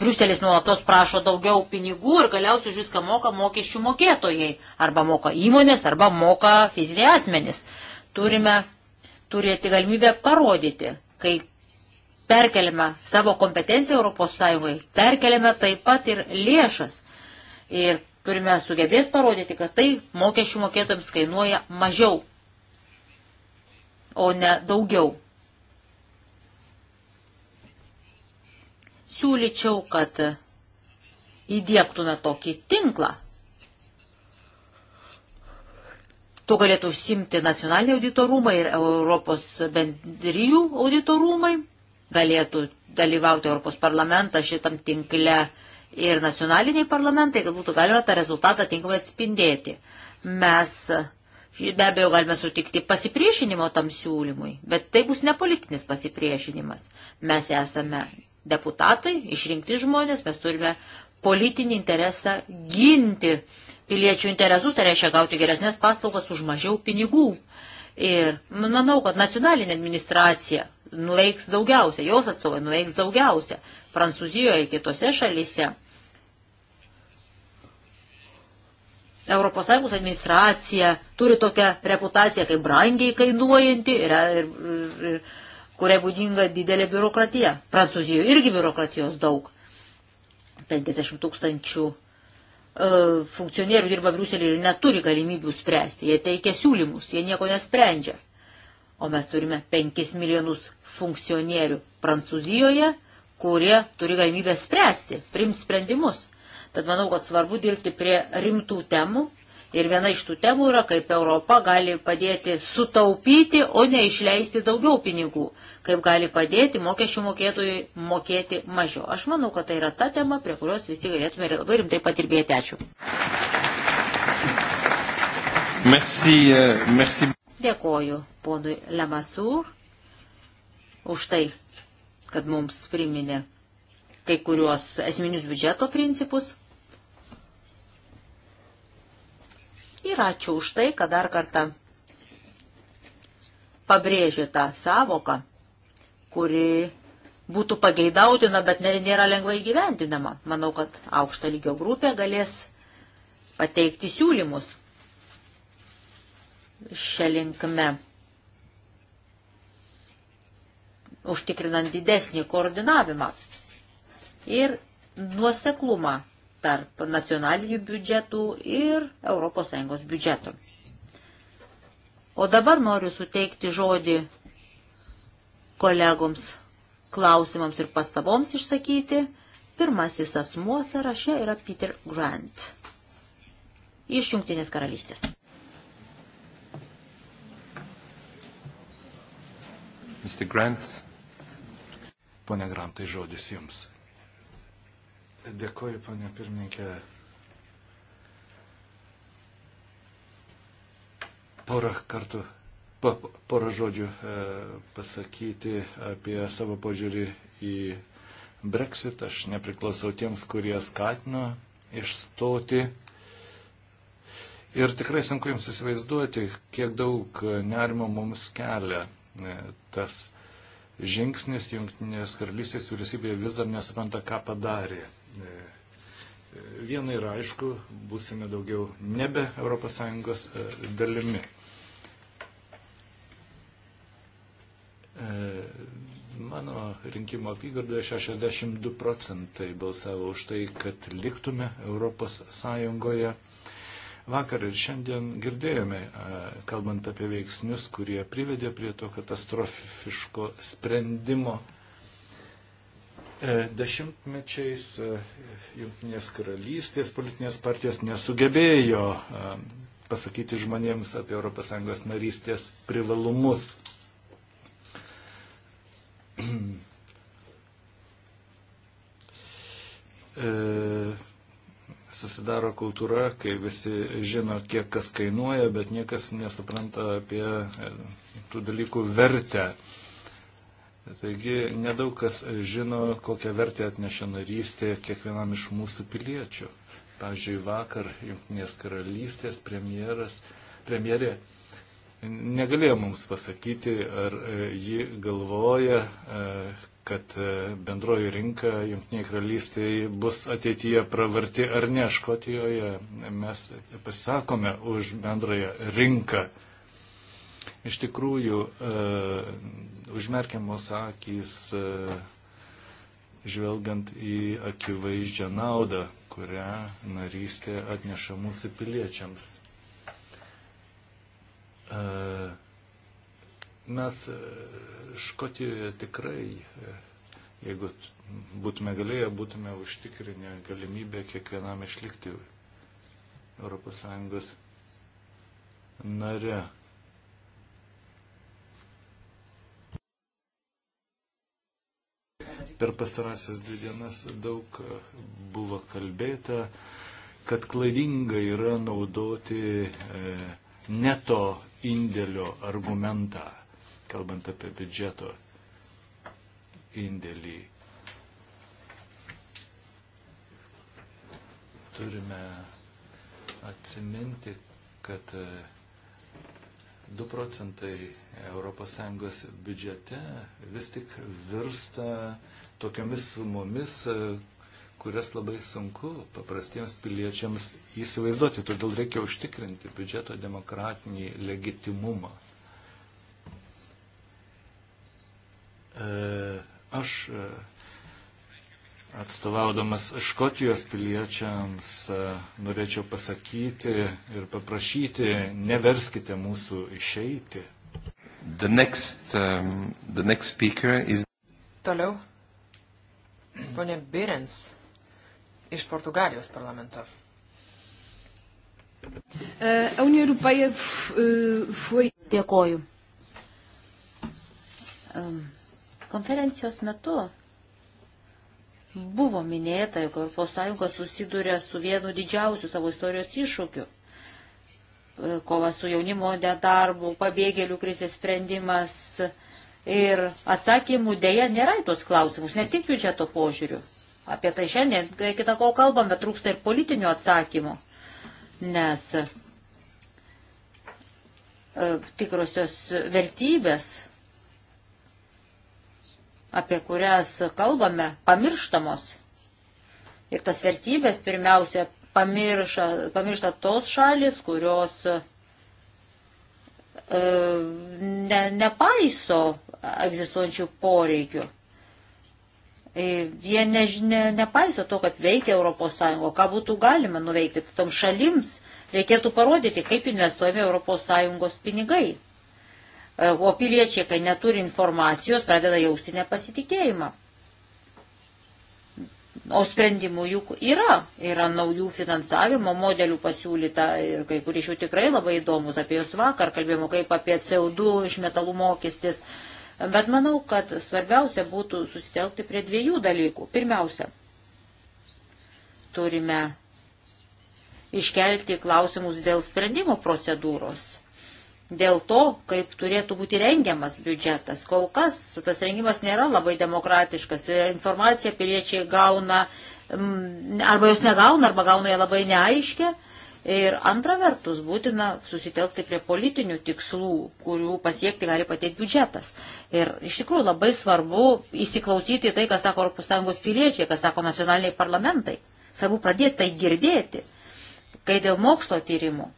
Briuselis nuolatos prašo daugiau pinigų ir galiausiai už viską moka mokesčių mokėtojai. Arba moka įmonės, arba moka fiziniai asmenys. Turime turėti galimybę parodyti, kai perkeliame savo kompetenciją ES, perkeliame taip pat ir lėšas. Ir turime sugebėti parodyti, kad tai mokesčių mokėtojams kainuoja mažiau, o ne daugiau. Siūlyčiau, kad įdėktume tokį tinklą. Tu galėtų užsimti nacionaliniai auditorumai ir Europos bendrijų auditorumai galėtų dalyvauti Europos parlamentas šitam tinkle ir nacionaliniai parlamentai, kad būtų galima tą rezultatą tinkamai atspindėti. Mes be abejo galime sutikti pasipriešinimo tam siūlymui, bet tai bus nepolitinis pasipriešinimas. Mes esame deputatai, išrinkti žmonės, mes turime politinį interesą ginti piliečių interesus, tai reiškia gauti geresnės paslaugas už mažiau pinigų. Ir manau, kad nacionalinė administracija nuveiks daugiausia, jos atstovai nuveiks daugiausia. Prancūzijoje, kitose šalyse. ES administracija turi tokią reputaciją kaip brangiai kainuojanti ir, ir, ir, ir kuria būdinga didelė biurokratija. Prancūzijoje irgi biurokratijos daug. 50 tūkstančių e, funkcionierių dirba Briuselėje ir neturi galimybių spręsti. Jie teikia siūlymus, jie nieko nesprendžia. O mes turime 5 milijonus funkcionierių Prancūzijoje, kurie turi galimybę spręsti, primti sprendimus. Tad manau, kad svarbu dirbti prie rimtų temų. Ir viena iš tų temų yra, kaip Europa gali padėti sutaupyti, o ne išleisti daugiau pinigų. Kaip gali padėti mokesčių mokėtojui mokėti mažiau. Aš manau, kad tai yra ta tema, prie kurios visi galėtume labai rimtai patirbėti. Ačiū. Merci, euh, merci. Dėkoju ponui Lemasur už tai, kad mums priminė kai kuriuos esminius biudžeto principus. Ir ačiū už tai, kad dar kartą pabrėžė tą savoką, kuri būtų pageidautina, bet nėra lengvai gyventinama. Manau, kad aukšto lygio grupė galės pateikti siūlymus šią linkmę, užtikrinant didesnį koordinavimą ir nuoseklumą tarp nacionalinių biudžetų ir ES biudžetų. O dabar noriu suteikti žodį kolegoms klausimams ir pastaboms išsakyti. Pirmasis asmuo sąraše yra Peter Grant iš Junktinės karalystės. Mr. Grant. Pone Grantai, žodis jums. Dėkuoju, ponė pirmininkė. Porą kartų, porą žodžių e, pasakyti apie savo požiūrį į Brexit. Aš nepriklausau tiems, kurie skatino išstoti. Ir tikrai sunku jums įsivaizduoti, kiek daug nerimo mums kelia E, tas žingsnis Junktinės karalystės vyriausybėje vis dar nesupranta, ką padarė. E, e, viena yra aišku, būsime daugiau nebe ES dalimi. Mano rinkimo apygardoje 62 procentai balsavo už tai, kad liktume ES. Vakar ir šiandien girdėjome, e, kalbant apie veiksnius, kurie privedė prie to katastrofiško sprendimo. E, dešimtmečiais e, Junktinės karalystės politinės partijos nesugebėjo pasakyti žmonėms apie ES narystės privalumus. (clears throat) E, susidaro kultūra, kai visi žino, kiek kas kainuoja, bet niekas nesupranta apie e, tų dalykų vertę. Taigi nedaug kas žino, kokią vertę atneša narystė kiekvienam iš mūsų piliečių. Pavyzdžiui, vakar Junktinės karalystės premjerė negalėjo mums pasakyti, ar e, ji galvoja, e, kad e, bendroji rinka Junktiniai karalystiai bus ateityje pravarti ar ne Škotijoje. Mes pasisakome už bendrąją rinką. Iš tikrųjų, e, užmerkiamos akys e, žvelgiant į akivaizdžią naudą, kurią narystė atneša mūsų piliečiams. Uh, Mes e, Škotijoje tikrai, e, jeigu būtume galėję, būtume užtikrinę galimybę kiekvienam išlikti ES nare. Per pastarąsias dvi dienas daug buvo kalbėta, kad klaidinga yra naudoti e, neto indėlio argumentą kalbant apie biudžeto indėlį. Turime atsiminti, kad 2 e, procentai ES biudžete vis tik virsta tokiamis sumomis, e, kurias labai sunku paprastiems piliečiams įsivaizduoti. Todėl reikia užtikrinti biudžeto demokratinį legitimumą. E, aš e, atstovaudamas Škotijos piliečiams e, norėčiau pasakyti ir paprašyti, neverskite mūsų išeiti. The next, um, the next speaker is... Toliau. Pone Birens iš Portugalijos parlamento. Eh, a União Europeia eh, foi. Dėkoju. Um Konferencijos metu buvo minėta, jog ES susiduria su vienu didžiausiu savo istorijos iššūkiu. Kova su jaunimo nedarbu, pabėgėlių krizės sprendimas ir atsakymų dėja nėra į tos klausimus, ne tik biudžeto požiūrių. Apie tai šiandien, kai kitą ko kalbame, trūksta ir politinių atsakymų, nes e, tikrosios vertybės apie kurias kalbame, pamirštamos. Ir tas vertybės pirmiausia pamirša, pamiršta tos šalis, kurios e, ne, nepaiso egzistuojančių poreikių. E, jie ne, ne, nepaiso to, kad veikia ES, ką būtų galima nuveikti. Tam šalims reikėtų parodyti, kaip investuojami ES pinigai. E, o piliečiai, kai neturi informacijos, pradeda jausti nepasitikėjimą. O sprendimų juk yra, yra naujų finansavimo modelių pasiūlyta ir kai kurie iš jų tikrai labai įdomus, apie juos vakar kalbėjome kaip apie CO2 iš metalų mokestis, bet manau, kad svarbiausia būtų susitelkti prie dviejų dalykų. Pirmiausia, turime iškelti klausimus dėl sprendimo procedūros dėl to, kaip turėtų būti rengiamas biudžetas. Kol kas tas rengimas nėra labai demokratiškas ir informaciją piliečiai gauna mm, arba jos negauna, arba gauna ją labai neaiškia. Ir antra vertus būtina susitelkti prie politinių tikslų, kurių pasiekti gali pateikti biudžetas. Ir iš tikrųjų labai svarbu įsiklausyti tai, ką sako ES piliečiai, ką sako nacionaliniai parlamentai. Svarbu pradėti tai girdėti. Kai dėl mokslo tyrimų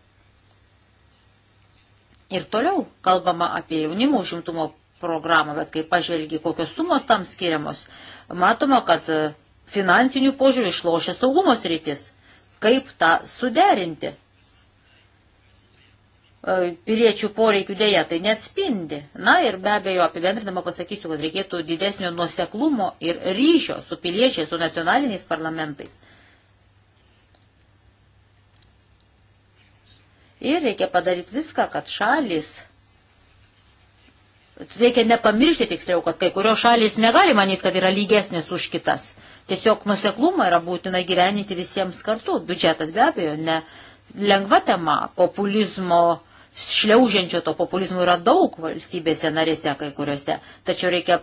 Ir toliau kalbama apie jaunimo užimtumo programą, bet kai pažvelgi, kokios sumos tam skiriamos, matoma, kad e, finansinių požiūrį išlošia saugumos rytis. Kaip tą suderinti? E, piliečių poreikių dėja tai neatspindi. Na ir be abejo, apibendrinama pasakysiu, kad reikėtų didesnio nuoseklumo ir ryšio su piliečiais, su nacionaliniais parlamentais. Ir reikia padaryti viską, kad šalis. Reikia nepamiršti tiksliau, kad kai kurios šalis negali manyti, kad yra lygesnės už kitas. Tiesiog nuseklumą yra būtina gyveninti visiems kartu. Biudžetas be abejo ne lengva tema. Populizmo, šliaužiančio to populizmo yra daug valstybėse narėse kai kuriuose. Tačiau reikia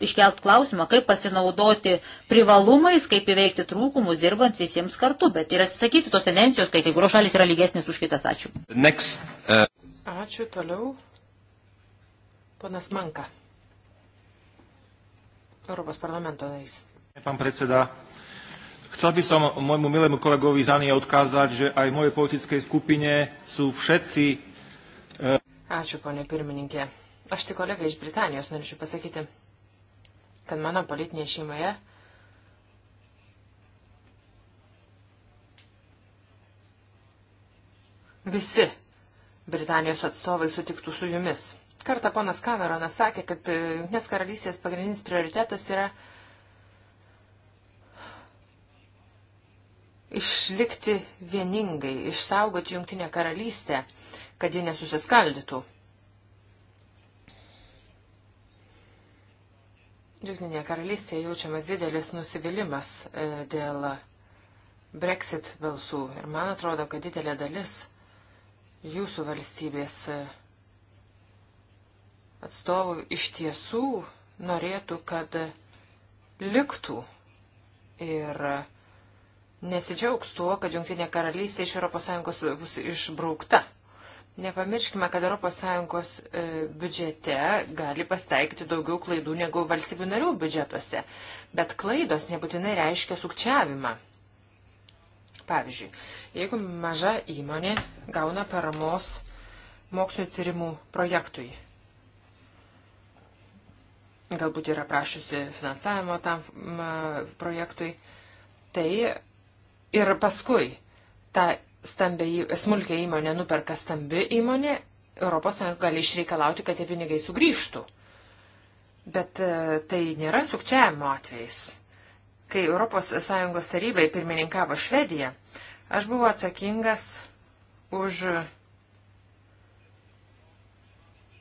iškelt klausimą, kaip pasinaudoti privalumais, kaip įveikti trūkumus, dirbant visiems kartu, bet ir atsisakyti tos tendencijos, kai kai kurios šalis yra lygesnis už kitas. Ačiū. Next, uh... Ačiū toliau. Ponas Manka. Europos parlamento narys. Pan predseda, chcel by som môjmu milému kolegovi Zanie odkázať, že aj v mojej politickej skupine sú všetci. Uh... Ačiū, ponė pirmininkė. Aš tik kolegai iš Britanijos norėčiau pasakyti kad mano politinėje šeimoje visi Britanijos atstovai sutiktų su jumis. Kartą ponas Cameronas sakė, kad e, Junktinės karalystės pagrindinis prioritetas yra išlikti vieningai, išsaugoti Junktinę karalystę, kad ji nesusiskaldytų. Junktinėje karalystėje jaučiamas didelis nusivylimas e, dėl Brexit balsų ir man atrodo, kad didelė dalis jūsų valstybės e, atstovų iš tiesų norėtų, kad liktų ir nesidžiaugs tuo, kad Junktinė karalystė iš ES bus išbraukta. Nepamirškime, kad ES e, biudžete gali pasteikti daugiau klaidų negu valstybių narių biudžetuose, bet klaidos nebūtinai reiškia sukčiavimą. Pavyzdžiui, jeigu maža įmonė gauna paramos mokslinio tyrimų projektui, galbūt yra prašusi finansavimo tam projektui, tai ir paskui ta stambiai, smulkia įmonė nuperka stambi įmonė, ES gali išreikalauti, kad tie pinigai sugrįžtų. Bet e, tai nėra sukčiavimo atvejais. Kai ES tarybai pirmininkavo Švedija, aš buvau atsakingas už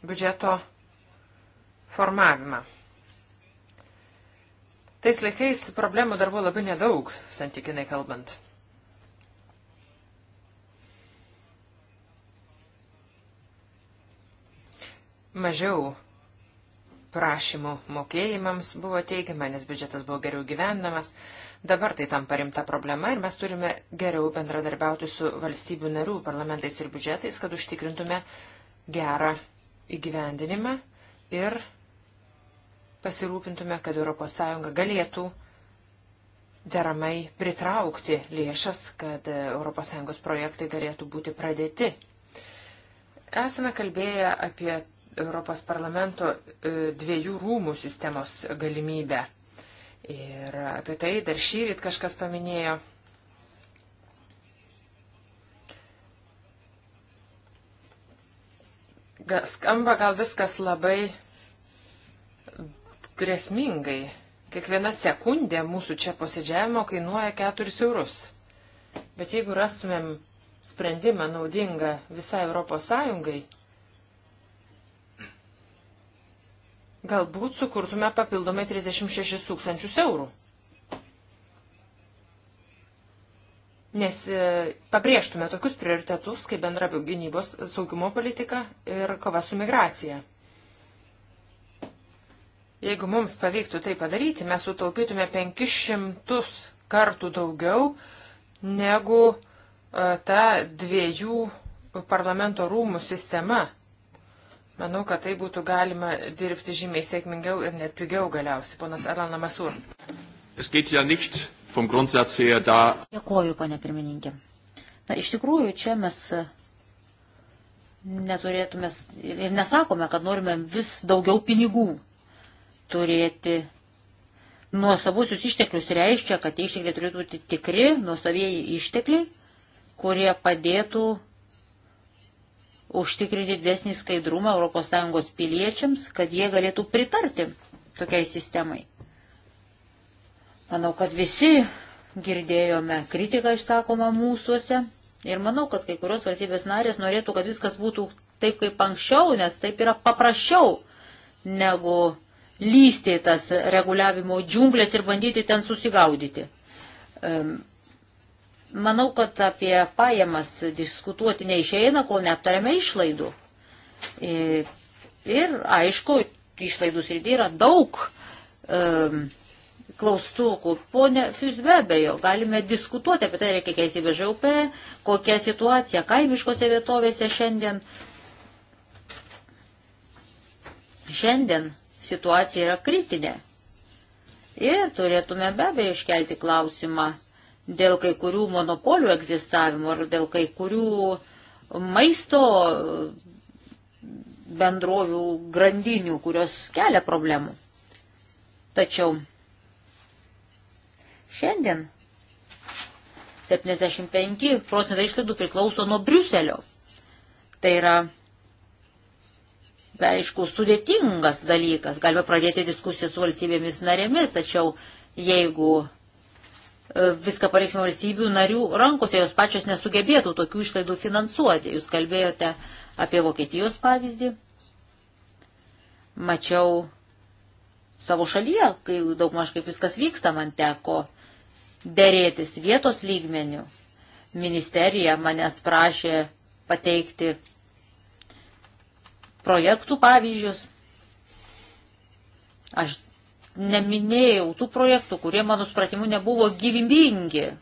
biudžeto formavimą. Tais laikais problemų dar buvo labai nedaug, santykinai kalbant. mažiau prašymų mokėjimams buvo teigiama, nes biudžetas buvo geriau gyvendamas. Dabar tai tam parimta problema ir mes turime geriau bendradarbiauti su valstybių narių parlamentais ir biudžetais, kad užtikrintume gerą įgyvendinimą ir pasirūpintume, kad ES galėtų deramai pritraukti lėšas, kad ES projektai galėtų būti pradėti. Esame kalbėję apie Europos parlamento e, dviejų rūmų sistemos galimybę. Ir apie tai dar šyrit kažkas paminėjo. Skamba gal viskas labai grėsmingai. Kiekviena sekundė mūsų čia posėdžiavimo kainuoja 4 eurus. Bet jeigu rastumėm sprendimą naudingą visai Europos Sąjungai, galbūt sukurtume papildomai 36 tūkstančius eurų. Nes e, pabrėžtume tokius prioritetus, kaip bendra gynybos saugumo politika ir kova su migracija. Jeigu mums pavyktų tai padaryti, mes sutaupytume 500 kartų daugiau negu e, ta dviejų parlamento rūmų sistema, Manau, kad tai būtų galima dirbti žymiai sėkmingiau ir net pigiau galiausiai. Ponas Elana Masur. Ja da... Dėkoju, ponė pirmininkė. Na, iš tikrųjų, čia mes e, neturėtume ir nesakome, kad norime vis daugiau pinigų turėti. Nuosavusius išteklius reiškia, kad tie ištekliai turėtų būti tikri, nuosavieji ištekliai, kurie padėtų užtikrinti didesnį skaidrumą ES piliečiams, kad jie galėtų pritarti tokiai sistemai. Manau, kad visi girdėjome kritiką išsakomą mūsųse ir manau, kad kai kurios valstybės narės norėtų, kad viskas būtų taip kaip anksčiau, nes taip yra paprasčiau negu lysti tas reguliavimo džiunglės ir bandyti ten susigaudyti. Manau, kad apie pajamas diskutuoti neišeina, kol neaptarėme išlaidų. E, ir, aišku, išlaidų srity yra daug um, klaustukų. Pone jūs be abejo, galime diskutuoti apie tai, reikia keisti BŽUP, kokia situacija kaimiškose vietovėse šiandien. Šiandien situacija yra kritinė. Ir turėtume be abejo iškelti klausimą dėl kai kurių monopolių egzistavimo ar dėl kai kurių maisto bendrovių grandinių, kurios kelia problemų. Tačiau šiandien 75 procentai išlaidų priklauso nuo Briuselio. Tai yra, be, aišku, sudėtingas dalykas. Galime pradėti diskusiją su valstybėmis narėmis, tačiau jeigu viską paliksime valstybių narių rankose, jos pačios nesugebėtų tokių išlaidų finansuoti. Jūs kalbėjote apie Vokietijos pavyzdį. Mačiau savo šalyje, kai daugmaž kaip viskas vyksta, man teko dėrėtis vietos lygmenių. Ministerija manęs prašė pateikti projektų pavyzdžius. Aš neminėjau tų projektų, kurie mano supratimu nebuvo gyvybingi. E,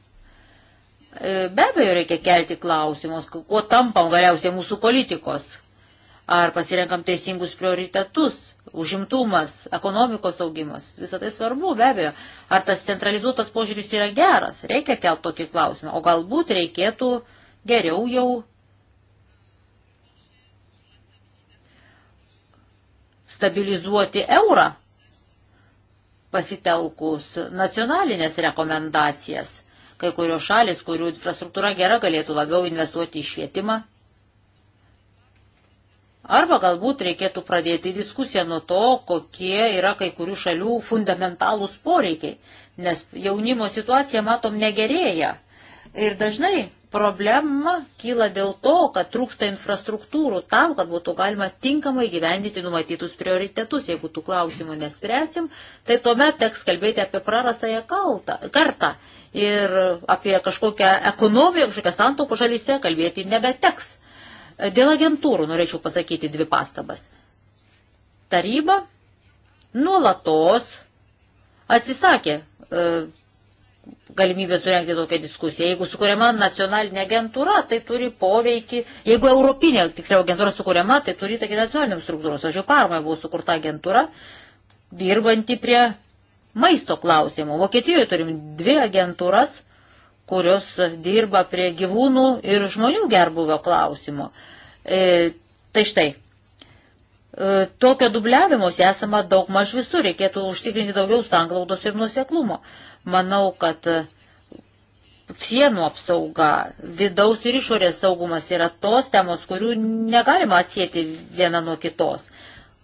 be abejo, reikia kelti klausimus, kuo tampam galiausiai mūsų politikos. Ar pasirenkam teisingus prioritetus, užimtumas, ekonomikos augimas. Visą tai svarbu, be abejo. Ar tas centralizuotas požiūris yra geras, reikia kelti tokį klausimą. O galbūt reikėtų geriau jau stabilizuoti eurą pasitelkus nacionalinės rekomendacijas. Kai kurios šalis, kurių infrastruktūra gera, galėtų labiau investuoti į švietimą. Arba galbūt reikėtų pradėti diskusiją nuo to, kokie yra kai kurių šalių fundamentalūs poreikiai, nes jaunimo situacija, matom, negerėja. Ir dažnai Problema kyla dėl to, kad trūksta infrastruktūrų tam, kad būtų galima tinkamai gyvendyti numatytus prioritetus. Jeigu tų klausimų nespręsim, tai tuomet teks kalbėti apie prarastąją kartą ir apie kažkokią ekonomiją, kažkokią santaupų šalyse kalbėti nebeteks. Dėl agentūrų norėčiau pasakyti dvi pastabas. Taryba nuolatos atsisakė e, galimybė surenkti tokią diskusiją. Jeigu sukūriama nacionalinė agentūra, tai turi poveikį. Jeigu europinė, tiksliau, agentūra sukūriama, tai turi tokį nacionaliniam struktūros. Aš jau parmai buvo sukurta agentūra, dirbanti prie maisto klausimų. Vokietijoje turim dvi agentūras, kurios dirba prie gyvūnų ir žmonių gerbuvio klausimų. E, tai štai, e, tokio dubliavimuose esama daug maž visur, reikėtų užtikrinti daugiau sanglaudos ir nuoseklumo. Manau, kad sienų apsauga, vidaus ir išorės saugumas yra tos temos, kurių negalima atsėti viena nuo kitos.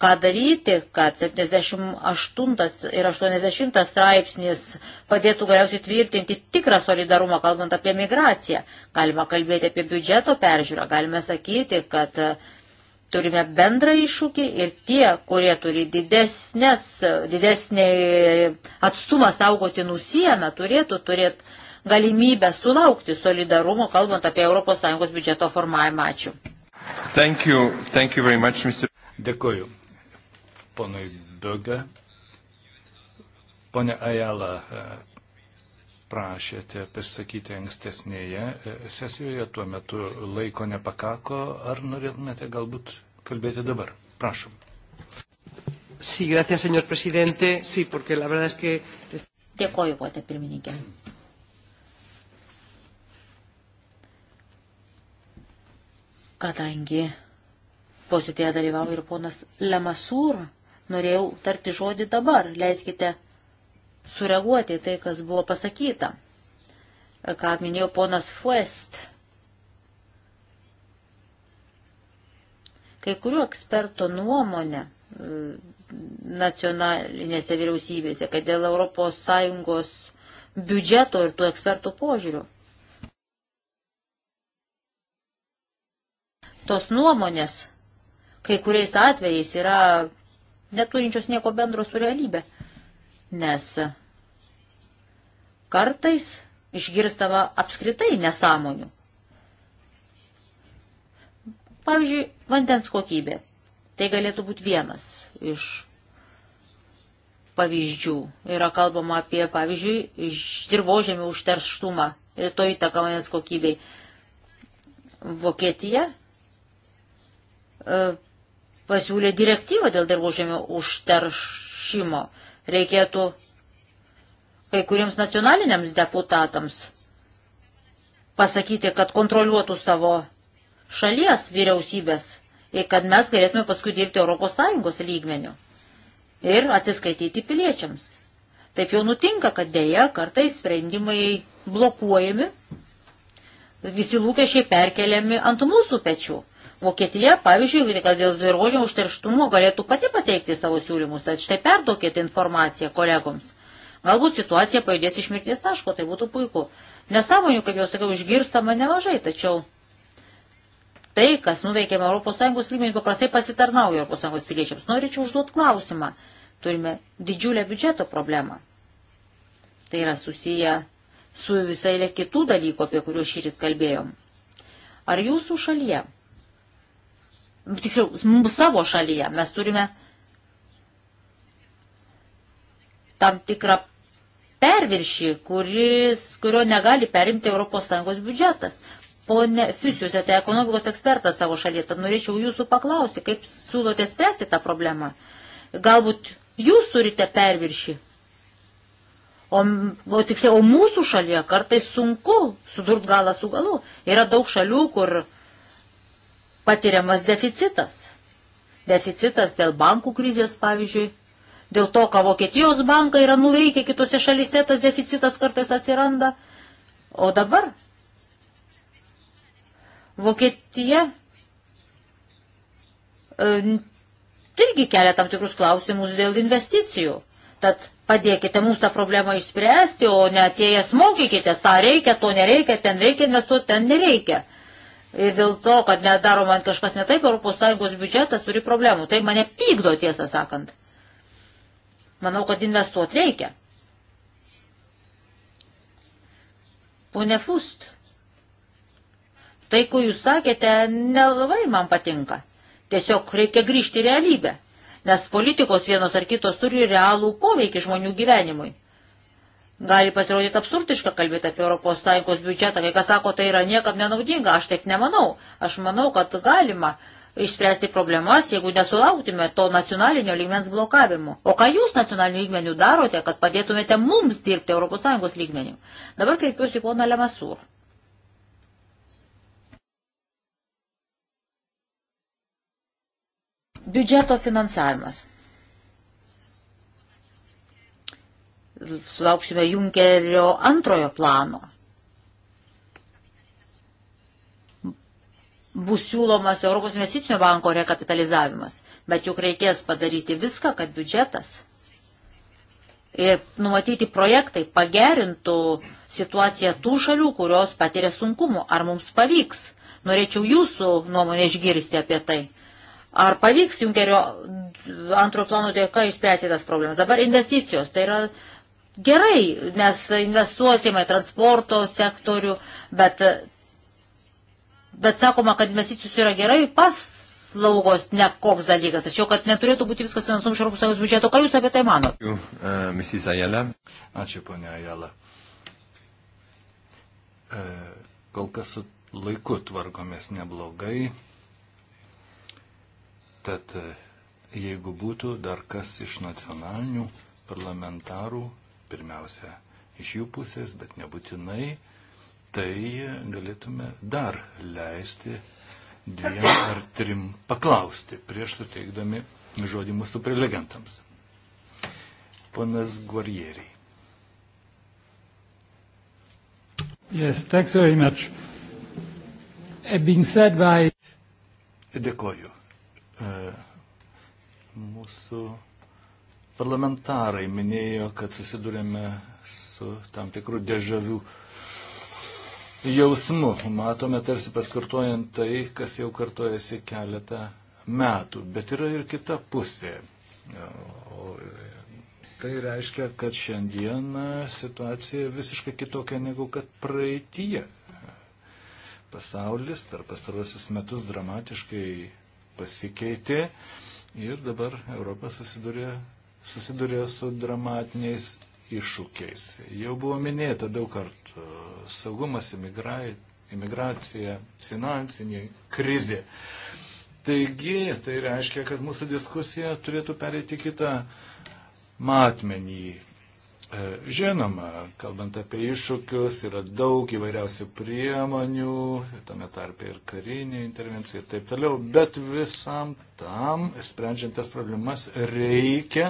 Ką daryti, kad 78 ir 80 straipsnis padėtų galiausiai tvirtinti tikrą solidarumą, kalbant apie migraciją. Galima kalbėti apie biudžeto peržiūrą, galime sakyti, kad uh, turime bendrą iššūkį ir tie, kurie turi didesnės, didesnį atstumą saugotinų sieną, turėtų turėti galimybę sulaukti solidarumo, kalbant apie ES biudžeto formavimą. Ačiū. Thank you. Thank you very much, Mr. Dėkuoju. Ponui Böge. Pone Ajala, prašėte pasisakyti ankstesnėje e, sesijoje, tuo metu laiko nepakako. Ar norėtumėte galbūt kalbėti dabar? Prašom. Sí, gracias, señor presidente. Sí, porque la verdad es que. Dėkoju, pote pirmininkė. Kadangi posėdėje dalyvavo ir ponas Lemasūr, norėjau tarti žodį dabar. Leiskite sureaguoti tai, kas buvo pasakyta, ką minėjo ponas Fuest. Kai kurių eksperto nuomonė mm, nacionalinėse vyriausybėse, kad dėl ES biudžeto ir tų ekspertų požiūrių. Tos nuomonės kai kuriais atvejais yra neturinčios nieko bendro su realybė nes kartais išgirstama apskritai nesąmonių. Pavyzdžiui, vandens kokybė. Tai galėtų būti vienas iš pavyzdžių. Yra kalbama apie, pavyzdžiui, dirbožėmių užterštumą ir to įtaką vandens kokybei. Vokietija e, pasiūlė direktyvą dėl dirbožėmio užteršimo. E, reikėtų kai kuriems nacionaliniams deputatams pasakyti, kad kontroliuotų savo šalies vyriausybės ir kad mes galėtume paskui dirbti ES lygmeniu ir atsiskaityti piliečiams. Taip jau nutinka, kad dėja kartais sprendimai blokuojami, visi lūkesčiai perkeliami ant mūsų pečių. Vokietija, pavyzdžiui, kad dėl dirbožėmų užterštumo galėtų pati pateikti savo siūlymus, tad štai perduokite informaciją kolegoms. Galbūt situacija pajudės iš mirties taško, tai būtų puiku. Nesąmonių, kaip jau sakiau, išgirstama nemažai, tačiau tai, kas nuveikėme ES lygmenį, paprastai pasitarnauja ES piliečiams. Norėčiau užduoti klausimą. Turime didžiulę biudžeto problemą. Tai yra susiję su visai lė kitų dalykų, apie kuriuos šįryt kalbėjom. Ar jūsų šalyje tiksliau, mums savo šalyje mes turime tam tikrą perviršį, kuris, kurio negali perimti ES biudžetas. Pone Fisius, tai ekonomikos ekspertas savo šalyje, tad norėčiau jūsų paklausyti, kaip siūlote spręsti tą problemą. Galbūt jūs turite perviršį, o, o tiksliau, o mūsų šalyje kartais sunku sudurt galą su galu. Yra daug šalių, kur uh, patiriamas deficitas. Deficitas dėl bankų krizės, pavyzdžiui, dėl to, ką Vokietijos bankai yra nuveikę kitose šalyse, tas deficitas kartais atsiranda. O dabar Vokietija e, irgi kelia tam tikrus klausimus dėl investicijų. Tad padėkite mums tą problemą išspręsti, o netėjęs mokykite, tą reikia, to nereikia, ten reikia investuoti, ten nereikia ir dėl to, kad nedaro man kažkas netaip, ES biudžetas turi problemų. Tai mane pykdo, tiesą sakant. Manau, kad investuoti reikia. Pone Fust, tai, ko jūs sakėte, nelabai man patinka. Tiesiog reikia grįžti į realybę, nes politikos vienos ar kitos turi realų poveikį žmonių gyvenimui. Gali pasirodyti absurdiška kalbėti apie ES biudžetą, kai kas sako, tai yra niekam nenaudinga, aš taip nemanau. Aš manau, kad galima išspręsti problemas, jeigu nesulauktume to nacionalinio lygmens blokavimo. O ką jūs nacionaliniu lygmeniu darote, kad padėtumėte mums dirbti ES lygmeniu? Dabar kreipiuosi į poną Lemasūr. Biudžeto finansavimas. sulauksime Junkerio antrojo plano. Bus siūlomas Europos investicinio banko rekapitalizavimas, bet juk reikės padaryti viską, kad biudžetas ir numatyti projektai pagerintų situaciją tų šalių, kurios patiria sunkumų. Ar mums pavyks? Norėčiau jūsų nuomonę išgirsti apie tai. Ar pavyks Junkerio antro plano dėka išspręsti tas problemas? Dabar investicijos. Tai yra Gerai, mes investuosime į transporto sektorių, bet, bet sakoma, kad investicijos yra gerai, paslaugos ne koks dalykas, tačiau kad neturėtų būti viskas finansuojama iš Europos Sąjungos biudžeto. Ką Jūs apie tai manote? Ačiū, uh, Mrs. Ajala. Ačiū, ponia Ajala. Uh, kol kas su laiku tvarkomės neblogai, tad uh, jeigu būtų dar kas iš nacionalinių parlamentarų pirmiausia iš jų pusės, bet nebūtinai, tai galėtume dar leisti dviem ar trim paklausti prieš suteikdami žodį mūsų prelegentams. Ponas Guarjeriai. Yes, thanks very much. Being said by... Dėkoju. Uh, mūsų Parlamentarai minėjo, kad susidurėme su tam tikrų dėžavių jausmu. Matome tarsi paskartojant tai, kas jau kartojasi keletą metų. Bet yra ir kita pusė. O tai reiškia, kad šiandieną situacija visiškai kitokia negu kad praeitie. Pasaulis per pastarosius metus dramatiškai pasikeitė ir dabar Europa susiduria susiduria su dramatiniais iššūkiais. Jau buvo minėta daug kartų saugumas, imigracija, finansinė krizė. Taigi, tai reiškia, kad mūsų diskusija turėtų perėti kitą matmenį. E, žinoma, kalbant apie iššūkius, yra daug įvairiausių priemonių, tame tarpe ir karinė intervencija ir taip toliau, bet visam tam, sprendžiant tas problemas, reikia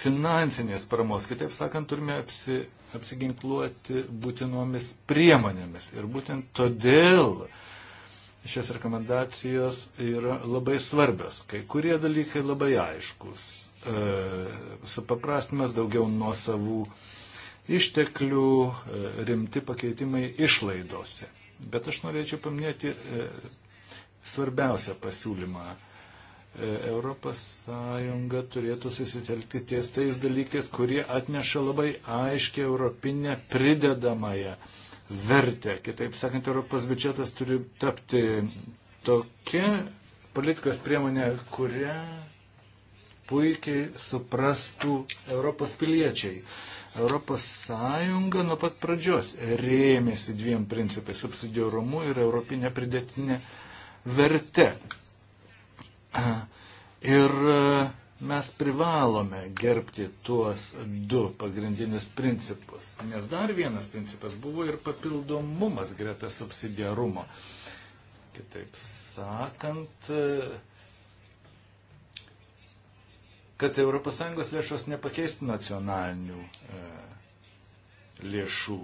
finansinės paramos. Kitaip sakant, turime apsi, apsiginkluoti būtinomis priemonėmis. Ir būtent todėl šios rekomendacijos yra labai svarbios. Kai kurie dalykai labai aiškus. E, supaprastimas daugiau nuo savų išteklių, e, rimti pakeitimai išlaidose. Bet aš norėčiau paminėti e, svarbiausią pasiūlymą. E, Europos Sąjunga turėtų susitelkti ties tais dalykais, kurie atneša labai aiškę europinę pridedamąją uh, vertę. Kitaip sakant, Europos biudžetas turi tapti tokia politikos priemonė, kurią puikiai suprastų Europos piliečiai. Europos Sąjunga nuo pat pradžios rėmėsi dviem principais - subsidiarumu ir europinė pridėtinė verte. (clears throat) Ir Mes privalome gerbti tuos du pagrindinius principus, nes dar vienas principas buvo ir papildomumas greta subsidiarumo. Kitaip sakant, kad ES lėšos nepakeistų nacionalinių e, lėšų,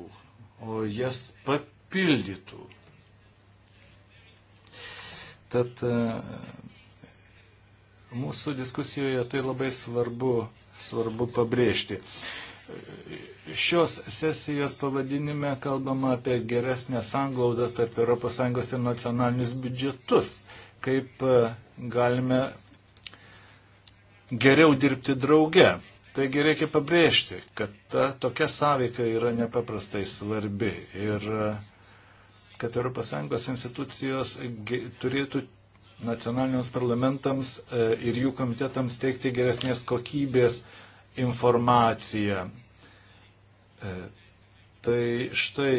o jas papildytų. Tad e, Mūsų diskusijoje tai labai svarbu, svarbu pabrėžti. Šios sesijos pavadinime kalbama apie geresnę sanglaudą tarp ES ir nacionalinius biudžetus, kaip e, galime geriau dirbti drauge. Taigi reikia pabrėžti, kad ta, tokia sąveika yra nepaprastai svarbi ir e, kad ES institucijos turėtų nacionaliniams parlamentams e, ir jų komitetams teikti geresnės kokybės informaciją. E, tai štai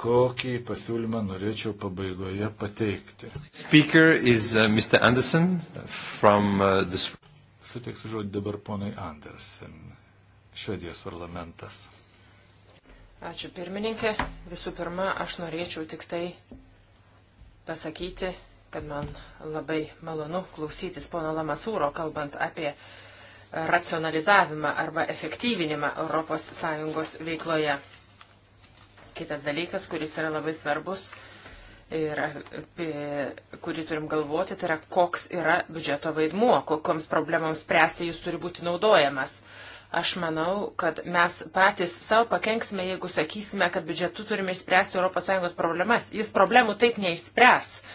kokį pasiūlymą norėčiau pabaigoje pateikti. Speaker is uh, Mr. Anderson from uh, the... Suteiksiu žodį dabar ponai Andersen, Švedijos parlamentas. Ačiū pirmininkė. Visų pirma, aš norėčiau tik tai pasakyti, kad man labai malonu klausytis pono Lamasūro, kalbant apie racionalizavimą arba efektyvinimą ES veikloje. Kitas dalykas, kuris yra labai svarbus ir apie kurį turim galvoti, tai yra koks yra biudžeto vaidmuo, kokioms problemams spręsti jis turi būti naudojamas. Aš manau, kad mes patys savo pakenksime, jeigu sakysime, kad biudžetu turime išspręsti ES problemas. Jis problemų taip neišspręs. Uh,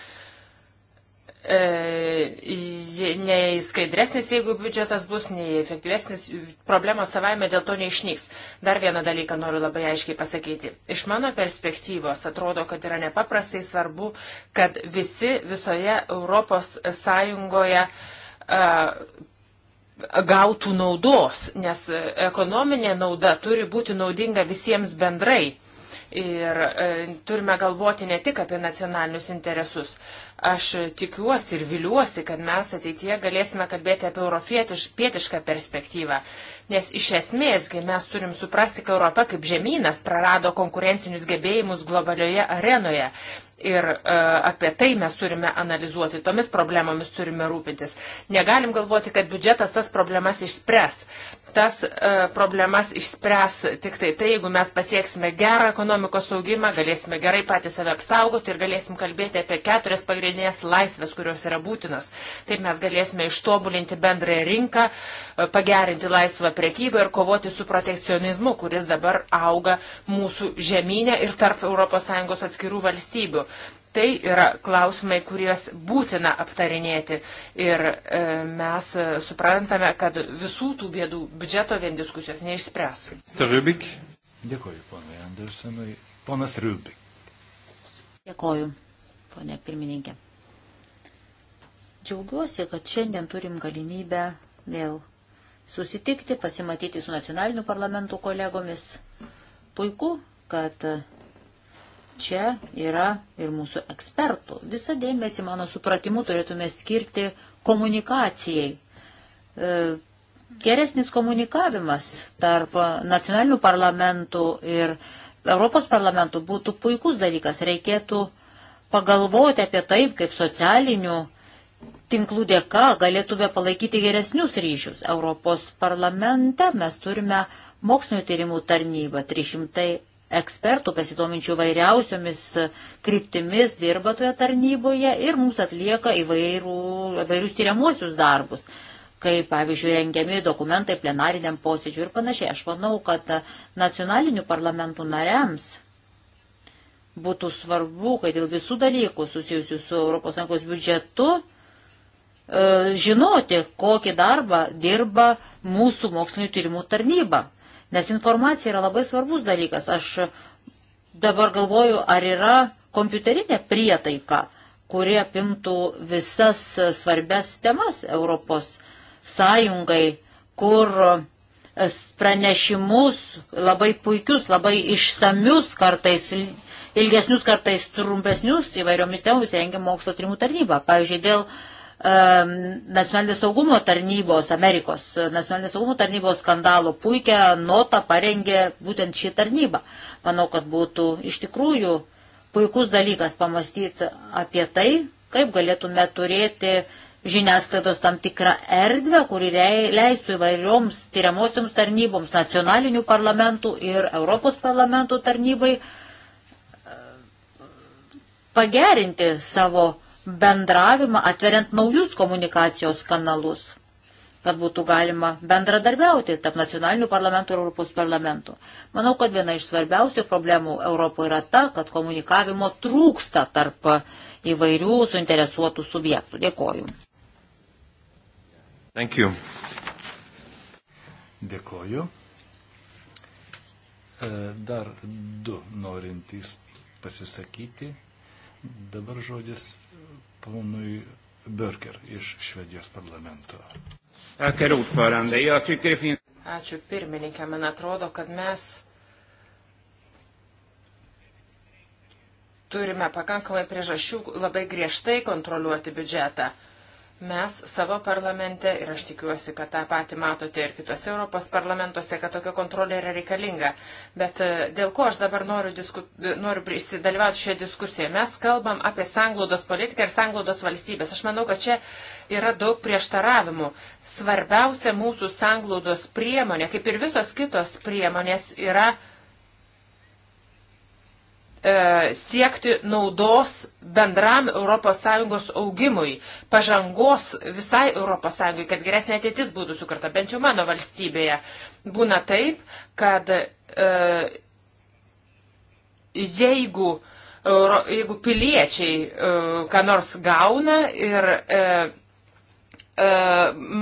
E, nei skaidresnis, jeigu biudžetas bus, nei efektyvesnis, problema savaime dėl to neišnyks. Dar vieną dalyką noriu labai aiškiai pasakyti. Iš mano perspektyvos atrodo, kad yra nepaprastai svarbu, kad visi visoje Europos Sąjungoje uh, gautų naudos, nes ekonominė nauda turi būti naudinga visiems bendrai. Ir e, turime galvoti ne tik apie nacionalinius interesus. Aš tikiuosi ir viliuosi, kad mes ateityje galėsime kalbėti apie europietišką perspektyvą, nes iš esmėsgi mes turim suprasti, kad Europa kaip žemynas prarado konkurencinius gebėjimus globalioje arenoje. Ir e, apie tai mes turime analizuoti, tomis problemomis turime rūpintis. Negalim galvoti, kad biudžetas tas problemas išspręs tas e, problemas išspręs tik tai tai, jeigu mes pasieksime gerą ekonomikos augimą, galėsime gerai patys save apsaugoti ir galėsim kalbėti apie keturias pagrindinės laisvės, kurios yra būtinos. Taip mes galėsime ištobulinti bendrąją rinką, e, pagerinti laisvą priekybą ir kovoti su protekcionizmu, kuris dabar auga mūsų žemynė ir tarp ES atskirų valstybių. Tai yra klausimai, kuriuos būtina aptarinėti. Ir e, mes e, suprantame, kad visų tų bėdų biudžeto vien diskusijos neišspręs. Rubik. Dėkoju, ponai Andersenui. Ponas Rubik. Dėkoju, ponė pirmininkė. Džiaugiuosi, kad šiandien turim galimybę vėl susitikti, pasimatyti su nacionaliniu parlamentu kolegomis. Puiku, kad Čia yra ir mūsų ekspertų. Visą dėmesį, mano supratimu, turėtume skirti komunikacijai. E, geresnis komunikavimas tarp nacionalinių parlamentų ir Europos parlamentų būtų puikus dalykas. Reikėtų pagalvoti apie taip, kaip socialinių tinklų dėka galėtume palaikyti geresnius ryšius. Europos parlamente mes turime mokslinio tyrimų tarnybą 300 ekspertų pasidominčių vairiausiomis kryptimis dirba toje tarnyboje ir mums atlieka įvairių, įvairius tyriamuosius darbus, kaip pavyzdžiui rengiami dokumentai plenariniam posėdžiui ir panašiai. Aš manau, kad nacionalinių parlamentų nariams būtų svarbu, kad dėl visų dalykų susijusių su ES biudžetu e, žinoti, kokį darbą dirba mūsų mokslinio tyrimų tarnyba. Nes informacija yra labai svarbus dalykas. Aš dabar galvoju, ar yra kompiuterinė prietaika, kurie apimtų visas svarbes temas Europos Sąjungai, kur e, pranešimus labai puikius, labai išsamius kartais ilgesnius, kartais trumpesnius įvairiomis temomis rengia mokslo trimų tarnyba. Pavyzdžiui, dėl uh, nacionalinės saugumo tarnybos, Amerikos e, nacionalinės saugumo tarnybos skandalo puikią notą parengė būtent šį tarnybą. Manau, kad būtų iš tikrųjų puikus dalykas pamastyti apie tai, kaip galėtume turėti žiniasklaidos tam tikrą erdvę, kuri leistų įvairioms tyriamosioms tarnyboms, nacionalinių parlamentų ir Europos parlamentų tarnybai e, pagerinti savo bendravimą, atveriant naujus komunikacijos kanalus, kad būtų galima bendradarbiauti tarp nacionalinių parlamentų ir Europos parlamentų. Manau, kad viena iš svarbiausių problemų Europoje yra ta, kad komunikavimo trūksta tarp įvairių suinteresuotų subjektų. Dėkoju. Thank you. Dėkoju. E, dar du norintys pasisakyti. Dabar žodis ponui Börker iš Švedijos parlamento. Ačiū pirmininkė, man atrodo, kad mes turime pakankamai priežasčių labai griežtai kontroliuoti biudžetą. Mes savo parlamente, ir aš tikiuosi, kad tą patį matote ir kitose Europos parlamentuose, kad tokia kontrolė yra reikalinga. Bet e, dėl ko aš dabar noriu, disku, e, noriu prisidalyvauti šioje diskusijoje? Mes kalbam apie sanglaudos politiką ir sanglaudos valstybės. Aš manau, kad čia yra daug prieštaravimų. Svarbiausia mūsų sanglaudos priemonė, kaip ir visos kitos priemonės, yra E, siekti naudos bendram ES augimui, pažangos visai ES, kad geresnė ateitis būtų sukurta, bent jau mano valstybėje. Būna taip, kad e, jeigu, euro, jeigu piliečiai e, ką nors gauna ir e, e,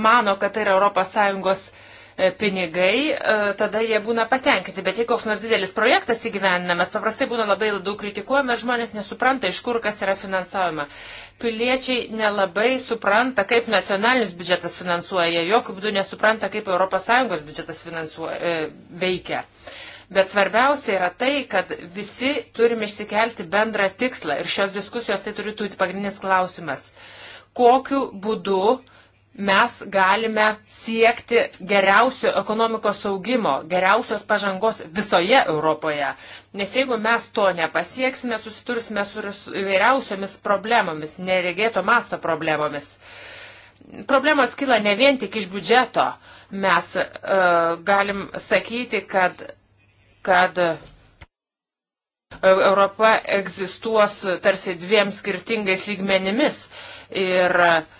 mano, kad tai yra ES E, pinigai, e, tada jie būna patenkinti. Bet jeigu koks nors didelis projektas įgyvendinamas, paprastai būna labai daug kritikuojama, žmonės nesupranta, iš kur kas yra finansuojama. Piliečiai nelabai supranta, kaip nacionalinis biudžetas finansuoja, jie jokių būdų nesupranta, kaip ES biudžetas finansuoja, e, veikia. Bet svarbiausia yra tai, kad visi turim išsikelti bendrą tikslą ir šios diskusijos tai turi būti pagrindinis klausimas. Kokiu būdu uh, mes galime siekti geriausio ekonomikos saugimo, geriausios pažangos visoje Europoje. Nes jeigu mes to nepasieksime, susitursime su įvairiausiomis problemomis, neregėto masto problemomis. Problemos kyla ne vien tik iš biudžeto. Mes uh, galim sakyti, kad, kad e, Europa egzistuos tarsi dviem skirtingais lygmenimis. Ir uh,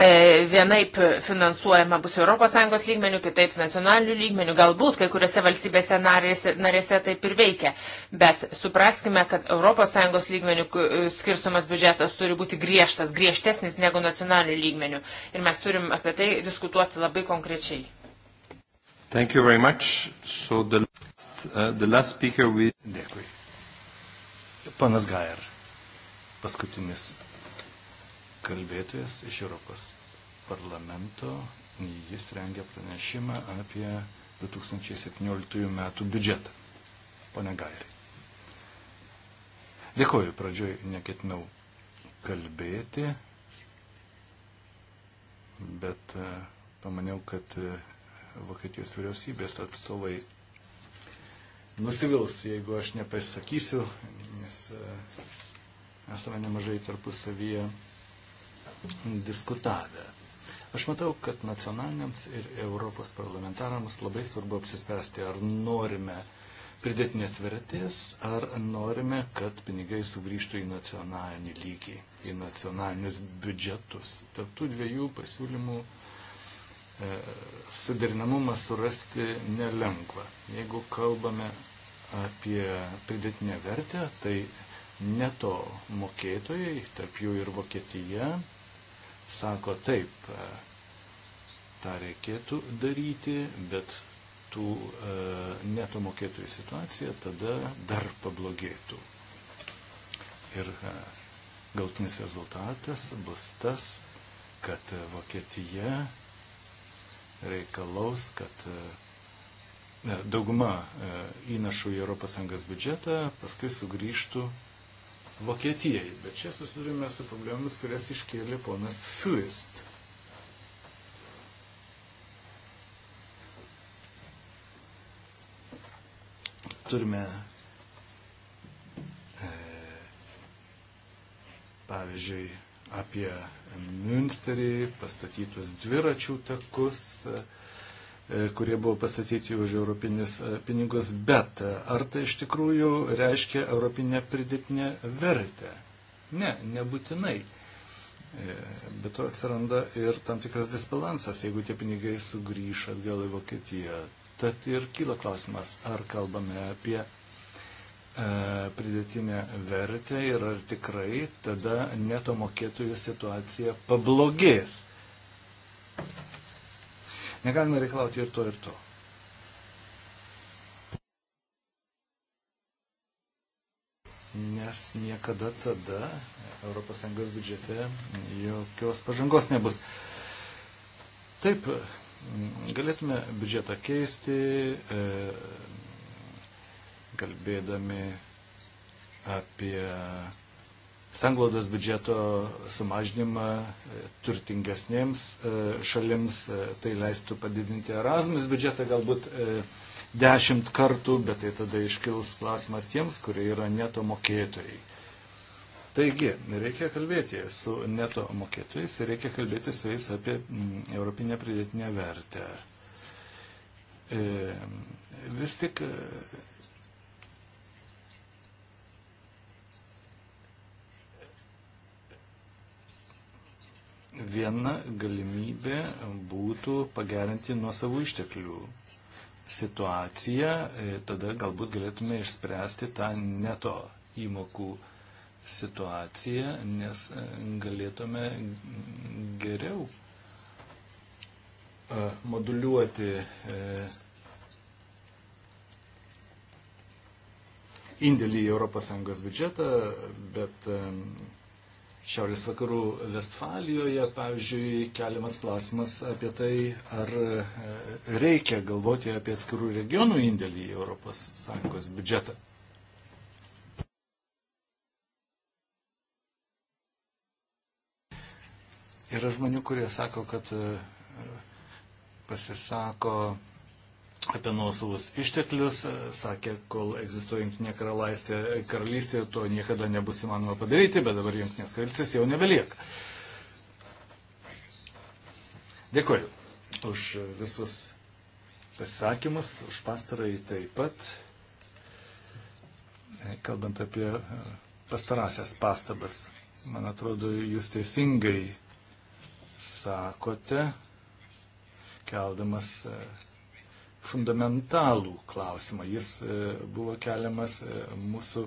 E, vienaip finansuojama bus ES lygmenių, kitaip nacionalinių lygmenių, galbūt kai kuriuose valstybėse narėse, narėse taip ir veikia. Bet supraskime, kad ES lygmenių e, skirsumas biudžetas turi būti griežtas, griežtesnis negu nacionalinių lygmenių. Ir mes turim apie tai diskutuoti labai konkrečiai. Thank you very much. So the last, uh, the last speaker we... Dėkui. Panas Gajar, paskutinis kalbėtojas iš Europos parlamento. Jis rengia pranešimą apie 2017 metų biudžetą. Pone Gairį. Dėkoju, pradžioj neketinau kalbėti, bet e, pamaniau, kad e, Vokietijos vyriausybės atstovai nusivils, jeigu aš nepasisakysiu, nes e, esame nemažai tarpusavyje diskutavę. Aš matau, kad nacionaliniams ir Europos parlamentarams labai svarbu apsispręsti, ar norime pridėtinės vertės, ar norime, kad pinigai sugrįžtų į nacionalinį lygį, į nacionalinius biudžetus. Tarptų dviejų pasiūlymų e, suderinamumą surasti nelengva. Jeigu kalbame apie pridėtinę vertę, tai neto mokėtojai, tarp jų ir Vokietija, sako taip, tą reikėtų daryti, bet tų e, neto mokėtojų situacija tada dar pablogėtų. Ir e, galtinis rezultatas bus tas, kad Vokietija reikalaus, kad e, dauguma įnašų į ES biudžetą paskui sugrįžtų Vokietijai. Bet čia susidurime su problemomis, kurias iškėlė ponas Fuist. Turime e, pavyzdžiui, apie Münsterį pastatytus dviračių takus, E, kurie buvo pastatyti už europinius e, pinigus, bet e, ar tai iš tikrųjų reiškia europinę pridėtinę vertę? Ne, nebūtinai. Bet to atsiranda ir tam tikras disbalansas, jeigu tie pinigai sugrįš atgal į Vokietiją. Tad ir kyla klausimas, ar kalbame apie e, pridėtinę vertę ir ar tikrai tada neto mokėtojų situacija pablogės. Negalima reikalauti ir to, ir to. Nes niekada tada ES biudžete jokios pažangos nebus. Taip, galėtume biudžetą keisti, e, kalbėdami apie sanglaudos biudžeto sumažinimą e, turtingesnėms e, šalims, e, tai leistų padidinti Erasmus biudžetą galbūt dešimt kartų, bet tai tada iškils klausimas tiems, kurie yra neto mokėtojai. Taigi, reikia kalbėti su neto mokėtojais ir reikia kalbėti su jais apie mm, europinę pridėtinę vertę. Vis tik Viena galimybė būtų pagerinti nuo savų išteklių situaciją, e, tada galbūt galėtume išspręsti tą neto įmokų situaciją, nes e, galėtume geriau e, moduliuoti indėlį į ES biudžetą, bet Šiaurės vakarų Vestfalijoje, pavyzdžiui, keliamas klausimas apie tai, ar e, reikia galvoti apie atskirų regionų indėlį į ES biudžetą. Yra žmonių, kurie sako, kad e, pasisako apie nuosavus išteklius, e, sakė, kol egzistuoja Junktinė karalystė, to niekada nebus įmanoma padaryti, bet dabar Junktinės karalystės jau nebelieka. Dėkoju už visus pasisakymus, už pastarąjį taip pat, e, kalbant apie e, pastarąsias pastabas. Man atrodo, jūs teisingai sakote, keldamas fundamentalų klausimą. Jis e, buvo keliamas e, mūsų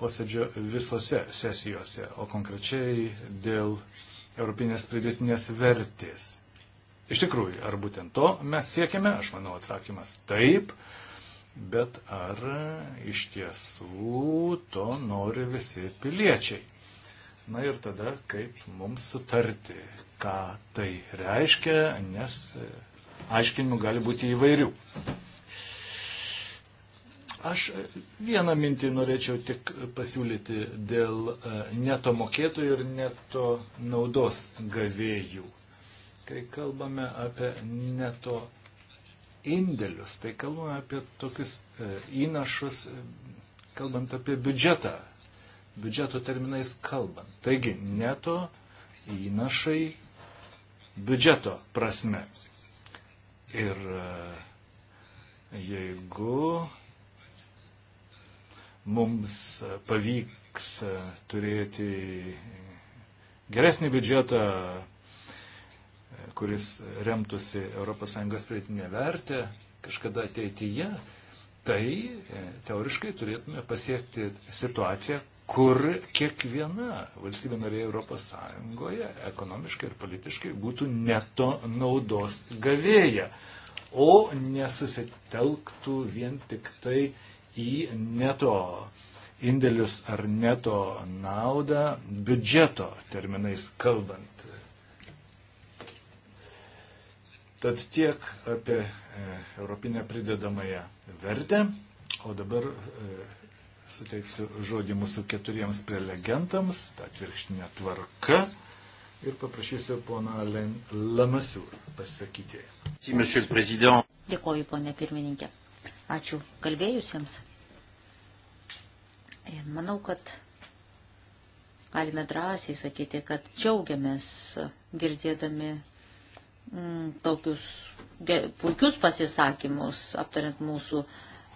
posėdžio visose sesijose, o konkrečiai dėl Europinės pridėtinės vertės. Iš tikrųjų, ar būtent to mes siekiame, aš manau, atsakymas taip, bet ar e, iš tiesų to nori visi piliečiai. Na ir tada, kaip mums sutarti, ką tai reiškia, nes aiškinimų gali būti įvairių. Aš vieną mintį norėčiau tik pasiūlyti dėl e, neto mokėtojų ir neto naudos gavėjų. Kai kalbame apie neto indėlius, tai kalbame apie tokius e, įnašus, kalbant apie biudžetą, biudžeto terminais kalbant. Taigi, neto įnašai biudžeto prasme. Ir e, jeigu mums pavyks e, turėti geresnį biudžetą, e, kuris remtųsi ES prieitinė vertė kažkada ateityje, tai teoriškai turėtume pasiekti situaciją, kur kiekviena valstybė narė Europos Sąjungoje ekonomiškai ir politiškai būtų neto naudos gavėja, o nesusitelktų vien tik tai į neto indėlius ar neto naudą biudžeto terminais kalbant. Tad tiek apie e, europinę pridedamąją vertę, o dabar e, suteiksiu žodį mūsų keturiems prelegentams, tą atvirkštinę tvarką ir paprašysiu pono Alen Lamasių pasakyti. Dėkoju, ponė pirmininkė. Ačiū kalbėjusiems. E, manau, kad galime drąsiai sakyti, kad džiaugiamės girdėdami m, mm, tokius ge, puikius pasisakymus, aptariant mūsų uh,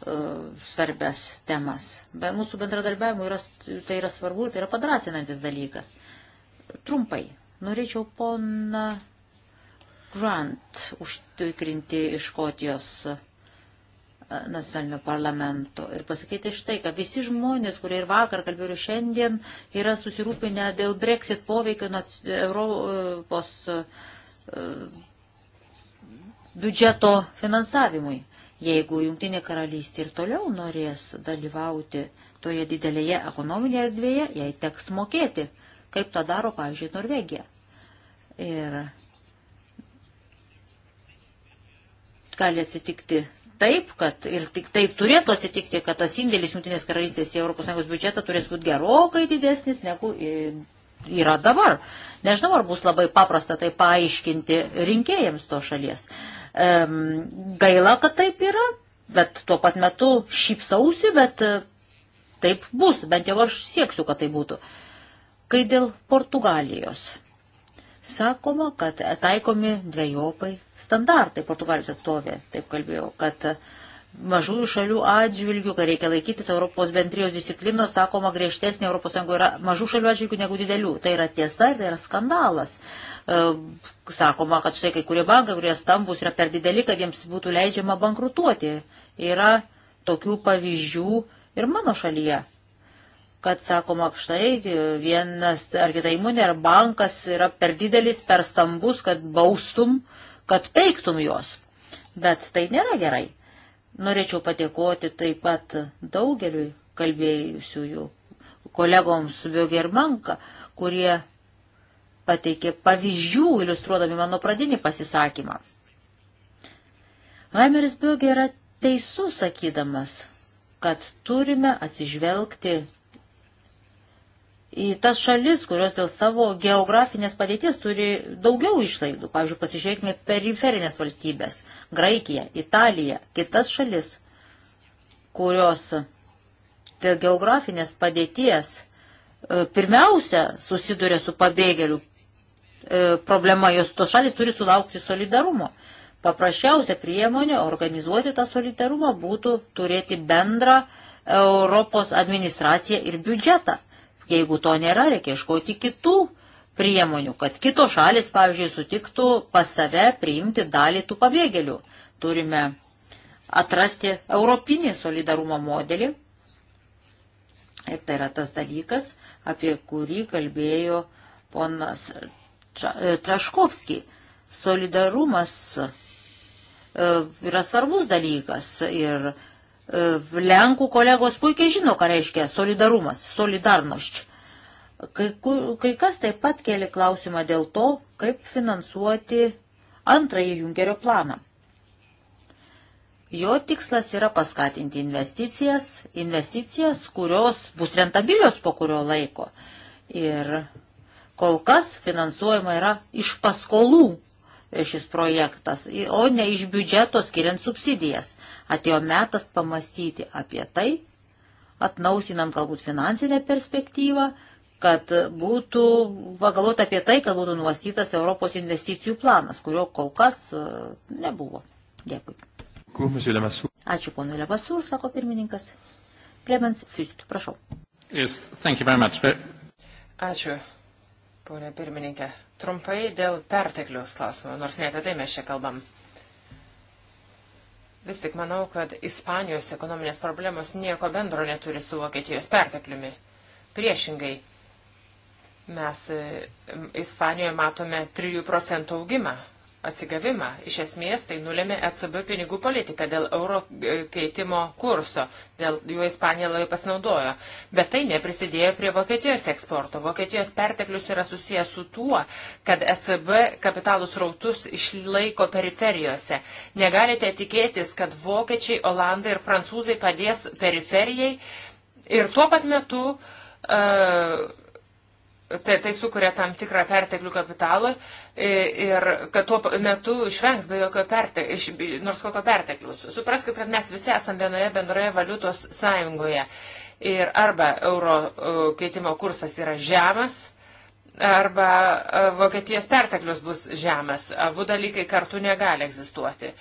E, svarbias temas. Bet mūsų bendradarbiavimui yra, tai yra svarbu ir tai yra padrasinantis dalykas. Trumpai, norėčiau poną Grant užtikrinti iš Škotijos e, nacionalinio parlamento ir pasakyti štai, kad visi žmonės, kurie ir vakar kalbėjo ir šiandien, yra susirūpinę dėl Brexit poveikio Europos e, biudžeto finansavimui. Jeigu Junktinė karalystė ir toliau norės dalyvauti toje didelėje ekonominėje erdvėje, jai teks mokėti, kaip tą daro, pavyzdžiui, Norvegija. Ir gali atsitikti taip, kad ir tik taip turėtų atsitikti, kad tas indėlis Junktinės karalystės į ES biudžetą turės būti gerokai didesnis negu yra dabar. Nežinau, ar bus labai paprasta tai paaiškinti rinkėjams to šalies. Gaila, kad taip yra, bet tuo pat metu šypsausi, bet e, taip bus, bent jau aš sieksiu, kad tai būtų. Kai dėl Portugalijos. Sakoma, kad taikomi dviejopai standartai, Portugalijos atstovė taip kalbėjo, kad uh, mažųjų šalių atžvilgių, kad reikia laikytis Europos bendrijos disciplinos, sakoma, griežtesnė Europos Sąjunga yra mažų šalių atžvilgių negu didelių. Tai yra tiesa ir tai yra skandalas. E, sakoma, kad štai kai kurie bankai, kurie stambus yra per dideli, kad jiems būtų leidžiama bankrutuoti. Yra tokių pavyzdžių ir mano šalyje kad sakoma, štai vienas ar kita įmonė ar bankas yra per didelis, per stambus, kad baustum, kad peiktum juos. Bet tai nėra gerai. Norėčiau padėkoti taip pat daugeliui kalbėjusiųjų kolegoms Biogermanka, kurie pateikė pavyzdžių, iliustruodami mano pradinį pasisakymą. Haimeris Bioger yra teisus sakydamas, kad turime atsižvelgti į tas šalis, kurios dėl savo geografinės padėties turi daugiau išlaidų. Pavyzdžiui, pasižiūrėkime periferinės valstybės - Graikiją, Italiją, kitas šalis, kurios dėl geografinės padėties e, pirmiausia susiduria su pabėgėlių e, problema, jos tos šalis turi sulaukti solidarumo. Paprasčiausia priemonė organizuoti tą solidarumą būtų turėti bendrą Europos administraciją ir biudžetą. Jeigu to nėra, reikia iškoti kitų priemonių, kad kitos šalis, pavyzdžiui, sutiktų pas save priimti dalį tų pabėgėlių. Turime atrasti europinį solidarumo modelį. Ir tai yra tas dalykas, apie kurį kalbėjo ponas e, Traškovski. Solidarumas e, yra svarbus dalykas ir E, Lenkų kolegos puikiai žino, ką reiškia solidarumas, solidarnošč. Kai, kai kas taip pat kėlė klausimą dėl to, kaip finansuoti antrąjį Junkerio planą. Jo tikslas yra paskatinti investicijas, investicijas, kurios bus rentabilios po kurio laiko. Ir kol kas finansuojama yra iš paskolų šis projektas, o ne iš biudžeto skiriant subsidijas. Atėjo metas pamastyti apie tai, atnausinant galbūt finansinę perspektyvą, kad būtų pagalvota apie tai, kad būtų nuostytas Europos investicijų planas, kurio kol kas e, nebuvo. Dėkui. Ačiū ponui Lebasur, sako pirmininkas. Klemens Fist, prašau. Yes, thank you very much. Ačiū, ponė pirmininkė. Trumpai dėl pertekliaus klausimo, nors ne apie tai mes čia kalbam. Vis tik manau, kad Ispanijos ekonominės problemos nieko bendro neturi su Vokietijos pertekliumi. Priešingai, mes e, Ispanijoje matome 3 procentų augimą atsigavimą. Iš esmės tai nulėmė ECB pinigų politika dėl euro e, keitimo kurso, dėl juo Ispanija labai pasinaudojo. Bet tai neprisidėjo prie Vokietijos eksporto. Vokietijos perteklius yra susijęs su tuo, kad ECB kapitalus rautus išlaiko periferijose. Negalite tikėtis, kad vokiečiai, olandai ir prancūzai padės periferijai ir tuo pat metu uh, Tai, tai sukuria tam tikrą perteklių kapitalui, E, ir kad tuo metu išvengs be jokio pertek, iš, nors kokio perteklius. Supraskite, kad mes visi esame vienoje bendroje valiutos sąjungoje. Ir arba euro e, keitimo kursas yra žemas, arba e, Vokietijos perteklius bus žemas. Abu dalykai kartu negali egzistuoti.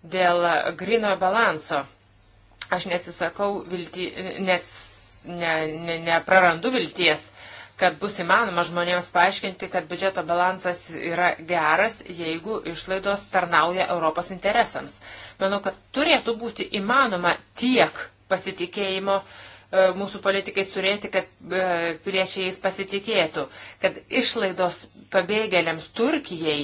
Dėl grino balanso aš nesisakau vilti, nes neprarandu ne, ne vilties kad bus įmanoma žmonėms paaiškinti, kad biudžeto balansas yra geras, jeigu išlaidos tarnauja Europos interesams. Manau, kad turėtų būti įmanoma tiek pasitikėjimo e, mūsų politikai turėti, kad e, piliečiai jais pasitikėtų, kad išlaidos pabėgėliams Turkijai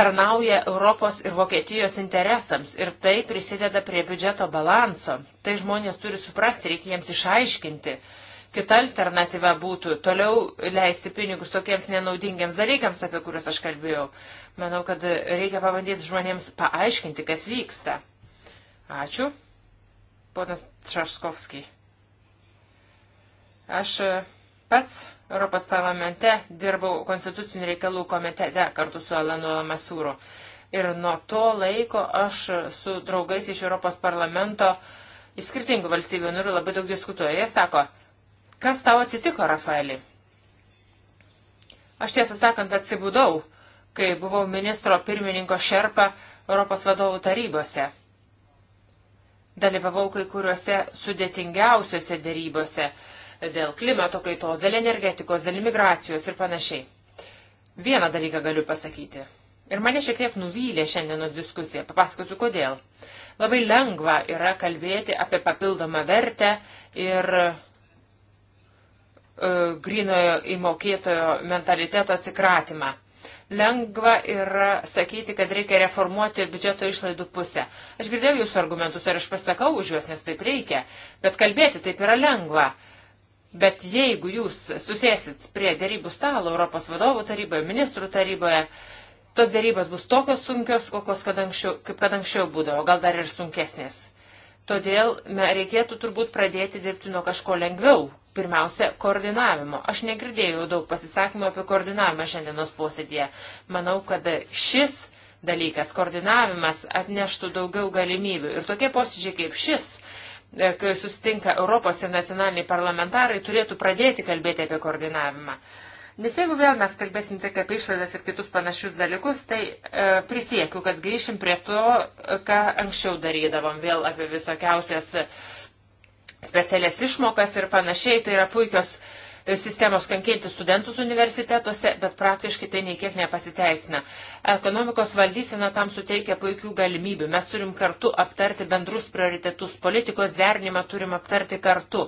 tarnauja Europos ir Vokietijos interesams ir tai prisideda prie biudžeto balanso. Tai žmonės turi suprasti, reikia jiems išaiškinti. Uh, Kita alternatyva būtų toliau leisti pinigus tokiems nenaudingiams dalykams, apie kuriuos aš kalbėjau. Manau, kad reikia pabandyti žmonėms paaiškinti, kas vyksta. Ačiū. Ponas Traškovski. Aš pats Europos parlamente dirbau konstitucinių reikalų komitete kartu su Alanu Lamasūru. Ir nuo to laiko aš su draugais iš Europos parlamento iš skirtingų valstybių narių labai daug diskutuoju. Jie sako, Kas tau atsitiko, Rafaeli? Aš tiesą sakant atsibūdau, kai buvau ministro pirmininko šerpa Europos vadovų tarybose. Dalyvavau kai kuriuose sudėtingiausiuose dėrybose dėl klimato kaitos, dėl energetikos, dėl imigracijos ir panašiai. Vieną dalyką galiu pasakyti. Ir mane šiek tiek nuvylė šiandienos diskusija. Papasakosiu kodėl. Labai lengva yra kalbėti apie papildomą vertę ir E, grinojo įmokėtojo mentaliteto atsikratymą. Lengva yra sakyti, kad reikia reformuoti biudžeto išlaidų pusę. Aš girdėjau jūsų argumentus ir aš pasakau už juos, nes taip reikia, bet kalbėti taip yra lengva. Bet jeigu jūs susėsit prie dėrybų stalo Europos vadovų taryboje, ministrų taryboje, tos dėrybos bus tokios sunkios, kokios kad anksčiau, kaip kad anksčiau būdavo, gal dar ir sunkesnės. Todėl reikėtų turbūt pradėti dirbti nuo kažko lengviau. Pirmiausia, koordinavimo. Aš negirdėjau daug pasisakymų apie koordinavimą šiandienos posėdėje. Manau, kad šis dalykas, koordinavimas, atneštų daugiau galimybių. Ir tokie posėdžiai kaip šis, e, kai susitinka Europos ir nacionaliniai parlamentarai, turėtų pradėti kalbėti apie koordinavimą. Uh, Nes jeigu vėl mes kalbėsim tik apie išlaidas ir kitus panašius dalykus, tai e, prisiekiu, kad grįšim prie to, ką anksčiau darydavom, vėl apie visokiausias specialias išmokas ir panašiai. Tai yra puikios sistemos kankinti studentus universitetuose, bet praktiškai tai niekiek nepasiteisina. Ekonomikos valdysena tam suteikia puikių galimybių. Mes turim kartu aptarti bendrus prioritetus, politikos derinimą turim aptarti kartu.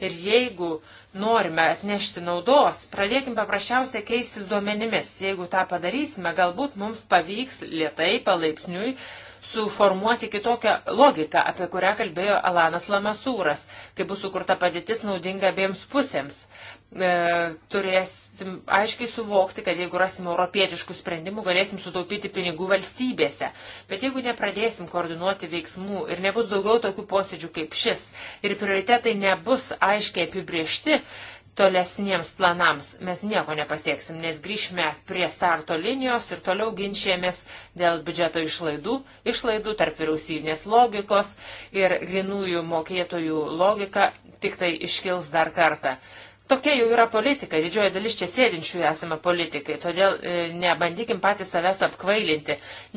Ir jeigu norime atnešti naudos, pradėkime paprasčiausiai keistis duomenimis. Jeigu tą padarysime, galbūt mums pavyks lietai, palaipsniui suformuoti kitokią logiką, apie kurią kalbėjo Alanas Lamasūras, kai bus sukurta padėtis naudinga abiems pusėms. E, turėsim aiškiai suvokti, kad jeigu rasim europietiškų sprendimų, galėsim sutaupyti pinigų valstybėse. Bet jeigu nepradėsim koordinuoti veiksmų ir nebus daugiau tokių posėdžių kaip šis ir prioritetai nebus aiškiai apibriešti tolesniems planams, mes nieko nepasieksim, nes grįšime prie starto linijos ir toliau ginčijamės dėl biudžeto išlaidų, išlaidų tarp vyriausybinės logikos ir grinųjų mokėtojų logika tik tai iškils dar kartą. Tokia jau yra politika, didžioji dalis čia sėdinčių esame politikai, todėl e, nebandykim patys savęs apkvailinti.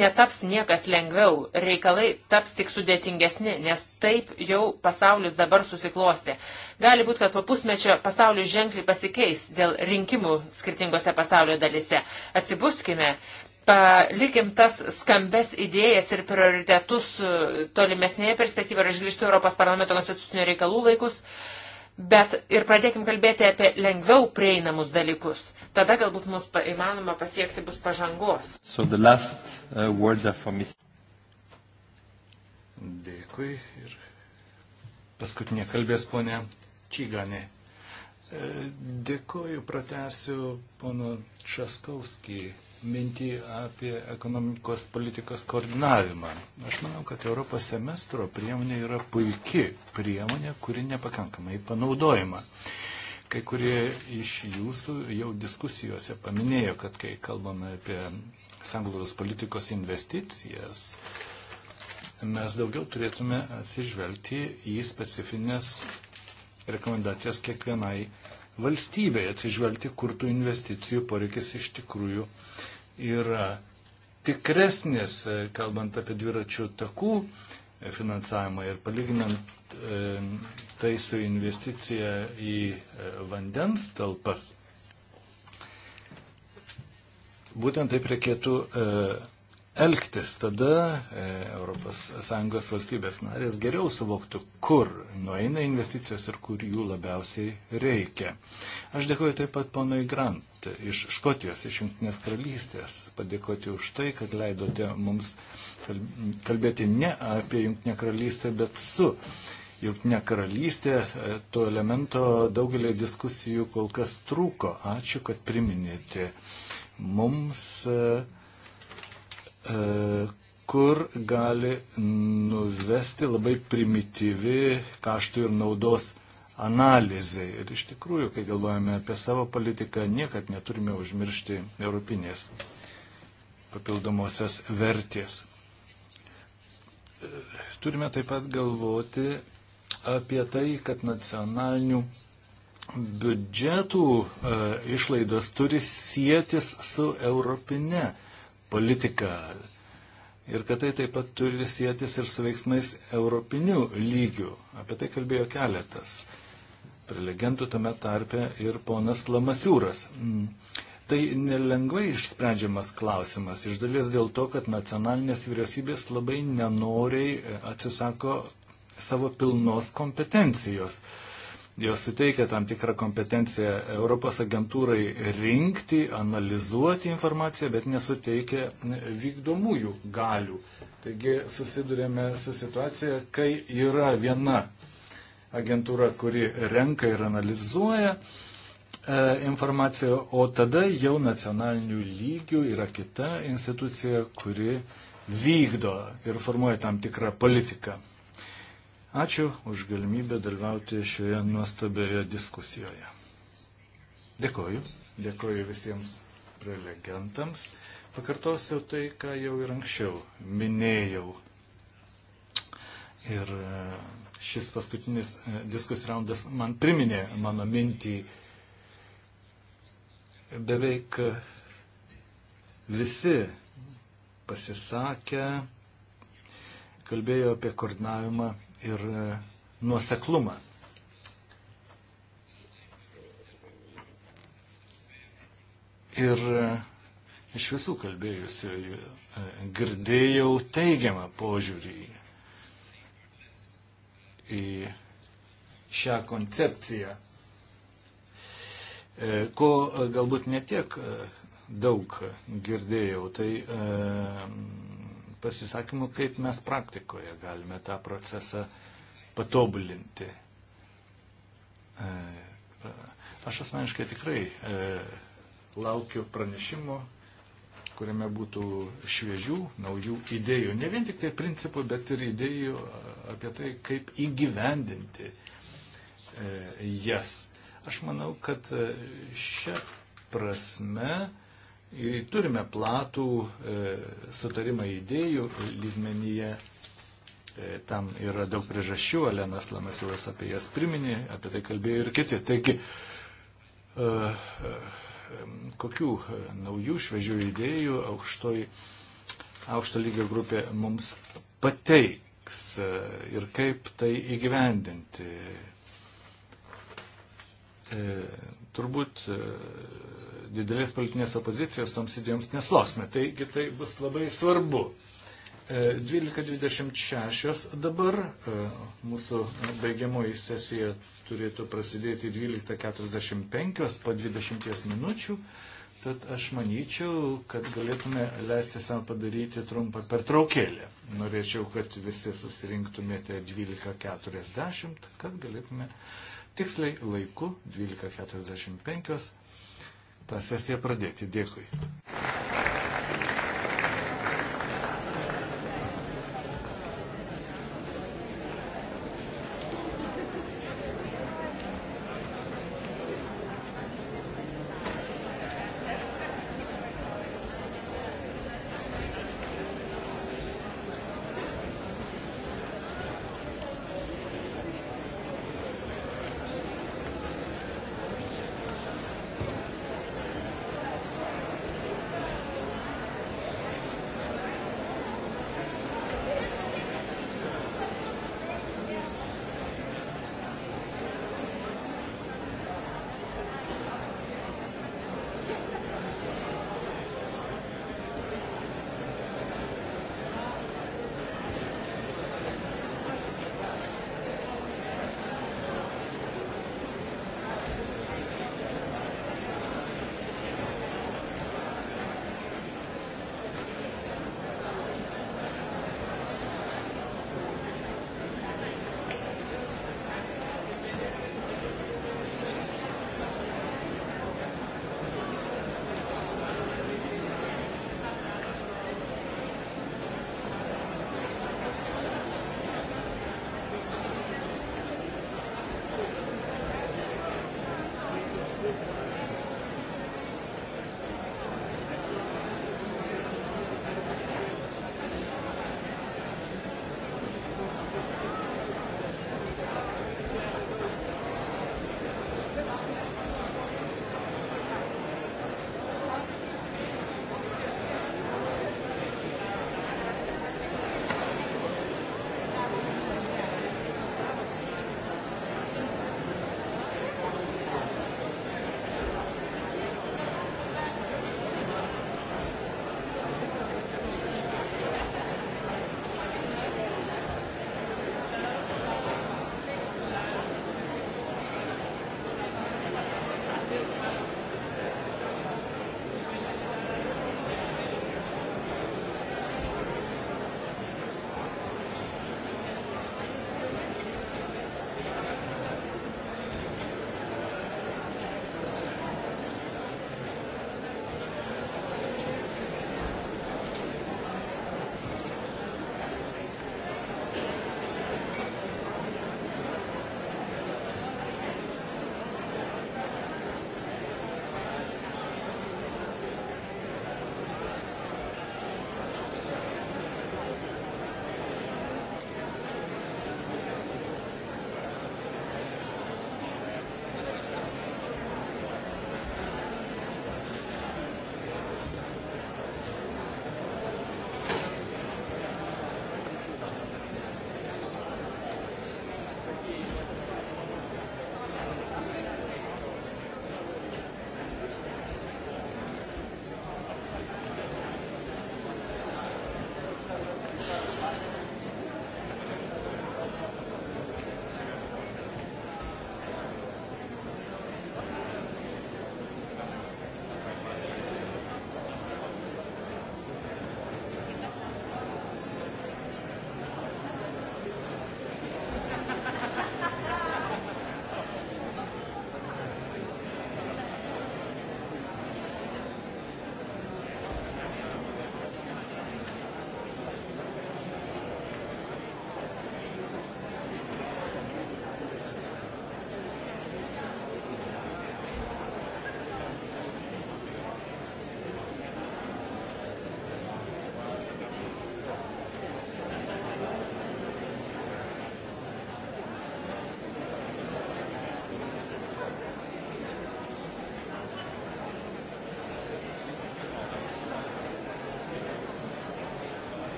Netaps niekas lengviau, reikalai taps tik sudėtingesni, nes taip jau pasaulis dabar susiklosti. Gali būti, kad po pusmečio pasaulis ženkliai pasikeis dėl rinkimų skirtingose pasaulio dalise. Atsibuskime, palikim tas skambes idėjas ir prioritetus e, tolimesnėje perspektyvoje ir aš grįžtu Europos parlamento konstitucinio reikalų laikus. Bet ir pradėkim kalbėti apie lengviau prieinamus dalykus. Tada galbūt mus įmanoma pasiekti bus pažangos. So last, uh, Dėkui. Ir paskutinė kalbės ponė Čyganė. E, dėkoju, pratęsiu pono Časkovskį mintį apie ekonomikos politikos koordinavimą. Aš manau, kad Europos semestro priemonė yra puiki priemonė, kuri nepakankamai panaudojama. Kai kurie iš jūsų jau diskusijose paminėjo, kad kai kalbame apie sanglaudos politikos investicijas, mes daugiau turėtume atsižvelgti į specifines rekomendacijas kiekvienai valstybei atsižvelgti, kur tų investicijų poreikis iš tikrųjų yra tikresnis, e, kalbant apie dviračių takų e, finansavimą ir palyginant e, tai su investicija į e, vandens talpas. Būtent taip reikėtų e, elgtis. Tada ES valstybės narės geriau suvoktų, kur nueina investicijos ir kur jų labiausiai reikia. Aš dėkoju taip pat ponui Grant iš Škotijos, iš Junktinės karalystės, padėkoti už tai, kad leidote mums kalbėti ne apie Junktinę karalystę, bet su. Junktinė karalystė, e, to elemento daugelį diskusijų kol kas trūko. Ačiū, kad priminėte mums uh, E, kur gali nuvesti labai primityvi kaštų ir naudos analizė. Ir iš tikrųjų, kai galvojame apie savo politiką, niekad neturime užmiršti europinės papildomosios vertės. E, turime taip pat galvoti apie tai, kad nacionalinių biudžetų e, išlaidos turi sėtis su europinė politiką. Ir kad tai taip pat turi sėtis ir su veiksmais europinių lygių. Apie tai kalbėjo keletas prelegentų tame tarpe ir ponas Lamasiūras. Mm. Tai nelengvai išsprendžiamas klausimas, iš dalies dėl to, kad nacionalinės vyriausybės labai nenoriai e, atsisako savo pilnos kompetencijos. Uh, Jos suteikia tam tikrą kompetenciją Europos agentūrai rinkti, analizuoti informaciją, bet nesuteikia vykdomųjų galių. Taigi susidurėme su situacija, kai yra viena agentūra, kuri renka ir analizuoja, e, informaciją, o tada jau nacionalinių lygių yra kita institucija, kuri vykdo ir formuoja tam tikrą politiką. Ačiū už galimybę dalyvauti šioje nuostabioje diskusijoje. Dėkoju. Dėkoju visiems prelegentams. Pakartosiu tai, ką jau ir anksčiau minėjau. Ir e, šis paskutinis e, diskusijų raundas man priminė mano mintį. Beveik visi pasisakę kalbėjo apie koordinavimą ir e, nuoseklumą. Ir e, iš visų kalbėjusiojų e, girdėjau teigiamą požiūrį į šią koncepciją, ko galbūt netiek daug girdėjau. Tai pasisakymų, kaip mes praktikoje galime tą procesą patobulinti. E, aš asmeniškai tikrai e, laukiu pranešimo, kuriame būtų šviežių, naujų idėjų. Ne vien tik tai principų, bet ir idėjų apie tai, kaip įgyvendinti e, jas. Aš manau, kad šią prasme E, turime platų e, sutarimą idėjų lygmenyje. E, tam yra daug priežasčių, Alenas Lamasilas apie jas priminė, apie tai kalbėjo ir kiti. Taigi, kokių naujų, švežių idėjų aukštoj, aukšto lygio grupė mums pateiks ir kaip tai įgyvendinti turbūt e, didelės politinės opozicijos toms idėjoms neslausime. Taigi tai bus labai svarbu. 12.26 e, dabar e, mūsų baigiamoji sesija turėtų prasidėti 12.45 po 20 minučių. Tad aš manyčiau, kad galėtume leisti savo padaryti trumpą pertraukėlę. Norėčiau, kad visi susirinktumėte 12.40, kad galėtume tiksliai laiku 12.45 tą sesiją pradėti. Dėkui.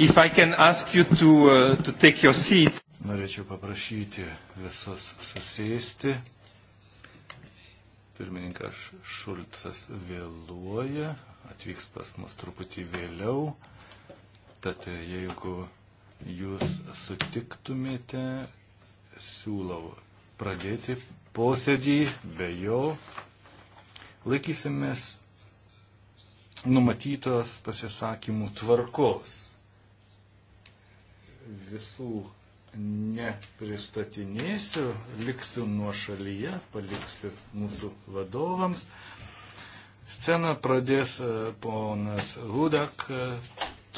If I can ask you to, uh, to take your seat. Norėčiau paprašyti visus susėsti. Pirmininkas Šulcas vėluoja, atvyks pas mus truputį vėliau. Tad e, jeigu jūs sutiktumėte, siūlau pradėti posėdį be jo. Laikysimės numatytos pasisakymų tvarkos visų nepristatinėsiu, liksiu nuo šalyje, paliksiu mūsų vadovams. Sceną pradės e, ponas Hudak, e,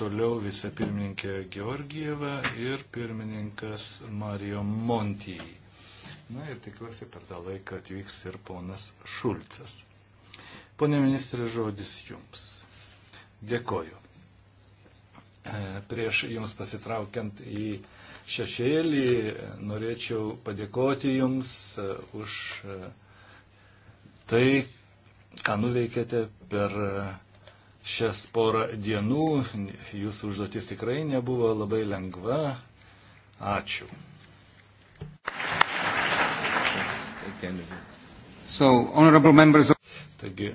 toliau vicepirmininkė Georgieva ir pirmininkas Mario Montijai. Na ir tikiuosi per tą laiką atvyks ir ponas Šulcas. Pone ministrė, žodis jums. Dėkoju. Prieš Jums pasitraukiant į šešėlį, norėčiau padėkoti Jums e, už e, tai, ką nuveikėte per e, šias porą dienų. Jūsų užduotis tikrai nebuvo labai lengva. Ačiū. So, members... Taigi,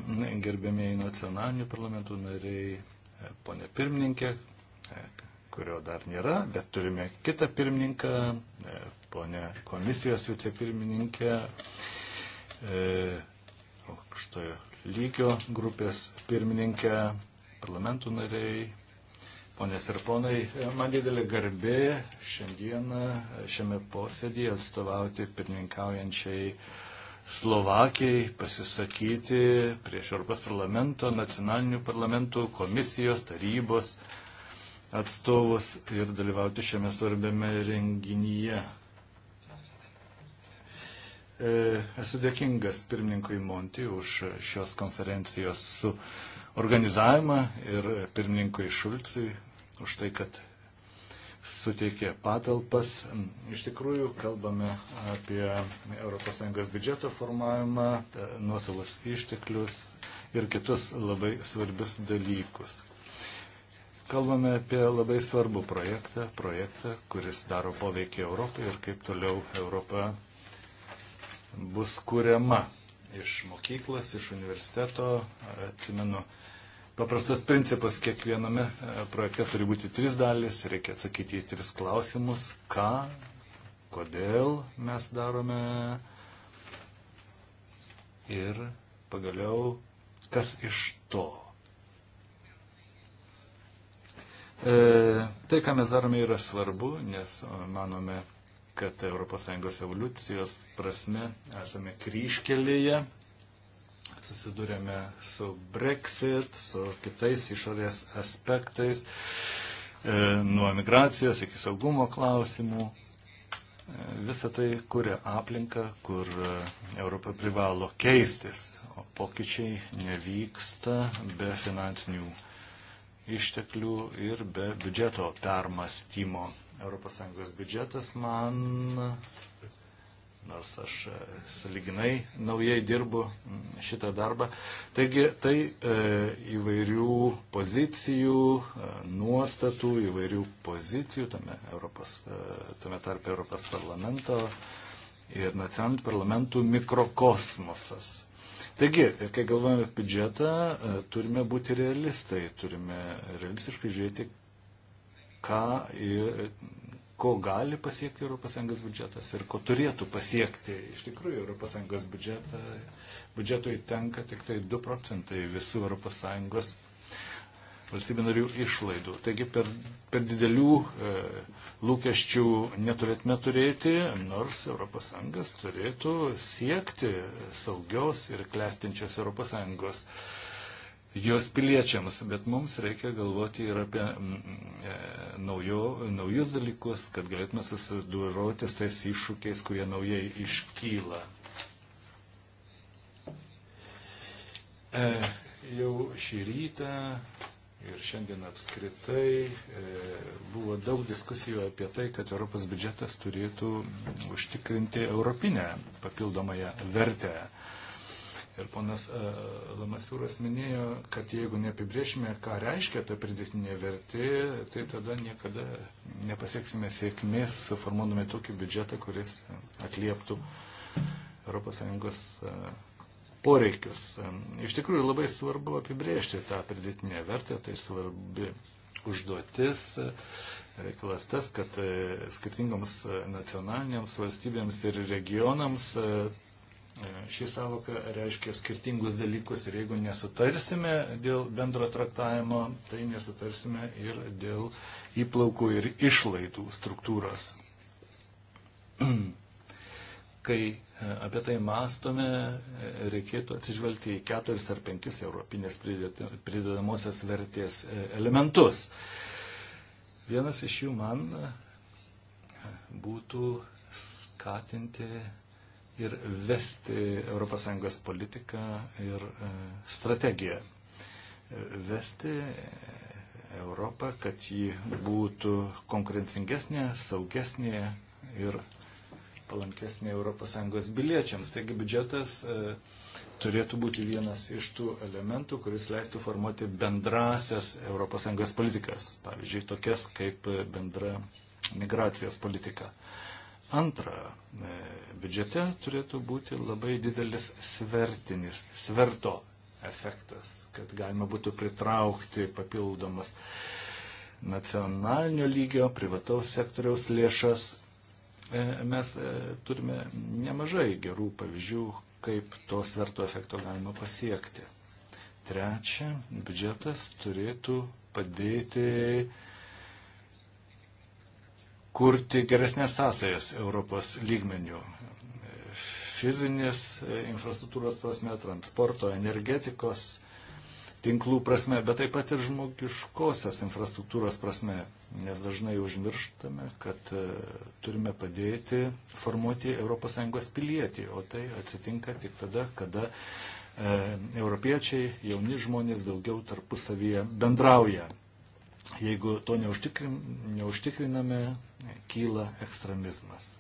gerbėmėjai nacionalinių parlamentų nariai, ponė pirmininkė, E, kurio dar nėra, bet turime kitą pirmininką, e, ponę komisijos vicepirmininkę, e, aukštojo lygio grupės pirmininkę, parlamentų nariai, Ponės ir ponai, man didelė garbė šiandieną šiame posėdėje atstovauti pirmininkaujančiai Slovakijai, pasisakyti prieš Europos parlamento, nacionalinių parlamentų, komisijos, tarybos, atstovus ir dalyvauti šiame svarbiame renginyje. E, esu dėkingas pirmininkui Monti už šios konferencijos su organizavimą ir pirmininkui Šulcui už tai, kad suteikė patalpas. Iš tikrųjų, kalbame apie ES biudžeto formavimą, e, nuosavus išteklius ir kitus labai svarbius dalykus. Kalbame apie labai svarbų projektą, projektą, kuris daro poveikį Europai ir kaip toliau Europa bus kuriama iš mokyklas, iš universiteto. Atsimenu, paprastas principas kiekviename e, projekte turi būti trys dalis, reikia atsakyti į tris klausimus, ką, kodėl mes darome ir pagaliau, kas iš to. E, tai, ką mes darome, yra svarbu, nes e, manome, kad ES evoliucijos prasme esame kryškelėje, susidurėme su Brexit, su kitais išorės aspektais, e, nuo migracijos iki saugumo klausimų. Visą tai kuria aplinką, kur Europa privalo keistis, o pokyčiai nevyksta be finansinių išteklių ir be biudžeto permastymo. ES biudžetas man, nors aš e, saliginai naujai dirbu šitą darbą, taigi tai e, įvairių pozicijų, e, nuostatų, įvairių pozicijų tame, Europos, e, tame tarp Europos parlamento ir nacionalinių parlamentų mikrokosmosas. Taigi, kai galvojame apie biudžetą, e, turime būti realistai, turime realistiškai žiūrėti, ką ir ko gali pasiekti ES biudžetas ir ko turėtų pasiekti. Iš tikrųjų, ES biudžetą, biudžetui tenka tik tai 2 procentai visų ES valstybių narių išlaidų. Taigi per, per didelių e, lūkesčių neturėtume turėti, nors ES turėtų siekti saugios ir klestinčios ES jos piliečiams, bet mums reikia galvoti ir apie mm, e, naujo, naujus dalykus, kad galėtume susidūroti su tais iššūkiais, kurie naujai iškyla. E, jau šį rytą ir šiandien apskritai e, buvo daug diskusijų apie tai, kad Europos biudžetas turėtų užtikrinti europinę papildomąją vertę. Ir ponas e, Lamasiūras minėjo, kad jeigu neapibriešime, ką reiškia ta pridėtinė vertė, tai tada niekada nepasieksime sėkmės, suformuodami tokį biudžetą, kuris atlieptų ES poreikius. Iš tikrųjų labai svarbu apibrėžti tą pridėtinę vertę, tai svarbi užduotis. Reikalas tas, kad e, skirtingoms nacionalinėms valstybėms ir regionams e, e, Šį savoką reiškia skirtingus dalykus ir jeigu nesutarsime dėl bendro traktavimo, tai nesutarsime ir dėl įplaukų ir išlaidų struktūros. (clears throat) Kai E, apie tai mąstome, e, reikėtų atsižvelgti į keturis ar penkis europinės pridedamosios vertės e, elementus. Vienas iš jų man būtų skatinti ir vesti ES politiką ir strategiją. Vesti Europą, kad ji būtų konkurencingesnė, saugesnė ir palankesnė ES biliečiams. Taigi biudžetas e, turėtų būti vienas iš tų elementų, kuris leistų formuoti bendrasias ES politikas, pavyzdžiui, tokias kaip bendra migracijos politika. Antra, e, biudžete turėtų būti labai didelis svertinis, sverto efektas, kad galima būtų pritraukti papildomas nacionalinio lygio privataus sektoriaus lėšas E, mes e, turime nemažai gerų pavyzdžių, kaip to sverto efekto galima pasiekti. Trečia, biudžetas turėtų padėti kurti geresnės sąsajas Europos lygmenių. E, fizinės infrastruktūros prasme, transporto, energetikos tinklų prasme, bet taip pat ir žmogiškosios infrastruktūros prasme, nes dažnai užmirštame, kad e, turime padėti formuoti ES pilietį, o tai atsitinka tik tada, kada e, europiečiai, jauni žmonės daugiau tarpusavyje bendrauja. Jeigu to neužtikrin, neužtikriname, kyla ekstremizmas.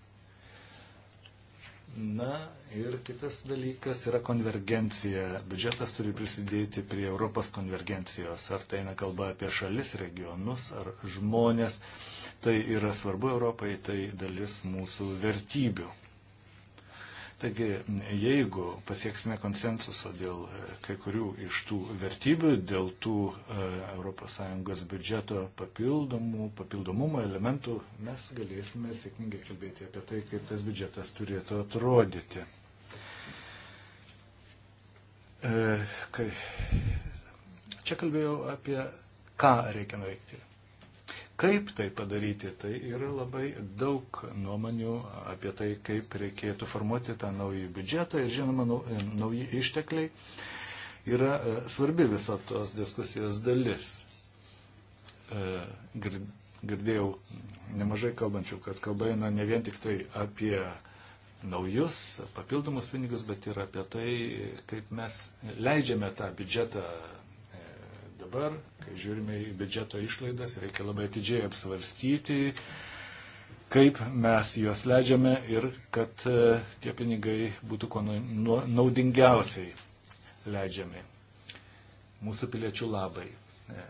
Na ir kitas dalykas yra konvergencija. Biudžetas turi prisidėti prie Europos konvergencijos. Ar tai eina kalba apie šalis, regionus ar žmonės. Tai yra svarbu Europai, tai dalis mūsų vertybių. Taigi, jeigu pasieksime konsensusą dėl e, kai kurių iš tų vertybių, dėl tų e, ES biudžeto papildomų, papildomumo elementų, mes galėsime sėkmingai kalbėti apie tai, kaip tas biudžetas turėtų atrodyti. E, kai, čia kalbėjau apie ką reikia nuveikti. Kaip tai padaryti, tai yra labai daug nuomonių apie tai, kaip reikėtų formuoti tą naują biudžetą ir, žinoma, e, nauji ištekliai yra e, svarbi viso tos diskusijos dalis. E, girdėjau nemažai kalbančių, kad kalba eina ne vien tik tai apie naujus, papildomus pinigus, bet ir apie tai, kaip mes leidžiame tą biudžetą Dabar, kai žiūrime į biudžeto išlaidas, reikia labai atidžiai apsvarstyti, kaip mes juos leidžiame ir kad e, tie pinigai būtų kuo naudingiausiai leidžiami mūsų piliečių labai. E,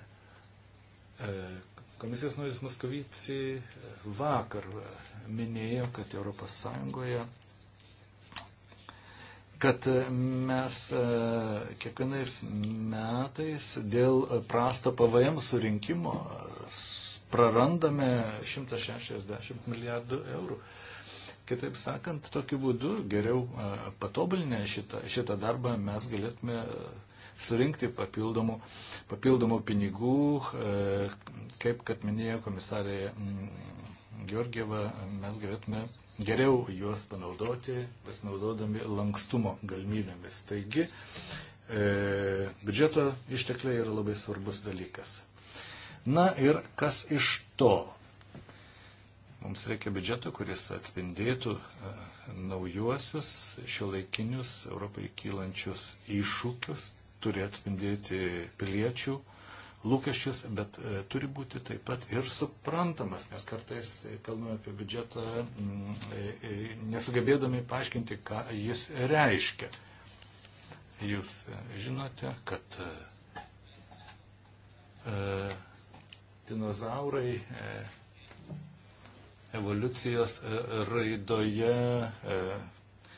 e, komisijos nuojas Muskovici vakar minėjo, kad ES kad e, mes e, kiekvienais metais dėl prasto PVM surinkimo e, prarandame 160 milijardų eurų. Kitaip sakant, tokiu būdu geriau patobulinę šitą, šitą darbą mes galėtume surinkti papildomų, papildomų pinigų, kaip, kad minėjo komisarė Georgieva, mes galėtume geriau juos panaudoti, pasinaudodami lankstumo galimybėmis. Taigi, e, biudžeto ištekliai yra labai svarbus dalykas. Na ir kas iš to? Mums reikia biudžeto, kuris atspindėtų e, naujuosius, šiuolaikinius Europai kylančius iššūkius, turi atspindėti piliečių lūkesčius, bet e, turi būti taip pat ir suprantamas, nes kartais e, kalbame apie biudžetą mm, e, nesugebėdami paaiškinti, ką jis reiškia. Jūs žinote, kad dinozaurai evoliucijos raidoje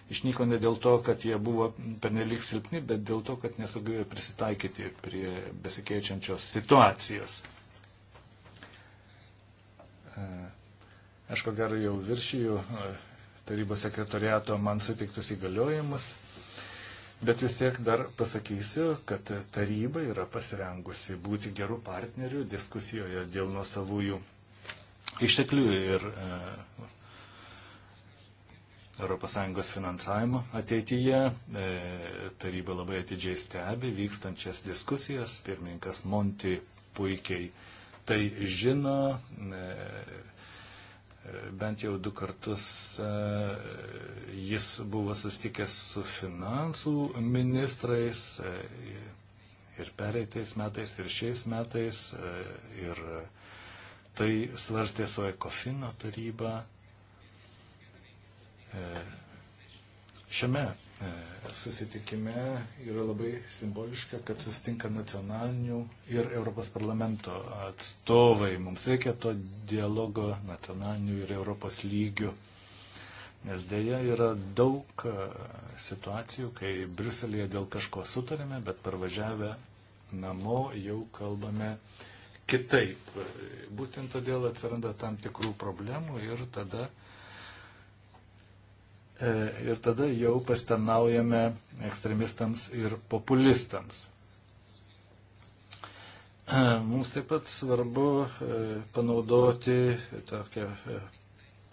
išnyko ne dėl to, kad jie buvo pernelik silpni, bet dėl to, kad nesugebėjo prisitaikyti prie besikeičiančios situacijos. E, aš ko gero jau viršiju e, tarybos sekretoriato man suteiktus įgaliojimus, bet vis tiek dar pasakysiu, kad taryba yra pasirengusi būti gerų partnerių diskusijoje dėl nuosavųjų išteklių ir e, ES finansavimo ateityje. E, taryba labai atidžiai stebi vykstančias diskusijas. Pirmininkas Monti puikiai tai žino. E, e, bent jau du kartus jis buvo sustikęs su finansų ministrais ir pereitais metais, ir šiais metais. Ir tai svarstė su Ekofino taryba E, šiame e, susitikime yra labai simboliška, kad susitinka nacionalinių ir Europos parlamento atstovai. Mums reikia to dialogo nacionalinių ir Europos lygių. Nes dėja yra daug e, situacijų, kai Briuselėje dėl kažko sutarėme, bet parvažiavę namo jau kalbame kitaip. Būtent todėl atsiranda tam tikrų problemų ir tada uh, E, ir tada jau pastarnaujame ekstremistams ir populistams. E, mums taip pat svarbu e, panaudoti tokią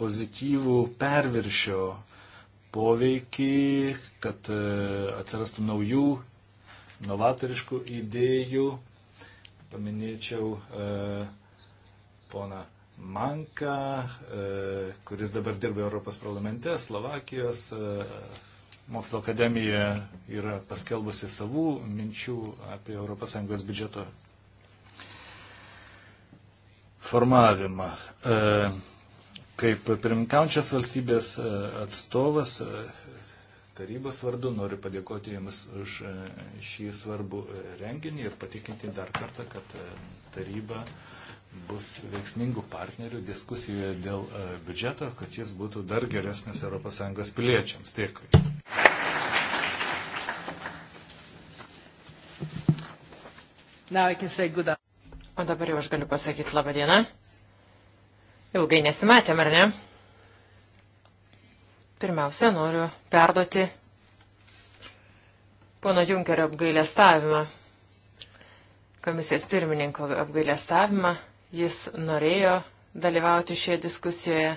pozityvų perviršio poveikį, kad atsirastų naujų, novatoriškų idėjų. Paminėčiau poną Manka, e, kuris dabar dirba Europos parlamente, Slovakijos e, mokslo akademija yra paskelbusi savų minčių apie ES biudžeto formavimą. E, kaip pirmkaučias valstybės atstovas tarybos vardu noriu padėkoti Jums už šį svarbų renginį ir patikinti dar kartą, kad taryba bus veiksmingų partnerių diskusijoje dėl e, biudžeto, kad jis būtų dar geresnis ES piliečiams. Dėkui. O dabar jau aš galiu pasakyti labą dieną. Ilgai nesimatėm, ar ne? Pirmiausia, noriu perduoti pono Junkerio apgailestavimą, komisijos pirmininko apgailestavimą Jis norėjo dalyvauti šioje diskusijoje.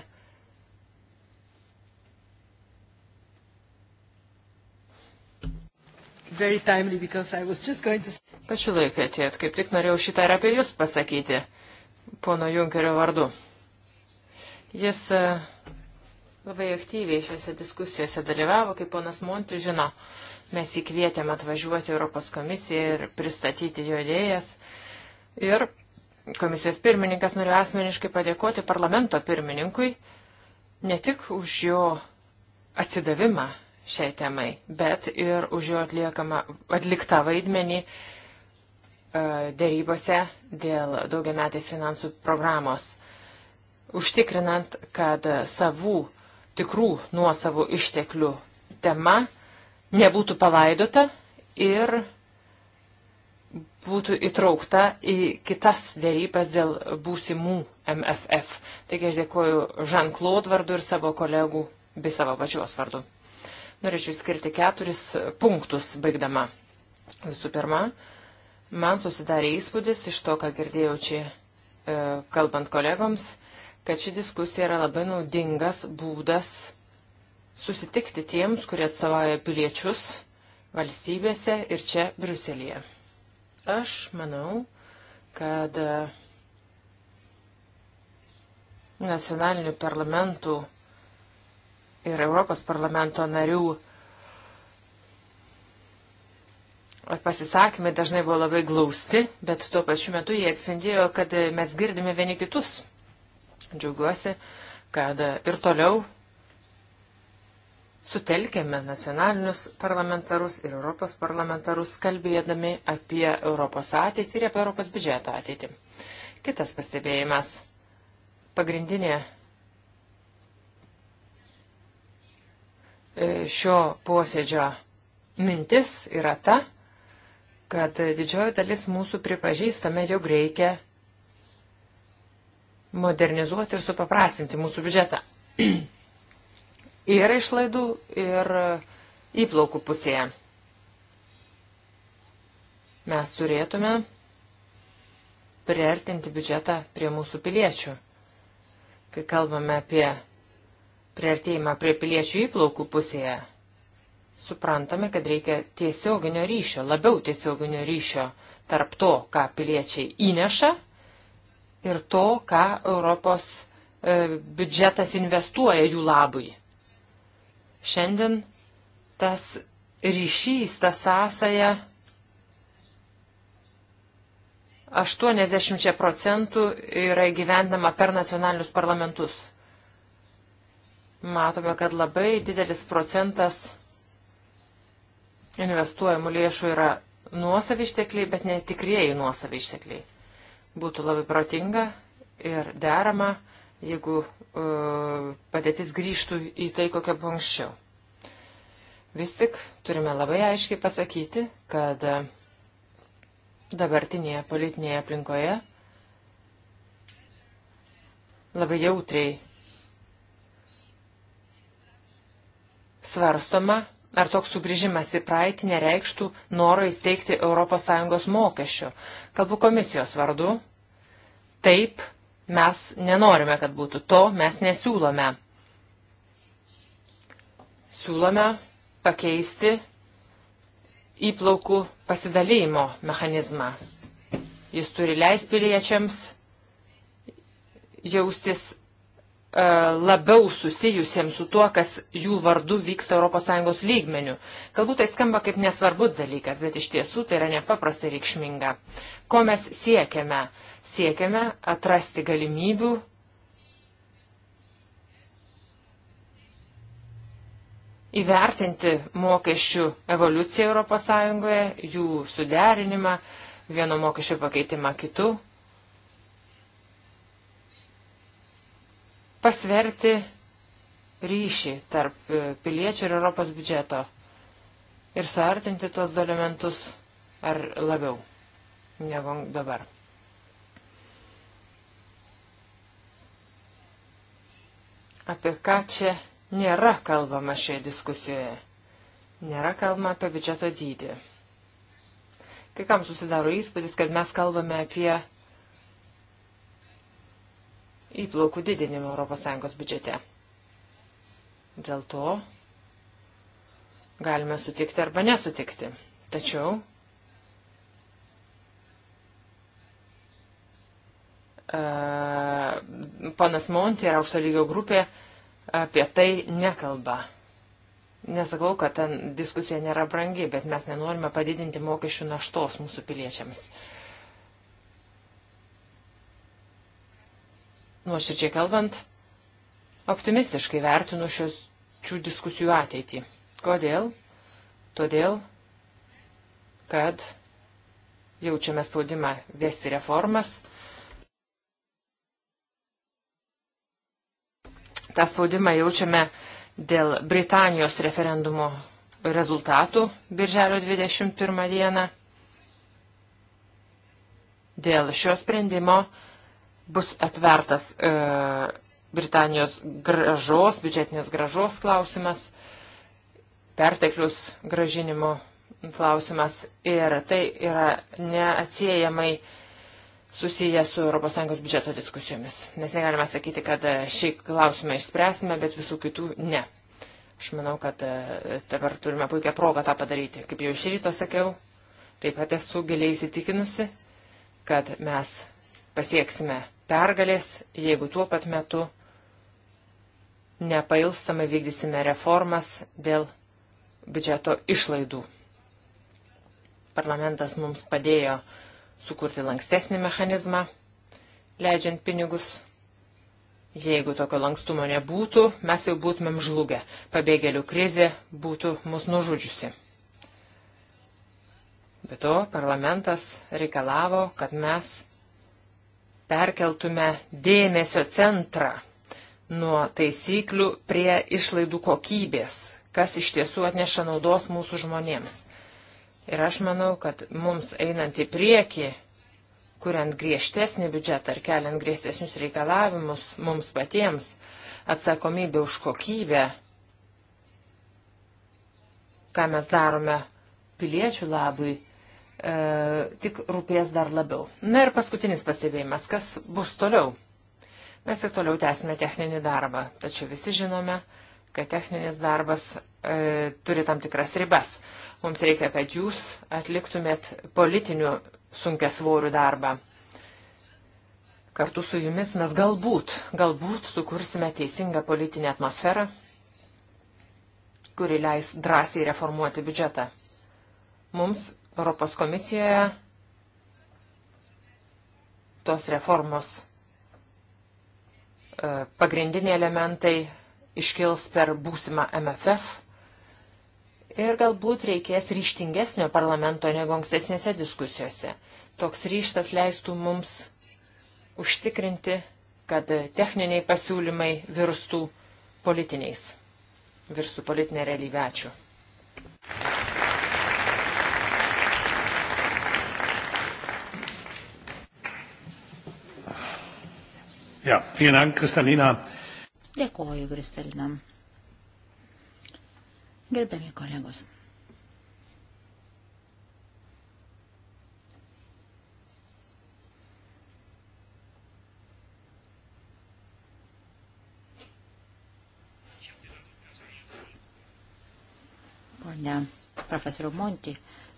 Timely, to... Pačiu laiku atėjot, kaip tik norėjau šitą ir apie jūs pasakyti, pono Junkerio vardu. Jis e, labai aktyviai šiuose diskusijose dalyvavo, kaip ponas Monti žino. Mes įkvietėm atvažiuoti Europos komisiją ir pristatyti jo idėjas. Ir Komisijos pirmininkas noriu asmeniškai padėkoti parlamento pirmininkui ne tik už jo atsidavimą šiai temai, bet ir už jo atliekamą, atliktą vaidmenį e, dėrybose dėl daugiametės finansų programos, užtikrinant, kad savų, tikrų nuosavų išteklių tema nebūtų palaidota ir būtų įtraukta į kitas dėrybas dėl būsimų MFF. Taigi aš dėkoju Žanklod vardu ir savo kolegų bei savo pačios vardu. Norėčiau skirti keturis punktus baigdama. Visų pirma, man susidarė įspūdis iš to, ką girdėjau čia e, kalbant kolegoms, kad ši diskusija yra labai naudingas būdas susitikti tiems, kurie atstovauja piliečius valstybėse ir čia Bruselėje. Aš manau, kad e, nacionalinių parlamentų ir Europos parlamento narių pasisakymai dažnai buvo labai glausti, bet tuo pačiu metu jie atspindėjo, kad mes girdime vieni kitus. Džiaugiuosi, kad e, ir toliau sutelkėme nacionalinius parlamentarus ir Europos parlamentarus, kalbėdami apie Europos ateitį ir apie Europos biudžeto ateitį. Kitas pastebėjimas. Pagrindinė e, šio posėdžio mintis yra ta, kad didžioji dalis mūsų pripažįstame, jog reikia modernizuoti ir supaprastinti mūsų biudžetą. (clears throat) ir išlaidų, ir įplaukų pusėje. Mes turėtume priartinti biudžetą prie mūsų piliečių. Kai kalbame apie priartėjimą prie piliečių įplaukų pusėje, suprantame, kad reikia tiesioginio ryšio, labiau tiesioginio ryšio tarp to, ką piliečiai įneša ir to, ką Europos e, biudžetas investuoja jų labui. Šiandien tas ryšys, ta sąsaja 80 procentų yra įgyvendama per nacionalinius parlamentus. Matome, kad labai didelis procentas investuojamų lėšų yra nuosavi ištekliai, bet netikrieji nuosavi ištekliai. Būtų labai protinga ir derama jeigu uh, padėtis grįžtų į tai, kokia buvo anksčiau. Vis tik turime labai aiškiai pasakyti, kad e, dabartinėje politinėje aplinkoje labai jautriai svarstoma, ar toks sugrįžimas į praeitį nereikštų noro įsteigti ES mokesčio. Kalbu komisijos vardu. Taip, Mes nenorime, kad būtų to, mes nesiūlome. Siūlome pakeisti įplaukų pasidalymo mechanizmą. Jis turi leisti piliečiams jaustis e, labiau susijusiems su tuo, kas jų vardu vyksta ES lygmenių. Galbūt tai skamba kaip nesvarbus dalykas, bet iš tiesų tai yra nepaprastai reikšminga. Ko mes siekiame? siekiame atrasti galimybių įvertinti mokesčių evoliuciją ES, jų suderinimą, vieno mokesčio pakeitimą kitų, pasverti ryšį tarp piliečių ir Europos biudžeto ir suartinti tuos du elementus ar labiau negu dabar. apie ką čia nėra kalbama šioje diskusijoje. Nėra kalbama apie biudžeto dydį. Kai kam susidaro įspūdis, kad mes kalbame apie įplaukų didinimą ES biudžete. Dėl to galime sutikti arba nesutikti. Tačiau panas Monti ir aukšto lygio grupė apie tai nekalba. Nesakau, kad ten diskusija nėra brangi, bet mes nenorime padidinti mokesčių naštos mūsų piliečiams. Nuoširdžiai kalbant, optimistiškai vertinu šios šių diskusijų ateitį. Kodėl? Todėl, kad jaučiame spaudimą vesti reformas, tą spaudimą jaučiame dėl Britanijos referendumo rezultatų birželio 21 dieną. Dėl šio sprendimo bus atvertas e, Britanijos gražos, biudžetinės gražos klausimas, perteklius gražinimo klausimas ir tai yra neatsiejamai e, susiję su ES biudžeto diskusijomis. Nes negalime sakyti, kad e, šį klausimą išspręsime, bet visų kitų ne. Aš manau, kad e, dabar turime puikią progą tą padaryti. Kaip jau iš ryto sakiau, taip pat esu giliai įsitikinusi, kad mes pasieksime pergalės, jeigu tuo pat metu nepailstamai vykdysime reformas dėl biudžeto išlaidų. Parlamentas mums padėjo uh, sukurti lankstesnį mechanizmą, leidžiant pinigus. Jeigu tokio lankstumo nebūtų, mes jau būtumėm žlugę. Pabėgėlių krizė būtų mus nužudžiusi. Be to, parlamentas reikalavo, kad mes perkeltume dėmesio centrą nuo taisyklių prie išlaidų kokybės, kas iš tiesų atneša naudos mūsų žmonėms. Ir aš manau, kad mums einant į priekį, kuriant griežtesnį biudžetą ar keliant griežtesnius reikalavimus mums patiems, atsakomybė už kokybę, ką mes darome piliečių labui, e, tik rūpės dar labiau. Na ir paskutinis pasibėjimas, kas bus toliau. Mes ir toliau tęsime techninį darbą, tačiau visi žinome, kad techninis darbas e, turi tam tikras ribas. Mums reikia, kad jūs atliktumėt politinių sunkia svorių darbą. Kartu su jumis mes galbūt, galbūt sukursime teisingą politinę atmosferą, kuri leis drąsiai reformuoti biudžetą. Mums Europos komisijoje tos reformos e, pagrindiniai elementai iškils per būsimą MFF ir galbūt reikės ryštingesnio parlamento negu ankstesnėse diskusijose. Toks ryštas leistų mums užtikrinti, kad techniniai pasiūlymai virstų politiniais, virstų politinė realybė. Ačiū. Ja, vielen Dank, Kristalina. Dėkoju, Kristalina. Gerbiami kolegos. Pone profesoriu Monti,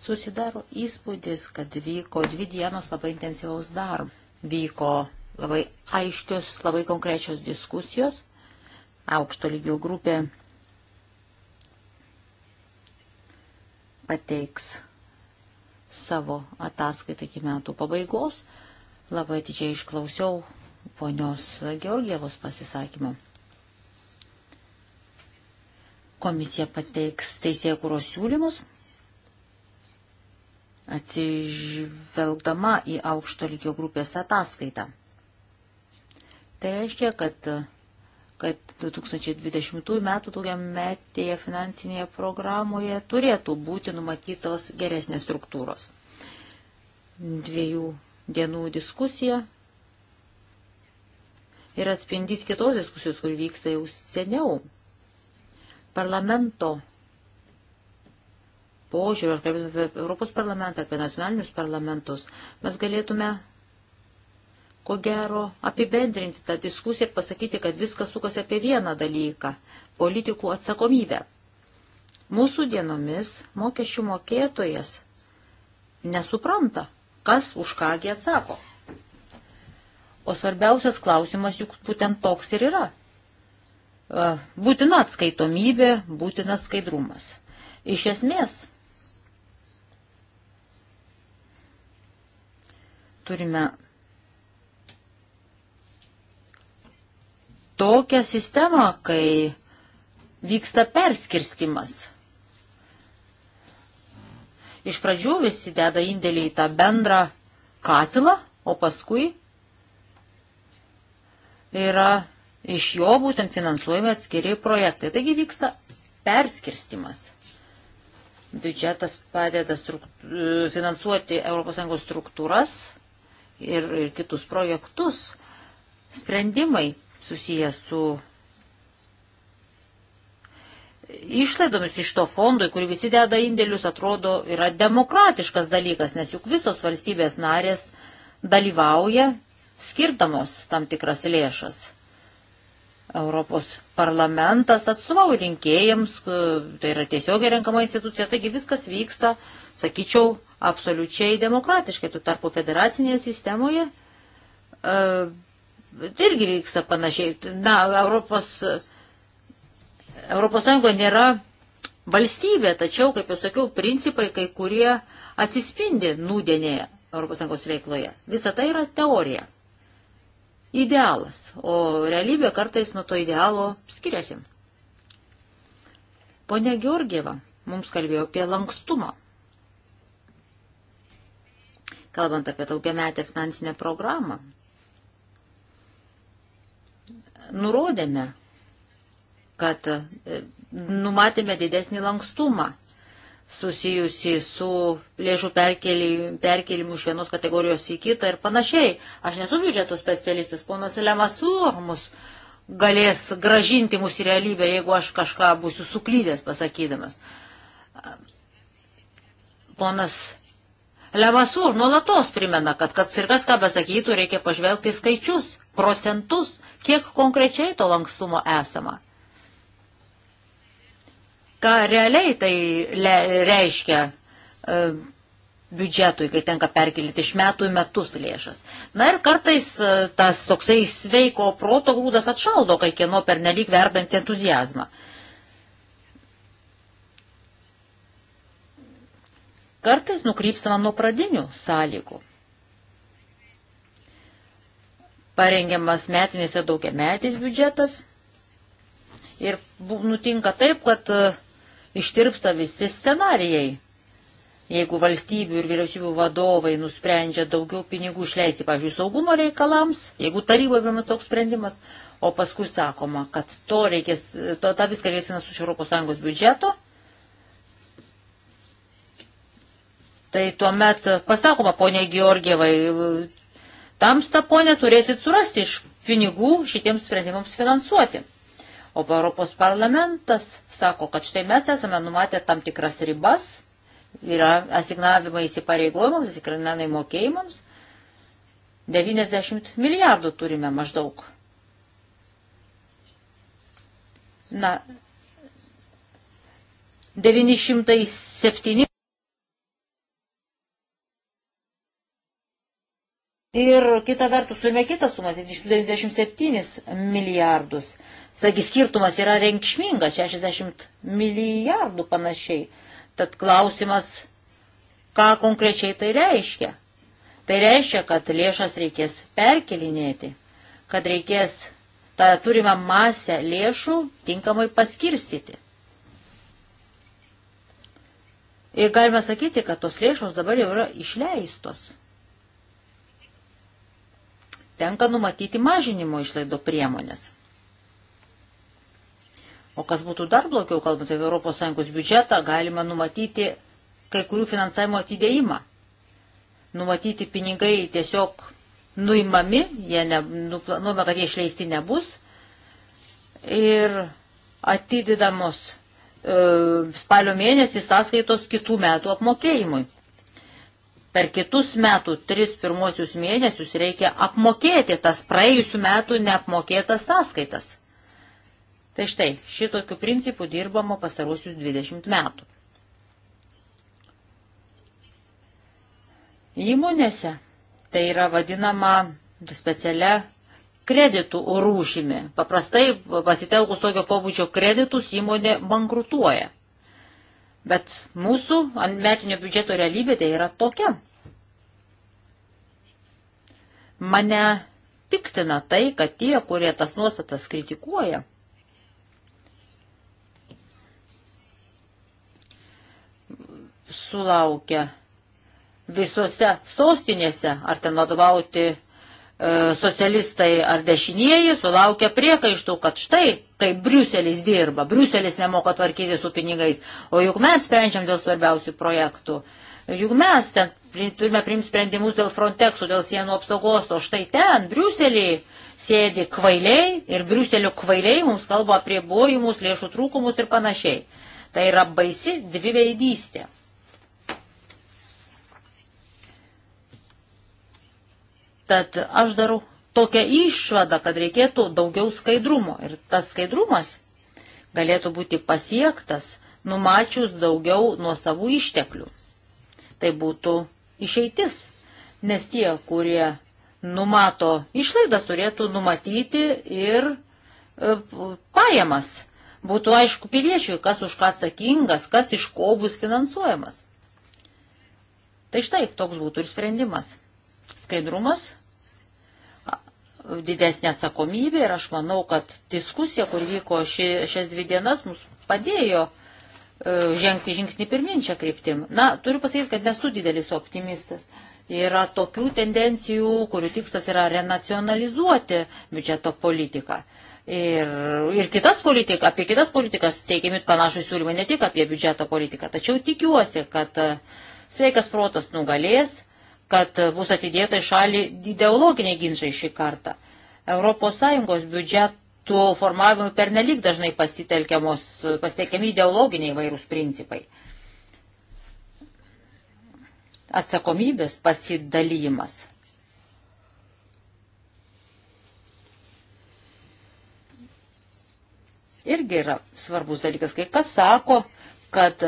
susidaro įspūdis, kad vyko dvi dienos labai intensyvaus darbo. Vyko labai aiškios, labai konkrečios diskusijos. Aukšto lygio grupė pateiks savo ataskaitą iki metų pabaigos. Labai atidžiai išklausiau ponios Georgievos pasisakymą. Komisija pateiks teisėjų kūros siūlymus, atsižvelgdama į aukšto lygio grupės ataskaitą. Tai reiškia, kad kad 2020 metų daugiametėje finansinėje programoje turėtų būti numatytos geresnės struktūros. Dviejų dienų diskusija ir atspindys kitos diskusijos, kur vyksta jau seniau. Parlamento požiūrio, ar kalbėtume apie Europos parlamentą, apie nacionalinius parlamentus, mes galėtume ko gero apibendrinti tą diskusiją ir pasakyti, kad viskas sukosi apie vieną dalyką - politikų atsakomybę. Mūsų dienomis mokesčių mokėtojas nesupranta, kas už kągi atsako. O svarbiausias klausimas juk būtent toks ir yra. E, būtina atskaitomybė, būtina skaidrumas. Iš esmės, turime tokią sistemą, kai vyksta perskirstimas. Iš pradžių visi deda indėlį į tą bendrą katilą, o paskui yra iš jo būtent finansuojami atskiri projektai. Taigi vyksta perskirstimas. Biudžetas padeda finansuoti ES struktūras ir, ir kitus projektus. Sprendimai susijęs su išlaidomis iš to fondo, į kurį visi deda indėlius, atrodo, yra demokratiškas dalykas, nes juk visos valstybės narės dalyvauja skirdamos tam tikras lėšas. Europos parlamentas atstovauja rinkėjams, tai yra tiesiogiai renkama institucija, taigi viskas vyksta, sakyčiau, absoliučiai demokratiškai. Tuo tarpu federacinėje sistemoje e, Tai irgi vyksta panašiai. Na, Europos, Europos Sąjungoje nėra valstybė, tačiau, kaip jau sakiau, principai kai kurie atsispindi nūdienėje Europos Sąjungos veikloje. Visa tai yra teorija. Idealas. O realybė kartais nuo to idealo skiriasi. Pone Georgieva mums kalbėjo apie lankstumą. Kalbant apie daugiametę finansinę programą, nurodėme, kad e, numatėme didesnį lankstumą susijusi su lėšų perkelimu iš vienos kategorijos į kitą ir panašiai. Aš nesu biudžeto specialistas, ponas Lemasur mus galės gražinti mūsų realybę, jeigu aš kažką būsiu suklydęs pasakydamas. Ponas Lemasur nuolatos primena, kad kad ir kas ką besakytų, reikia pažvelgti į skaičius procentus, kiek konkrečiai to lankstumo esama. Ką realiai tai reiškia e, biudžetui, kai tenka perkelti iš metų į metus lėšas. Na ir kartais e, tas toksai sveiko proto grūdas atšaldo, kai kieno per nelik verdantį entuzijazmą. Kartais nukrypsama nuo pradinių sąlygų parengiamas metinės ir daugiametis biudžetas. Ir nutinka taip, kad e, ištirpsta visi scenarijai. Jeigu valstybių ir vyriausybių vadovai nusprendžia daugiau pinigų išleisti, pavyzdžiui, saugumo reikalams, jeigu taryboje primas toks sprendimas, o paskui sakoma, kad to reikės, to, tą viską reikės iš ES biudžeto, tai tuomet pasakoma, ponė Georgievai, tamsta, ponė, turėsit surasti iš pinigų šitiems sprendimams finansuoti. O Europos parlamentas sako, kad štai mes esame numatę tam tikras ribas, yra asignavimai įsipareigojimams, asignavimai mokėjimams. 90 milijardų turime maždaug. Na, 907 Ir kita vertus turime kitą sumą, 97 milijardus. Taigi skirtumas yra reikšmingas, 60 milijardų panašiai. Tad klausimas, ką konkrečiai tai reiškia? Tai reiškia, kad lėšas reikės perkelinėti, kad reikės tą turimą masę lėšų tinkamai paskirstyti. Ir galime sakyti, kad tos lėšos dabar jau yra išleistos tenka numatyti mažinimo išlaidų priemonės. O kas būtų dar blogiau, kalbant apie ES biudžetą, galima numatyti kai kurių finansavimo atidėjimą. Numatyti pinigai tiesiog nuimami, jie ne, nuplanuojama, kad jie išleisti nebus. Ir atididamos e, spalio mėnesį sąskaitos kitų metų apmokėjimui per kitus metų tris pirmosius mėnesius reikia apmokėti tas praėjusių metų neapmokėtas sąskaitas. Tai štai, šitokiu principu dirbama pasarosius 20 metų. Įmonėse tai yra vadinama specialia kreditų rūšimi. Paprastai pasitelkus tokio pobūdžio kreditus įmonė bankrutuoja. Bet mūsų ant metinio biudžeto realybė tai yra tokia. Mane piktina tai, kad tie, kurie tas nuostatas kritikuoja, sulaukia visose sostinėse, ar ten vadovauti e, socialistai ar dešinieji, sulaukia priekaištų, kad štai tai Briuselis dirba, Briuselis nemoka tvarkyti su pinigais, o juk mes sprendžiam dėl svarbiausių projektų. Juk mes ten turime priimti sprendimus dėl Frontexų, dėl sienų apsaugos, o štai ten, Briuselį, sėdi kvailiai ir Briuselio kvailiai mums kalba apie bojimus, lėšų trūkumus ir panašiai. Tai yra baisi dviveidystė. Tad aš darau tokią išvadą, kad reikėtų daugiau skaidrumo. Ir tas skaidrumas galėtų būti pasiektas, numačius daugiau nuo savų išteklių. Tai būtų išeitis, nes tie, kurie numato išlaidas, turėtų numatyti ir e, pajamas. Būtų aišku piliečiui, kas už ką atsakingas, kas iš ko bus finansuojamas. Tai štai toks būtų ir sprendimas. Skaidrumas didesnė atsakomybė ir aš manau, kad diskusija, kur vyko ši, šias dvi dienas, mums padėjo e, žengti žingsnį pirmin šią kryptim. Na, turiu pasakyti, kad nesu didelis optimistas. Yra tokių tendencijų, kurių tikslas yra renacionalizuoti biudžeto politiką. Ir, ir kitas politika, apie kitas politikas teikiami panašus siūlymai, ne tik apie biudžeto politiką. Tačiau tikiuosi, kad e, sveikas protas nugalės kad bus atidėta į šalį ideologiniai ginčiai šį kartą. ES biudžetų formavimui pernelik dažnai pasitelkiami ideologiniai vairūs principai. Atsakomybės pasidalymas. Irgi yra svarbus dalykas, kai kas sako, kad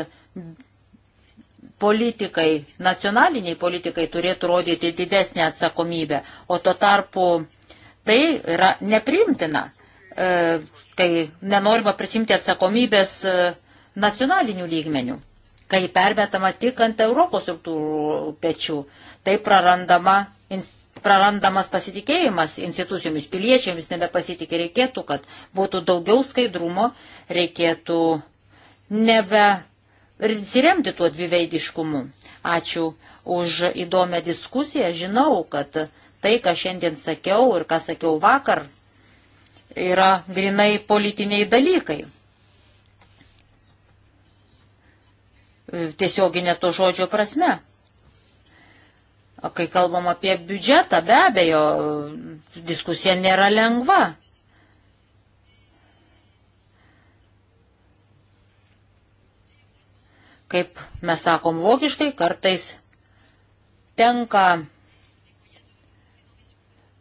politikai, nacionaliniai politikai turėtų rodyti didesnį atsakomybę, o tuo tarpu tai yra neprimtina, e, kai nenorima prisimti atsakomybės e, nacionalinių lygmenių, kai permetama tik ant Europos struktūrų pečių, tai prarandama, in, prarandamas pasitikėjimas institucijomis, piliečiams nebepasitikė, reikėtų, kad būtų daugiau skaidrumo, reikėtų nebe remti tuo dviveidiškumu. Ačiū už įdomią diskusiją. Žinau, kad tai, ką šiandien sakiau ir ką sakiau vakar, yra grinai politiniai dalykai. Tiesioginė to žodžio prasme. Kai kalbam apie biudžetą, be abejo, diskusija nėra lengva. kaip mes sakom vokiškai, kartais tenka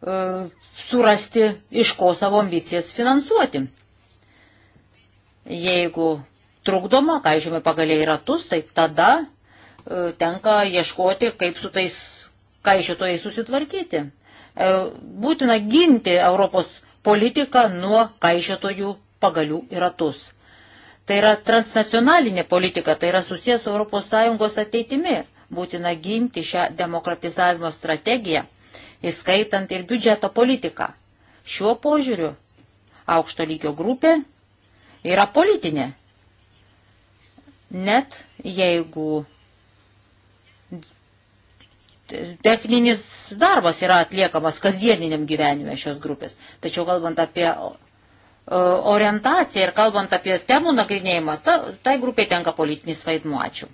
e, surasti, iš ko savo ambicijas finansuoti. Jeigu trukdoma, ką žinome, pagaliai ratus, tai tada e, tenka ieškoti, kaip su tais kaišytojais susitvarkyti. E, būtina ginti Europos politiką nuo kaišytojų pagalių į ratus. Tai yra transnacionalinė politika, tai yra susijęs su ES ateitimi. Būtina ginti šią demokratizavimo strategiją, įskaitant ir biudžeto politiką. Šiuo požiūriu aukšto lygio grupė yra politinė. Net jeigu techninis darbas yra atliekamas kasdieniniam gyvenime šios grupės. Tačiau kalbant apie E, orientaciją ir kalbant apie temų nagrinėjimą, ta, tai grupiai tenka politinis vaidmuo. Ačiū.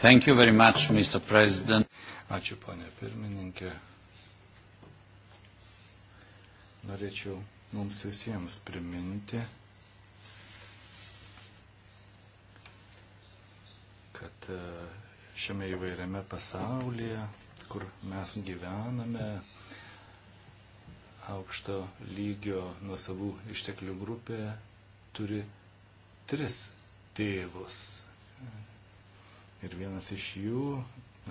Thank you very much, Mr. President. Ačiū, ponė pirmininkė. Norėčiau mums visiems priminti, kad e, šiame įvairiame pasaulyje, kur mes gyvename, aukšto lygio nuosavų išteklių grupė turi tris tėvus. Ir vienas iš jų,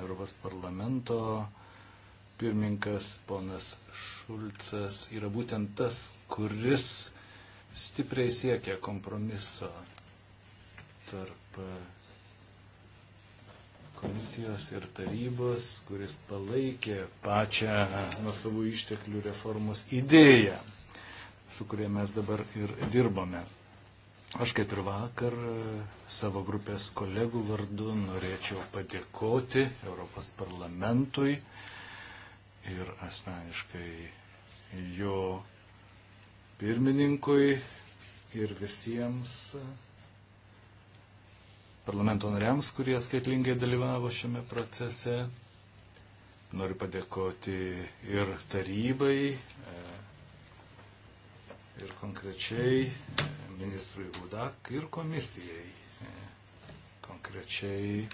Europos parlamento pirmininkas ponas Šulcas, yra būtent tas, kuris stipriai siekia kompromiso tarp komisijos ir tarybos, kuris palaikė pačią nuo savų išteklių reformos idėją, su kuria mes dabar ir dirbame. Aš kaip ir vakar savo grupės kolegų vardu norėčiau padėkoti Europos parlamentui ir asmeniškai jo pirmininkui ir visiems parlamento nariams, kurie skaitlingai dalyvavo šiame procese. Noriu padėkoti ir tarybai, e, ir konkrečiai e, ministrui Vudak, ir komisijai, e, konkrečiai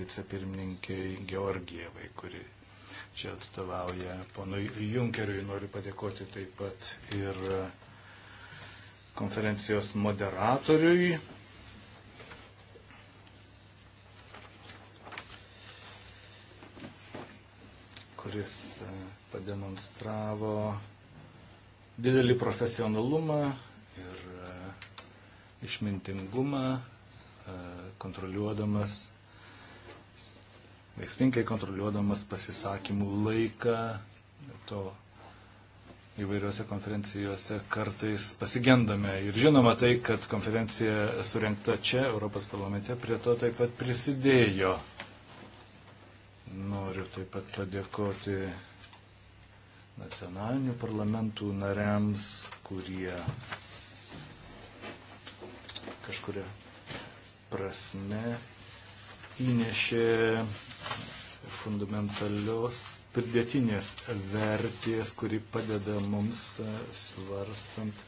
vicepirmininkiai Georgievai, kuri čia atstovauja ponui Junkeriui. Noriu padėkoti taip pat ir konferencijos moderatoriui kuris e, pademonstravo didelį profesionalumą ir e, išmintingumą, e, kontroliuodamas, veiksmingai kontroliuodamas pasisakymų laiką, to įvairiose konferencijose kartais pasigendame. Ir žinoma tai, kad konferencija surinkta čia, Europos parlamente, prie to taip pat prisidėjo. Noriu taip pat padėkoti nacionalinių parlamentų nariams, kurie kažkuria prasme įnešė fundamentalios pridėtinės vertės, kuri padeda mums e, svarstant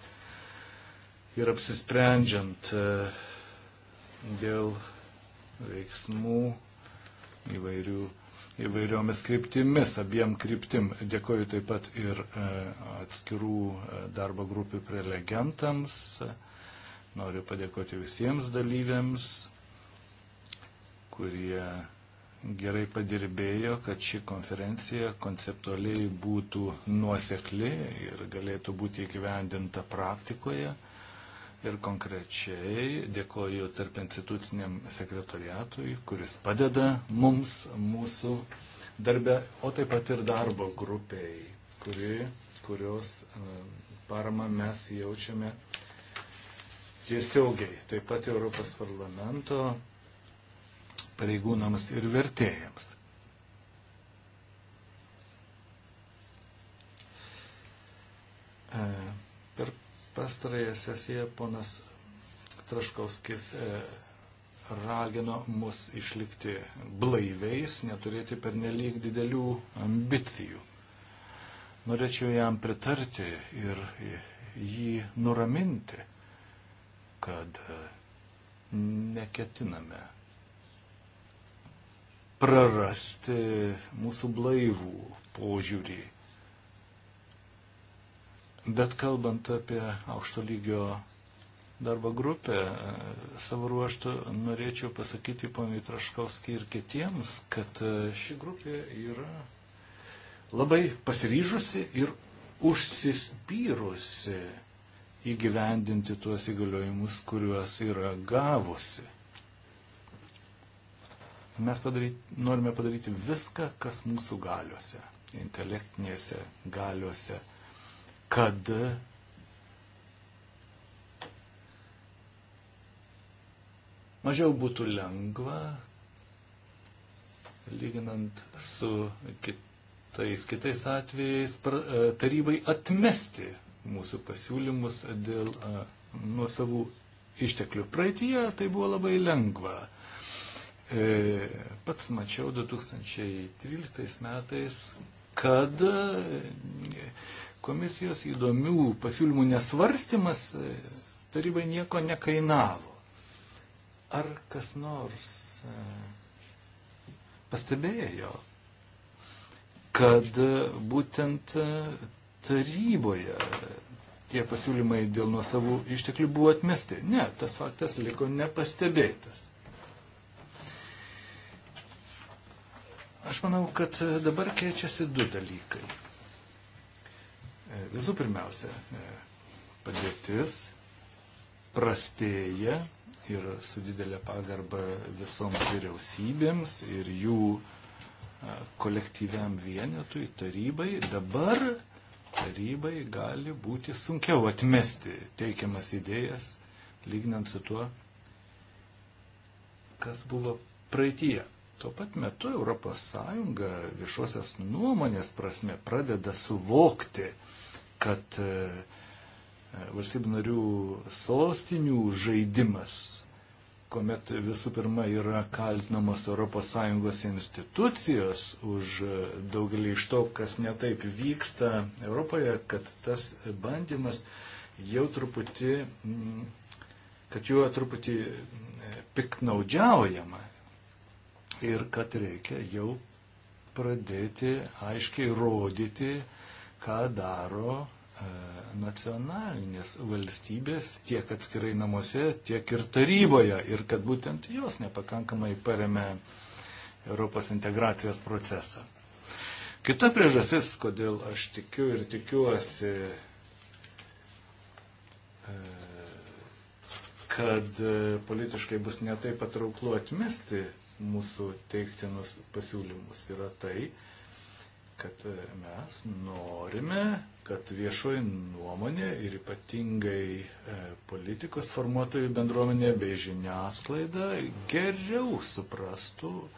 ir apsisprendžiant e, dėl veiksmų įvairių įvairiomis kryptimis, abiem kryptim. Dėkoju taip pat ir e, atskirų e, darbo grupių prelegentams. Noriu padėkoti visiems dalyviams, kurie gerai padirbėjo, kad ši konferencija konceptualiai būtų nuosekli ir galėtų būti įgyvendinta praktikoje ir konkrečiai dėkoju tarp instituciniam sekretoriatui, kuris padeda mums, mūsų darbe, o taip pat ir darbo grupiai, kuri, kurios parama mes jaučiame tiesiogiai, taip pat Europos parlamento pareigūnams ir vertėjams. E, per pastarąją sesiją ponas Traškovskis e, ragino mus išlikti blaiviais, neturėti pernelyg didelių ambicijų. Norėčiau jam pritarti ir jį nuraminti, kad e, neketiname prarasti mūsų blaivų požiūrį Bet kalbant apie aukšto lygio darbo grupę, e, savo ruoštų norėčiau pasakyti poniai Traškovskiai ir kitiems, kad e, ši grupė yra labai pasiryžusi ir užsispyrusi įgyvendinti tuos įgaliojimus, kuriuos yra gavusi. Mes padaryti, norime padaryti viską, kas mūsų galiuose, intelektinėse galiuose kad mažiau būtų lengva, lyginant su kitais, kitais atvejais, e, tarybai atmesti mūsų pasiūlymus dėl e, nuo savų išteklių. Praeitie tai buvo labai lengva. E, pats mačiau 2013 metais, kad komisijos įdomių pasiūlymų nesvarstymas e, tarybai nieko nekainavo. Ar kas nors e, pastebėjo, kad e, būtent taryboje tie pasiūlymai dėl nuosavų išteklių buvo atmesti. Ne, tas faktas liko nepastebėtas. Aš manau, kad dabar keičiasi du dalykai. E, visų pirmiausia, e, padėtis prastėja ir su didelė pagarba visoms vyriausybėms ir jų e, kolektyviam vienetui, tarybai. Dabar tarybai gali būti sunkiau atmesti teikiamas idėjas, lyginant su tuo, kas buvo praeitie. Tuo pat metu ES viešosios nuomonės prasme pradeda suvokti, kad e, e, valstybių narių sostinių žaidimas, kuomet visų pirma yra kaltinamos ES institucijos už e, daugelį iš to, kas netaip vyksta Europoje, kad tas bandymas jau truputį, mm, kad juo truputį piknaudžiaujama ir kad reikia jau pradėti aiškiai rodyti, ką daro e, nacionalinės valstybės tiek atskirai namuose, tiek ir taryboje ir kad būtent jos nepakankamai paremė Europos integracijos procesą. Kita priežasis, kodėl aš tikiu ir tikiuosi, e, kad e, politiškai bus netai patrauklu atmesti mūsų teiktinus pasiūlymus, yra tai, kad mes norime, kad viešoji nuomonė ir ypatingai e, politikos formuotojų bendruomenė bei žiniasklaida geriau suprastų, e,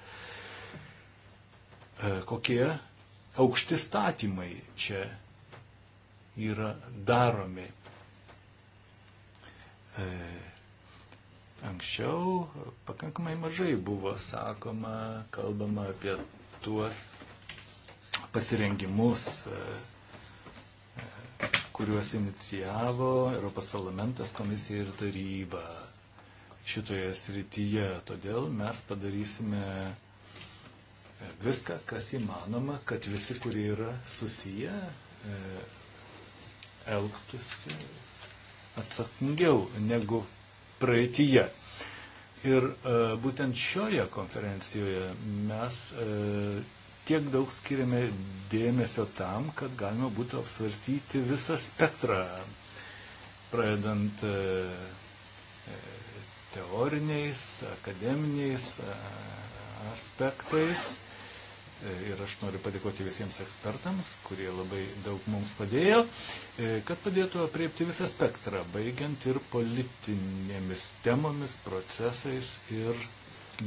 kokie aukšti statymai čia yra daromi. E, anksčiau pakankamai mažai buvo sakoma, kalbama apie tuos pasirengimus, e, kuriuos inicijavo Europos parlamentas, komisija ir taryba šitoje srityje. Todėl mes padarysime viską, kas įmanoma, kad visi, kurie yra susiję, e, elgtųsi atsakingiau negu praeitie. Ir e, būtent šioje konferencijoje mes tiek daug skiriame dėmesio tam, kad galima būtų apsvarstyti visą spektrą, pradedant e, e, teoriniais, akademiniais e, aspektais. Ir aš noriu padėkoti visiems ekspertams, kurie labai daug mums padėjo, kad padėtų apriepti visą spektrą, baigiant ir politinėmis temomis, procesais ir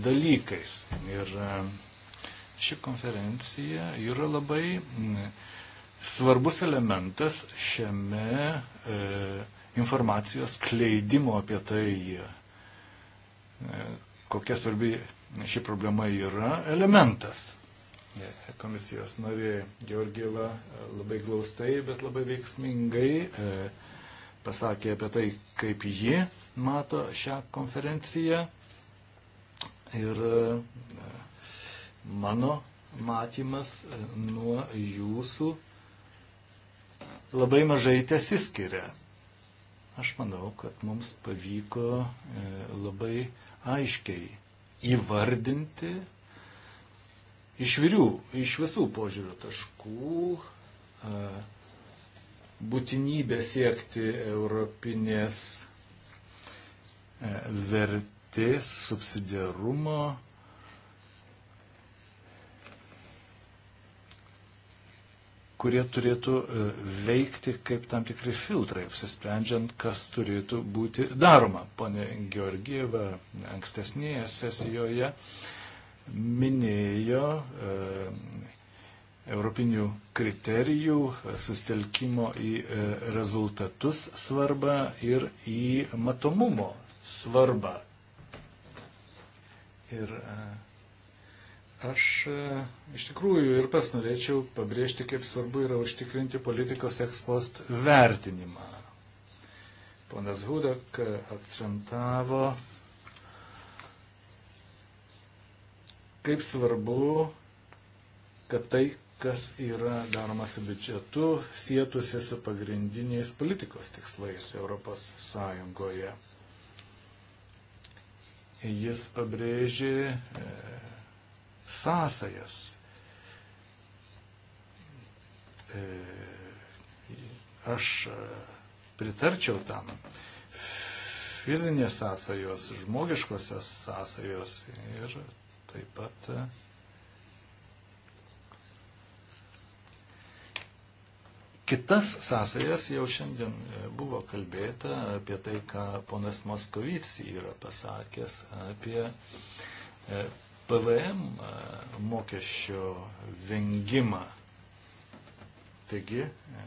dalykais. Ir Ši konferencija yra labai svarbus elementas šiame e, informacijos kleidimo apie tai, e, kokia svarbi ši problema yra elementas. E, komisijos narė Georgieva e, labai glaustai, bet labai veiksmingai e, pasakė apie tai, kaip ji mato šią konferenciją. Ir e, mano matymas e, nuo jūsų labai mažai tesiskiria. Aš manau, kad mums pavyko e, labai aiškiai įvardinti iš, virių, iš visų požiūrių taškų e, būtinybę siekti europinės vertės, subsidiarumo, kurie turėtų e, veikti kaip tam tikri filtrai, apsisprendžiant, kas turėtų būti daroma. Pane Georgieva ankstesnėje sesijoje minėjo e, europinių kriterijų sustelkimo į e, rezultatus svarbą ir į matomumo svarbą. Ir e, Aš e, iš tikrųjų ir pas norėčiau pabrėžti, kaip svarbu yra užtikrinti politikos ekspost vertinimą. Ponas Hudak akcentavo, kaip svarbu, kad tai, kas yra daroma su biudžetu, sėtųsi su pagrindiniais politikos tikslais Europos Sąjungoje. Jis pabrėžė e, sąsajas. E, aš e, pritarčiau tam. Fizinės sąsajos, žmogiškosios sąsajos ir taip pat e, Kitas sąsajas jau šiandien buvo kalbėta apie tai, ką ponas Moskovic yra pasakęs apie PVM e, mokesčio vengimą. Taigi, e,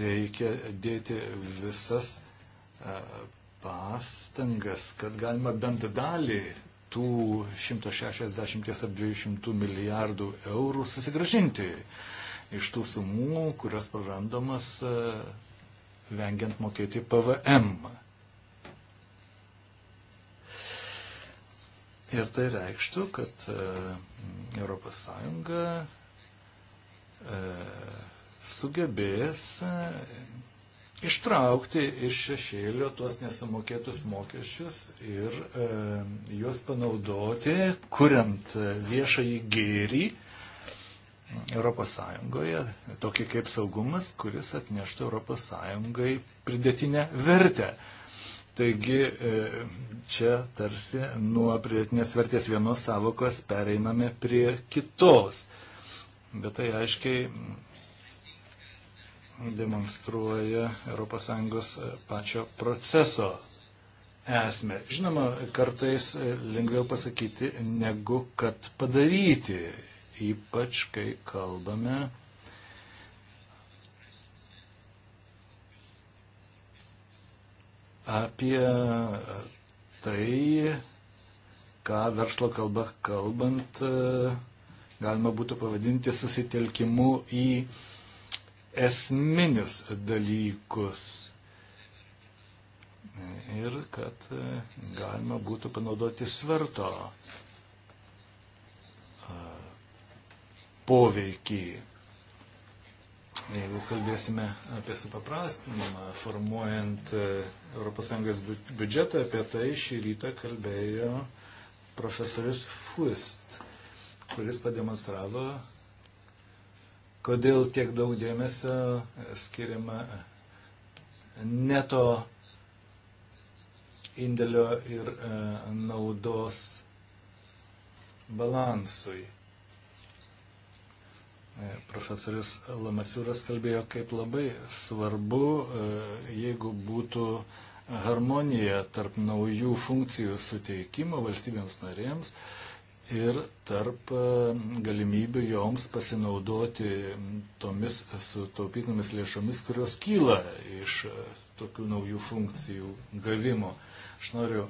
reikia dėti visas e, pastangas, kad galima bent dalį tų 160-200 milijardų eurų susigražinti iš tų sumų, kurios prarandamas vengiant mokėti PVM. -ą. Ir tai reikštų, kad ES e, sugebės e, ištraukti iš šešėlio tuos nesumokėtus mokesčius ir e, juos panaudoti, kuriant viešąjį gėrį ES, tokį kaip saugumas, kuris atneštų ES pridėtinę vertę. E, Taigi e, čia tarsi nuo pridėtinės vertės vienos savokos pereiname prie kitos. Bet tai aiškiai demonstruoja ES e, pačio proceso esmę. Žinoma, kartais e, lengviau pasakyti negu kad padaryti, ypač kai kalbame apie tai, ką verslo kalba kalbant e, galima būtų pavadinti susitelkimu į esminius dalykus. Ir kad e, galima būtų panaudoti sverto e, poveikį Jeigu kalbėsime apie supaprastinimą, formuojant ES biudžetą, apie tai šį rytą kalbėjo profesorius Fust, kuris pademonstravo, kodėl tiek daug dėmesio skiriama neto indėlio ir e, naudos balansui. E, profesorius Lamasiūras kalbėjo, kaip labai svarbu, e, jeigu būtų harmonija tarp naujų funkcijų suteikimo valstybėms narėms ir tarp e, galimybių joms pasinaudoti tomis sutaupytomis lėšomis, kurios kyla iš tokių naujų funkcijų gavimo. Aš noriu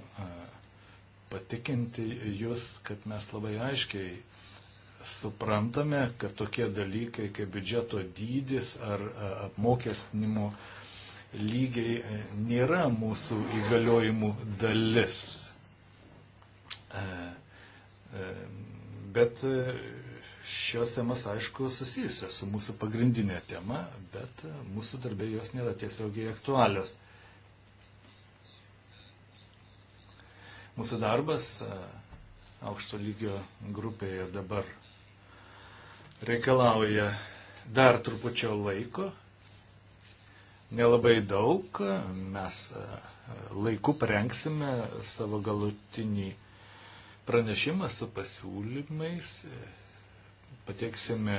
patikinti jūs, kad mes labai aiškiai suprantame, kad tokie dalykai kaip biudžeto dydis ar apmokestinimo lygiai e, nėra mūsų įgaliojimų dalis. E, e, bet šios temas, aišku, susijusios su mūsų pagrindinė tema, bet mūsų darbė jos nėra tiesiogiai aktualios. Mūsų darbas aukšto lygio grupėje dabar reikalauja dar trupučio laiko, nelabai daug, mes e, laiku prengsime savo galutinį pranešimą su pasiūlymais, pateiksime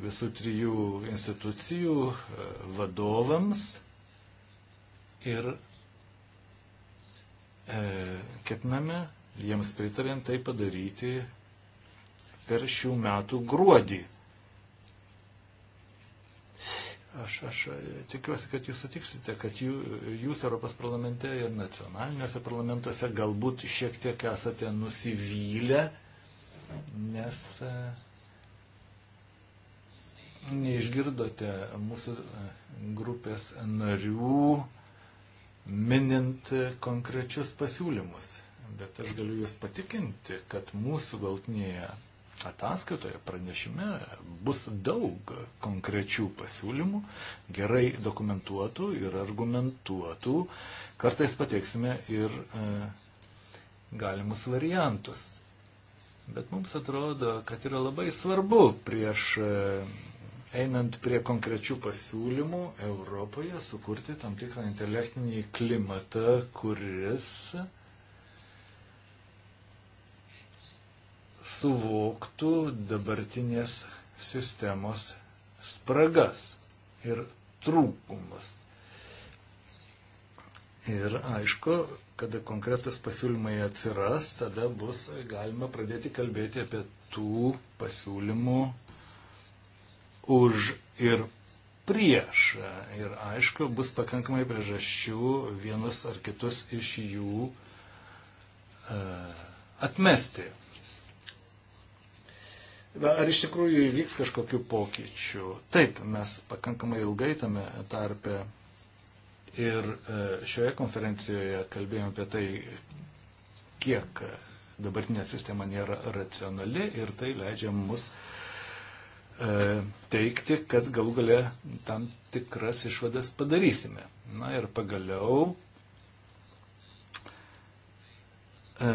visų trijų institucijų e, vadovams ir e, ketiname jiems pritarint tai padaryti per šių metų gruodį. Aš, aš tikiuosi, kad jūs sutiksite, kad jų, jūs Europos parlamente ir nacionaliniuose parlamentuose galbūt šiek tiek esate nusivylę, nes e, neišgirdote mūsų e, grupės narių minint konkrečius pasiūlymus. Bet aš galiu jūs patikinti, kad mūsų galtinėje ataskaitoje, pranešime bus daug konkrečių pasiūlymų, gerai dokumentuotų ir argumentuotų. Kartais pateiksime ir e, galimus variantus. Bet mums atrodo, kad yra labai svarbu prieš e, einant prie konkrečių pasiūlymų Europoje sukurti tam tikrą intelektinį klimatą, kuris e, suvoktų dabartinės sistemos spragas ir trūkumus. Ir aišku, kada konkretus pasiūlymai atsiras, tada bus galima pradėti kalbėti apie tų pasiūlymų už ir prieš. Ir aišku, bus pakankamai priežasčių vienus ar kitus iš jų uh, atmesti. Ar iš tikrųjų įvyks kažkokių pokyčių? Taip, mes pakankamai ilgai tame tarpe ir e, šioje konferencijoje kalbėjome apie tai, kiek dabartinė sistema nėra racionali ir tai leidžia mus e, teikti, kad galų gale tam tikras išvadas padarysime. Na ir pagaliau e,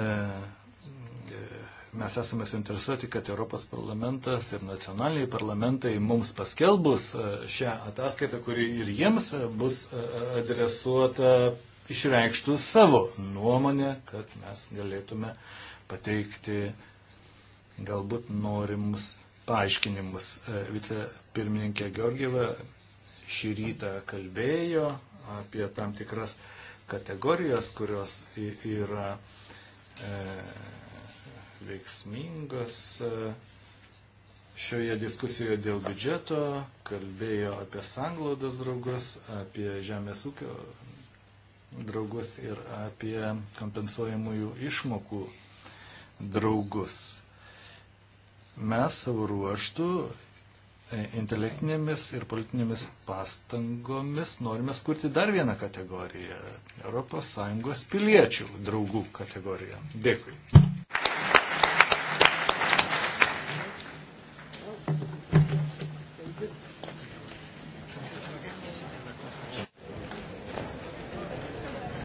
Mes esame suinteresuoti, kad Europos parlamentas ir nacionaliniai parlamentai mums paskelbus e, šią ataskaitą, kuri ir jiems e, bus e, adresuota, išreikštų savo nuomonę, kad mes galėtume pateikti galbūt norimus paaiškinimus. Vicepirmininkė Georgieva šį rytą kalbėjo apie tam tikras kategorijas, kurios yra e, veiksmingos. E, šioje diskusijoje dėl biudžeto kalbėjo apie sanglaudos draugus, apie žemės ūkio draugus ir apie kompensuojamųjų išmokų draugus. Mes savo ruoštų e, intelektinėmis ir politinėmis pastangomis norime skurti dar vieną kategoriją - ES piliečių draugų kategoriją. Dėkui.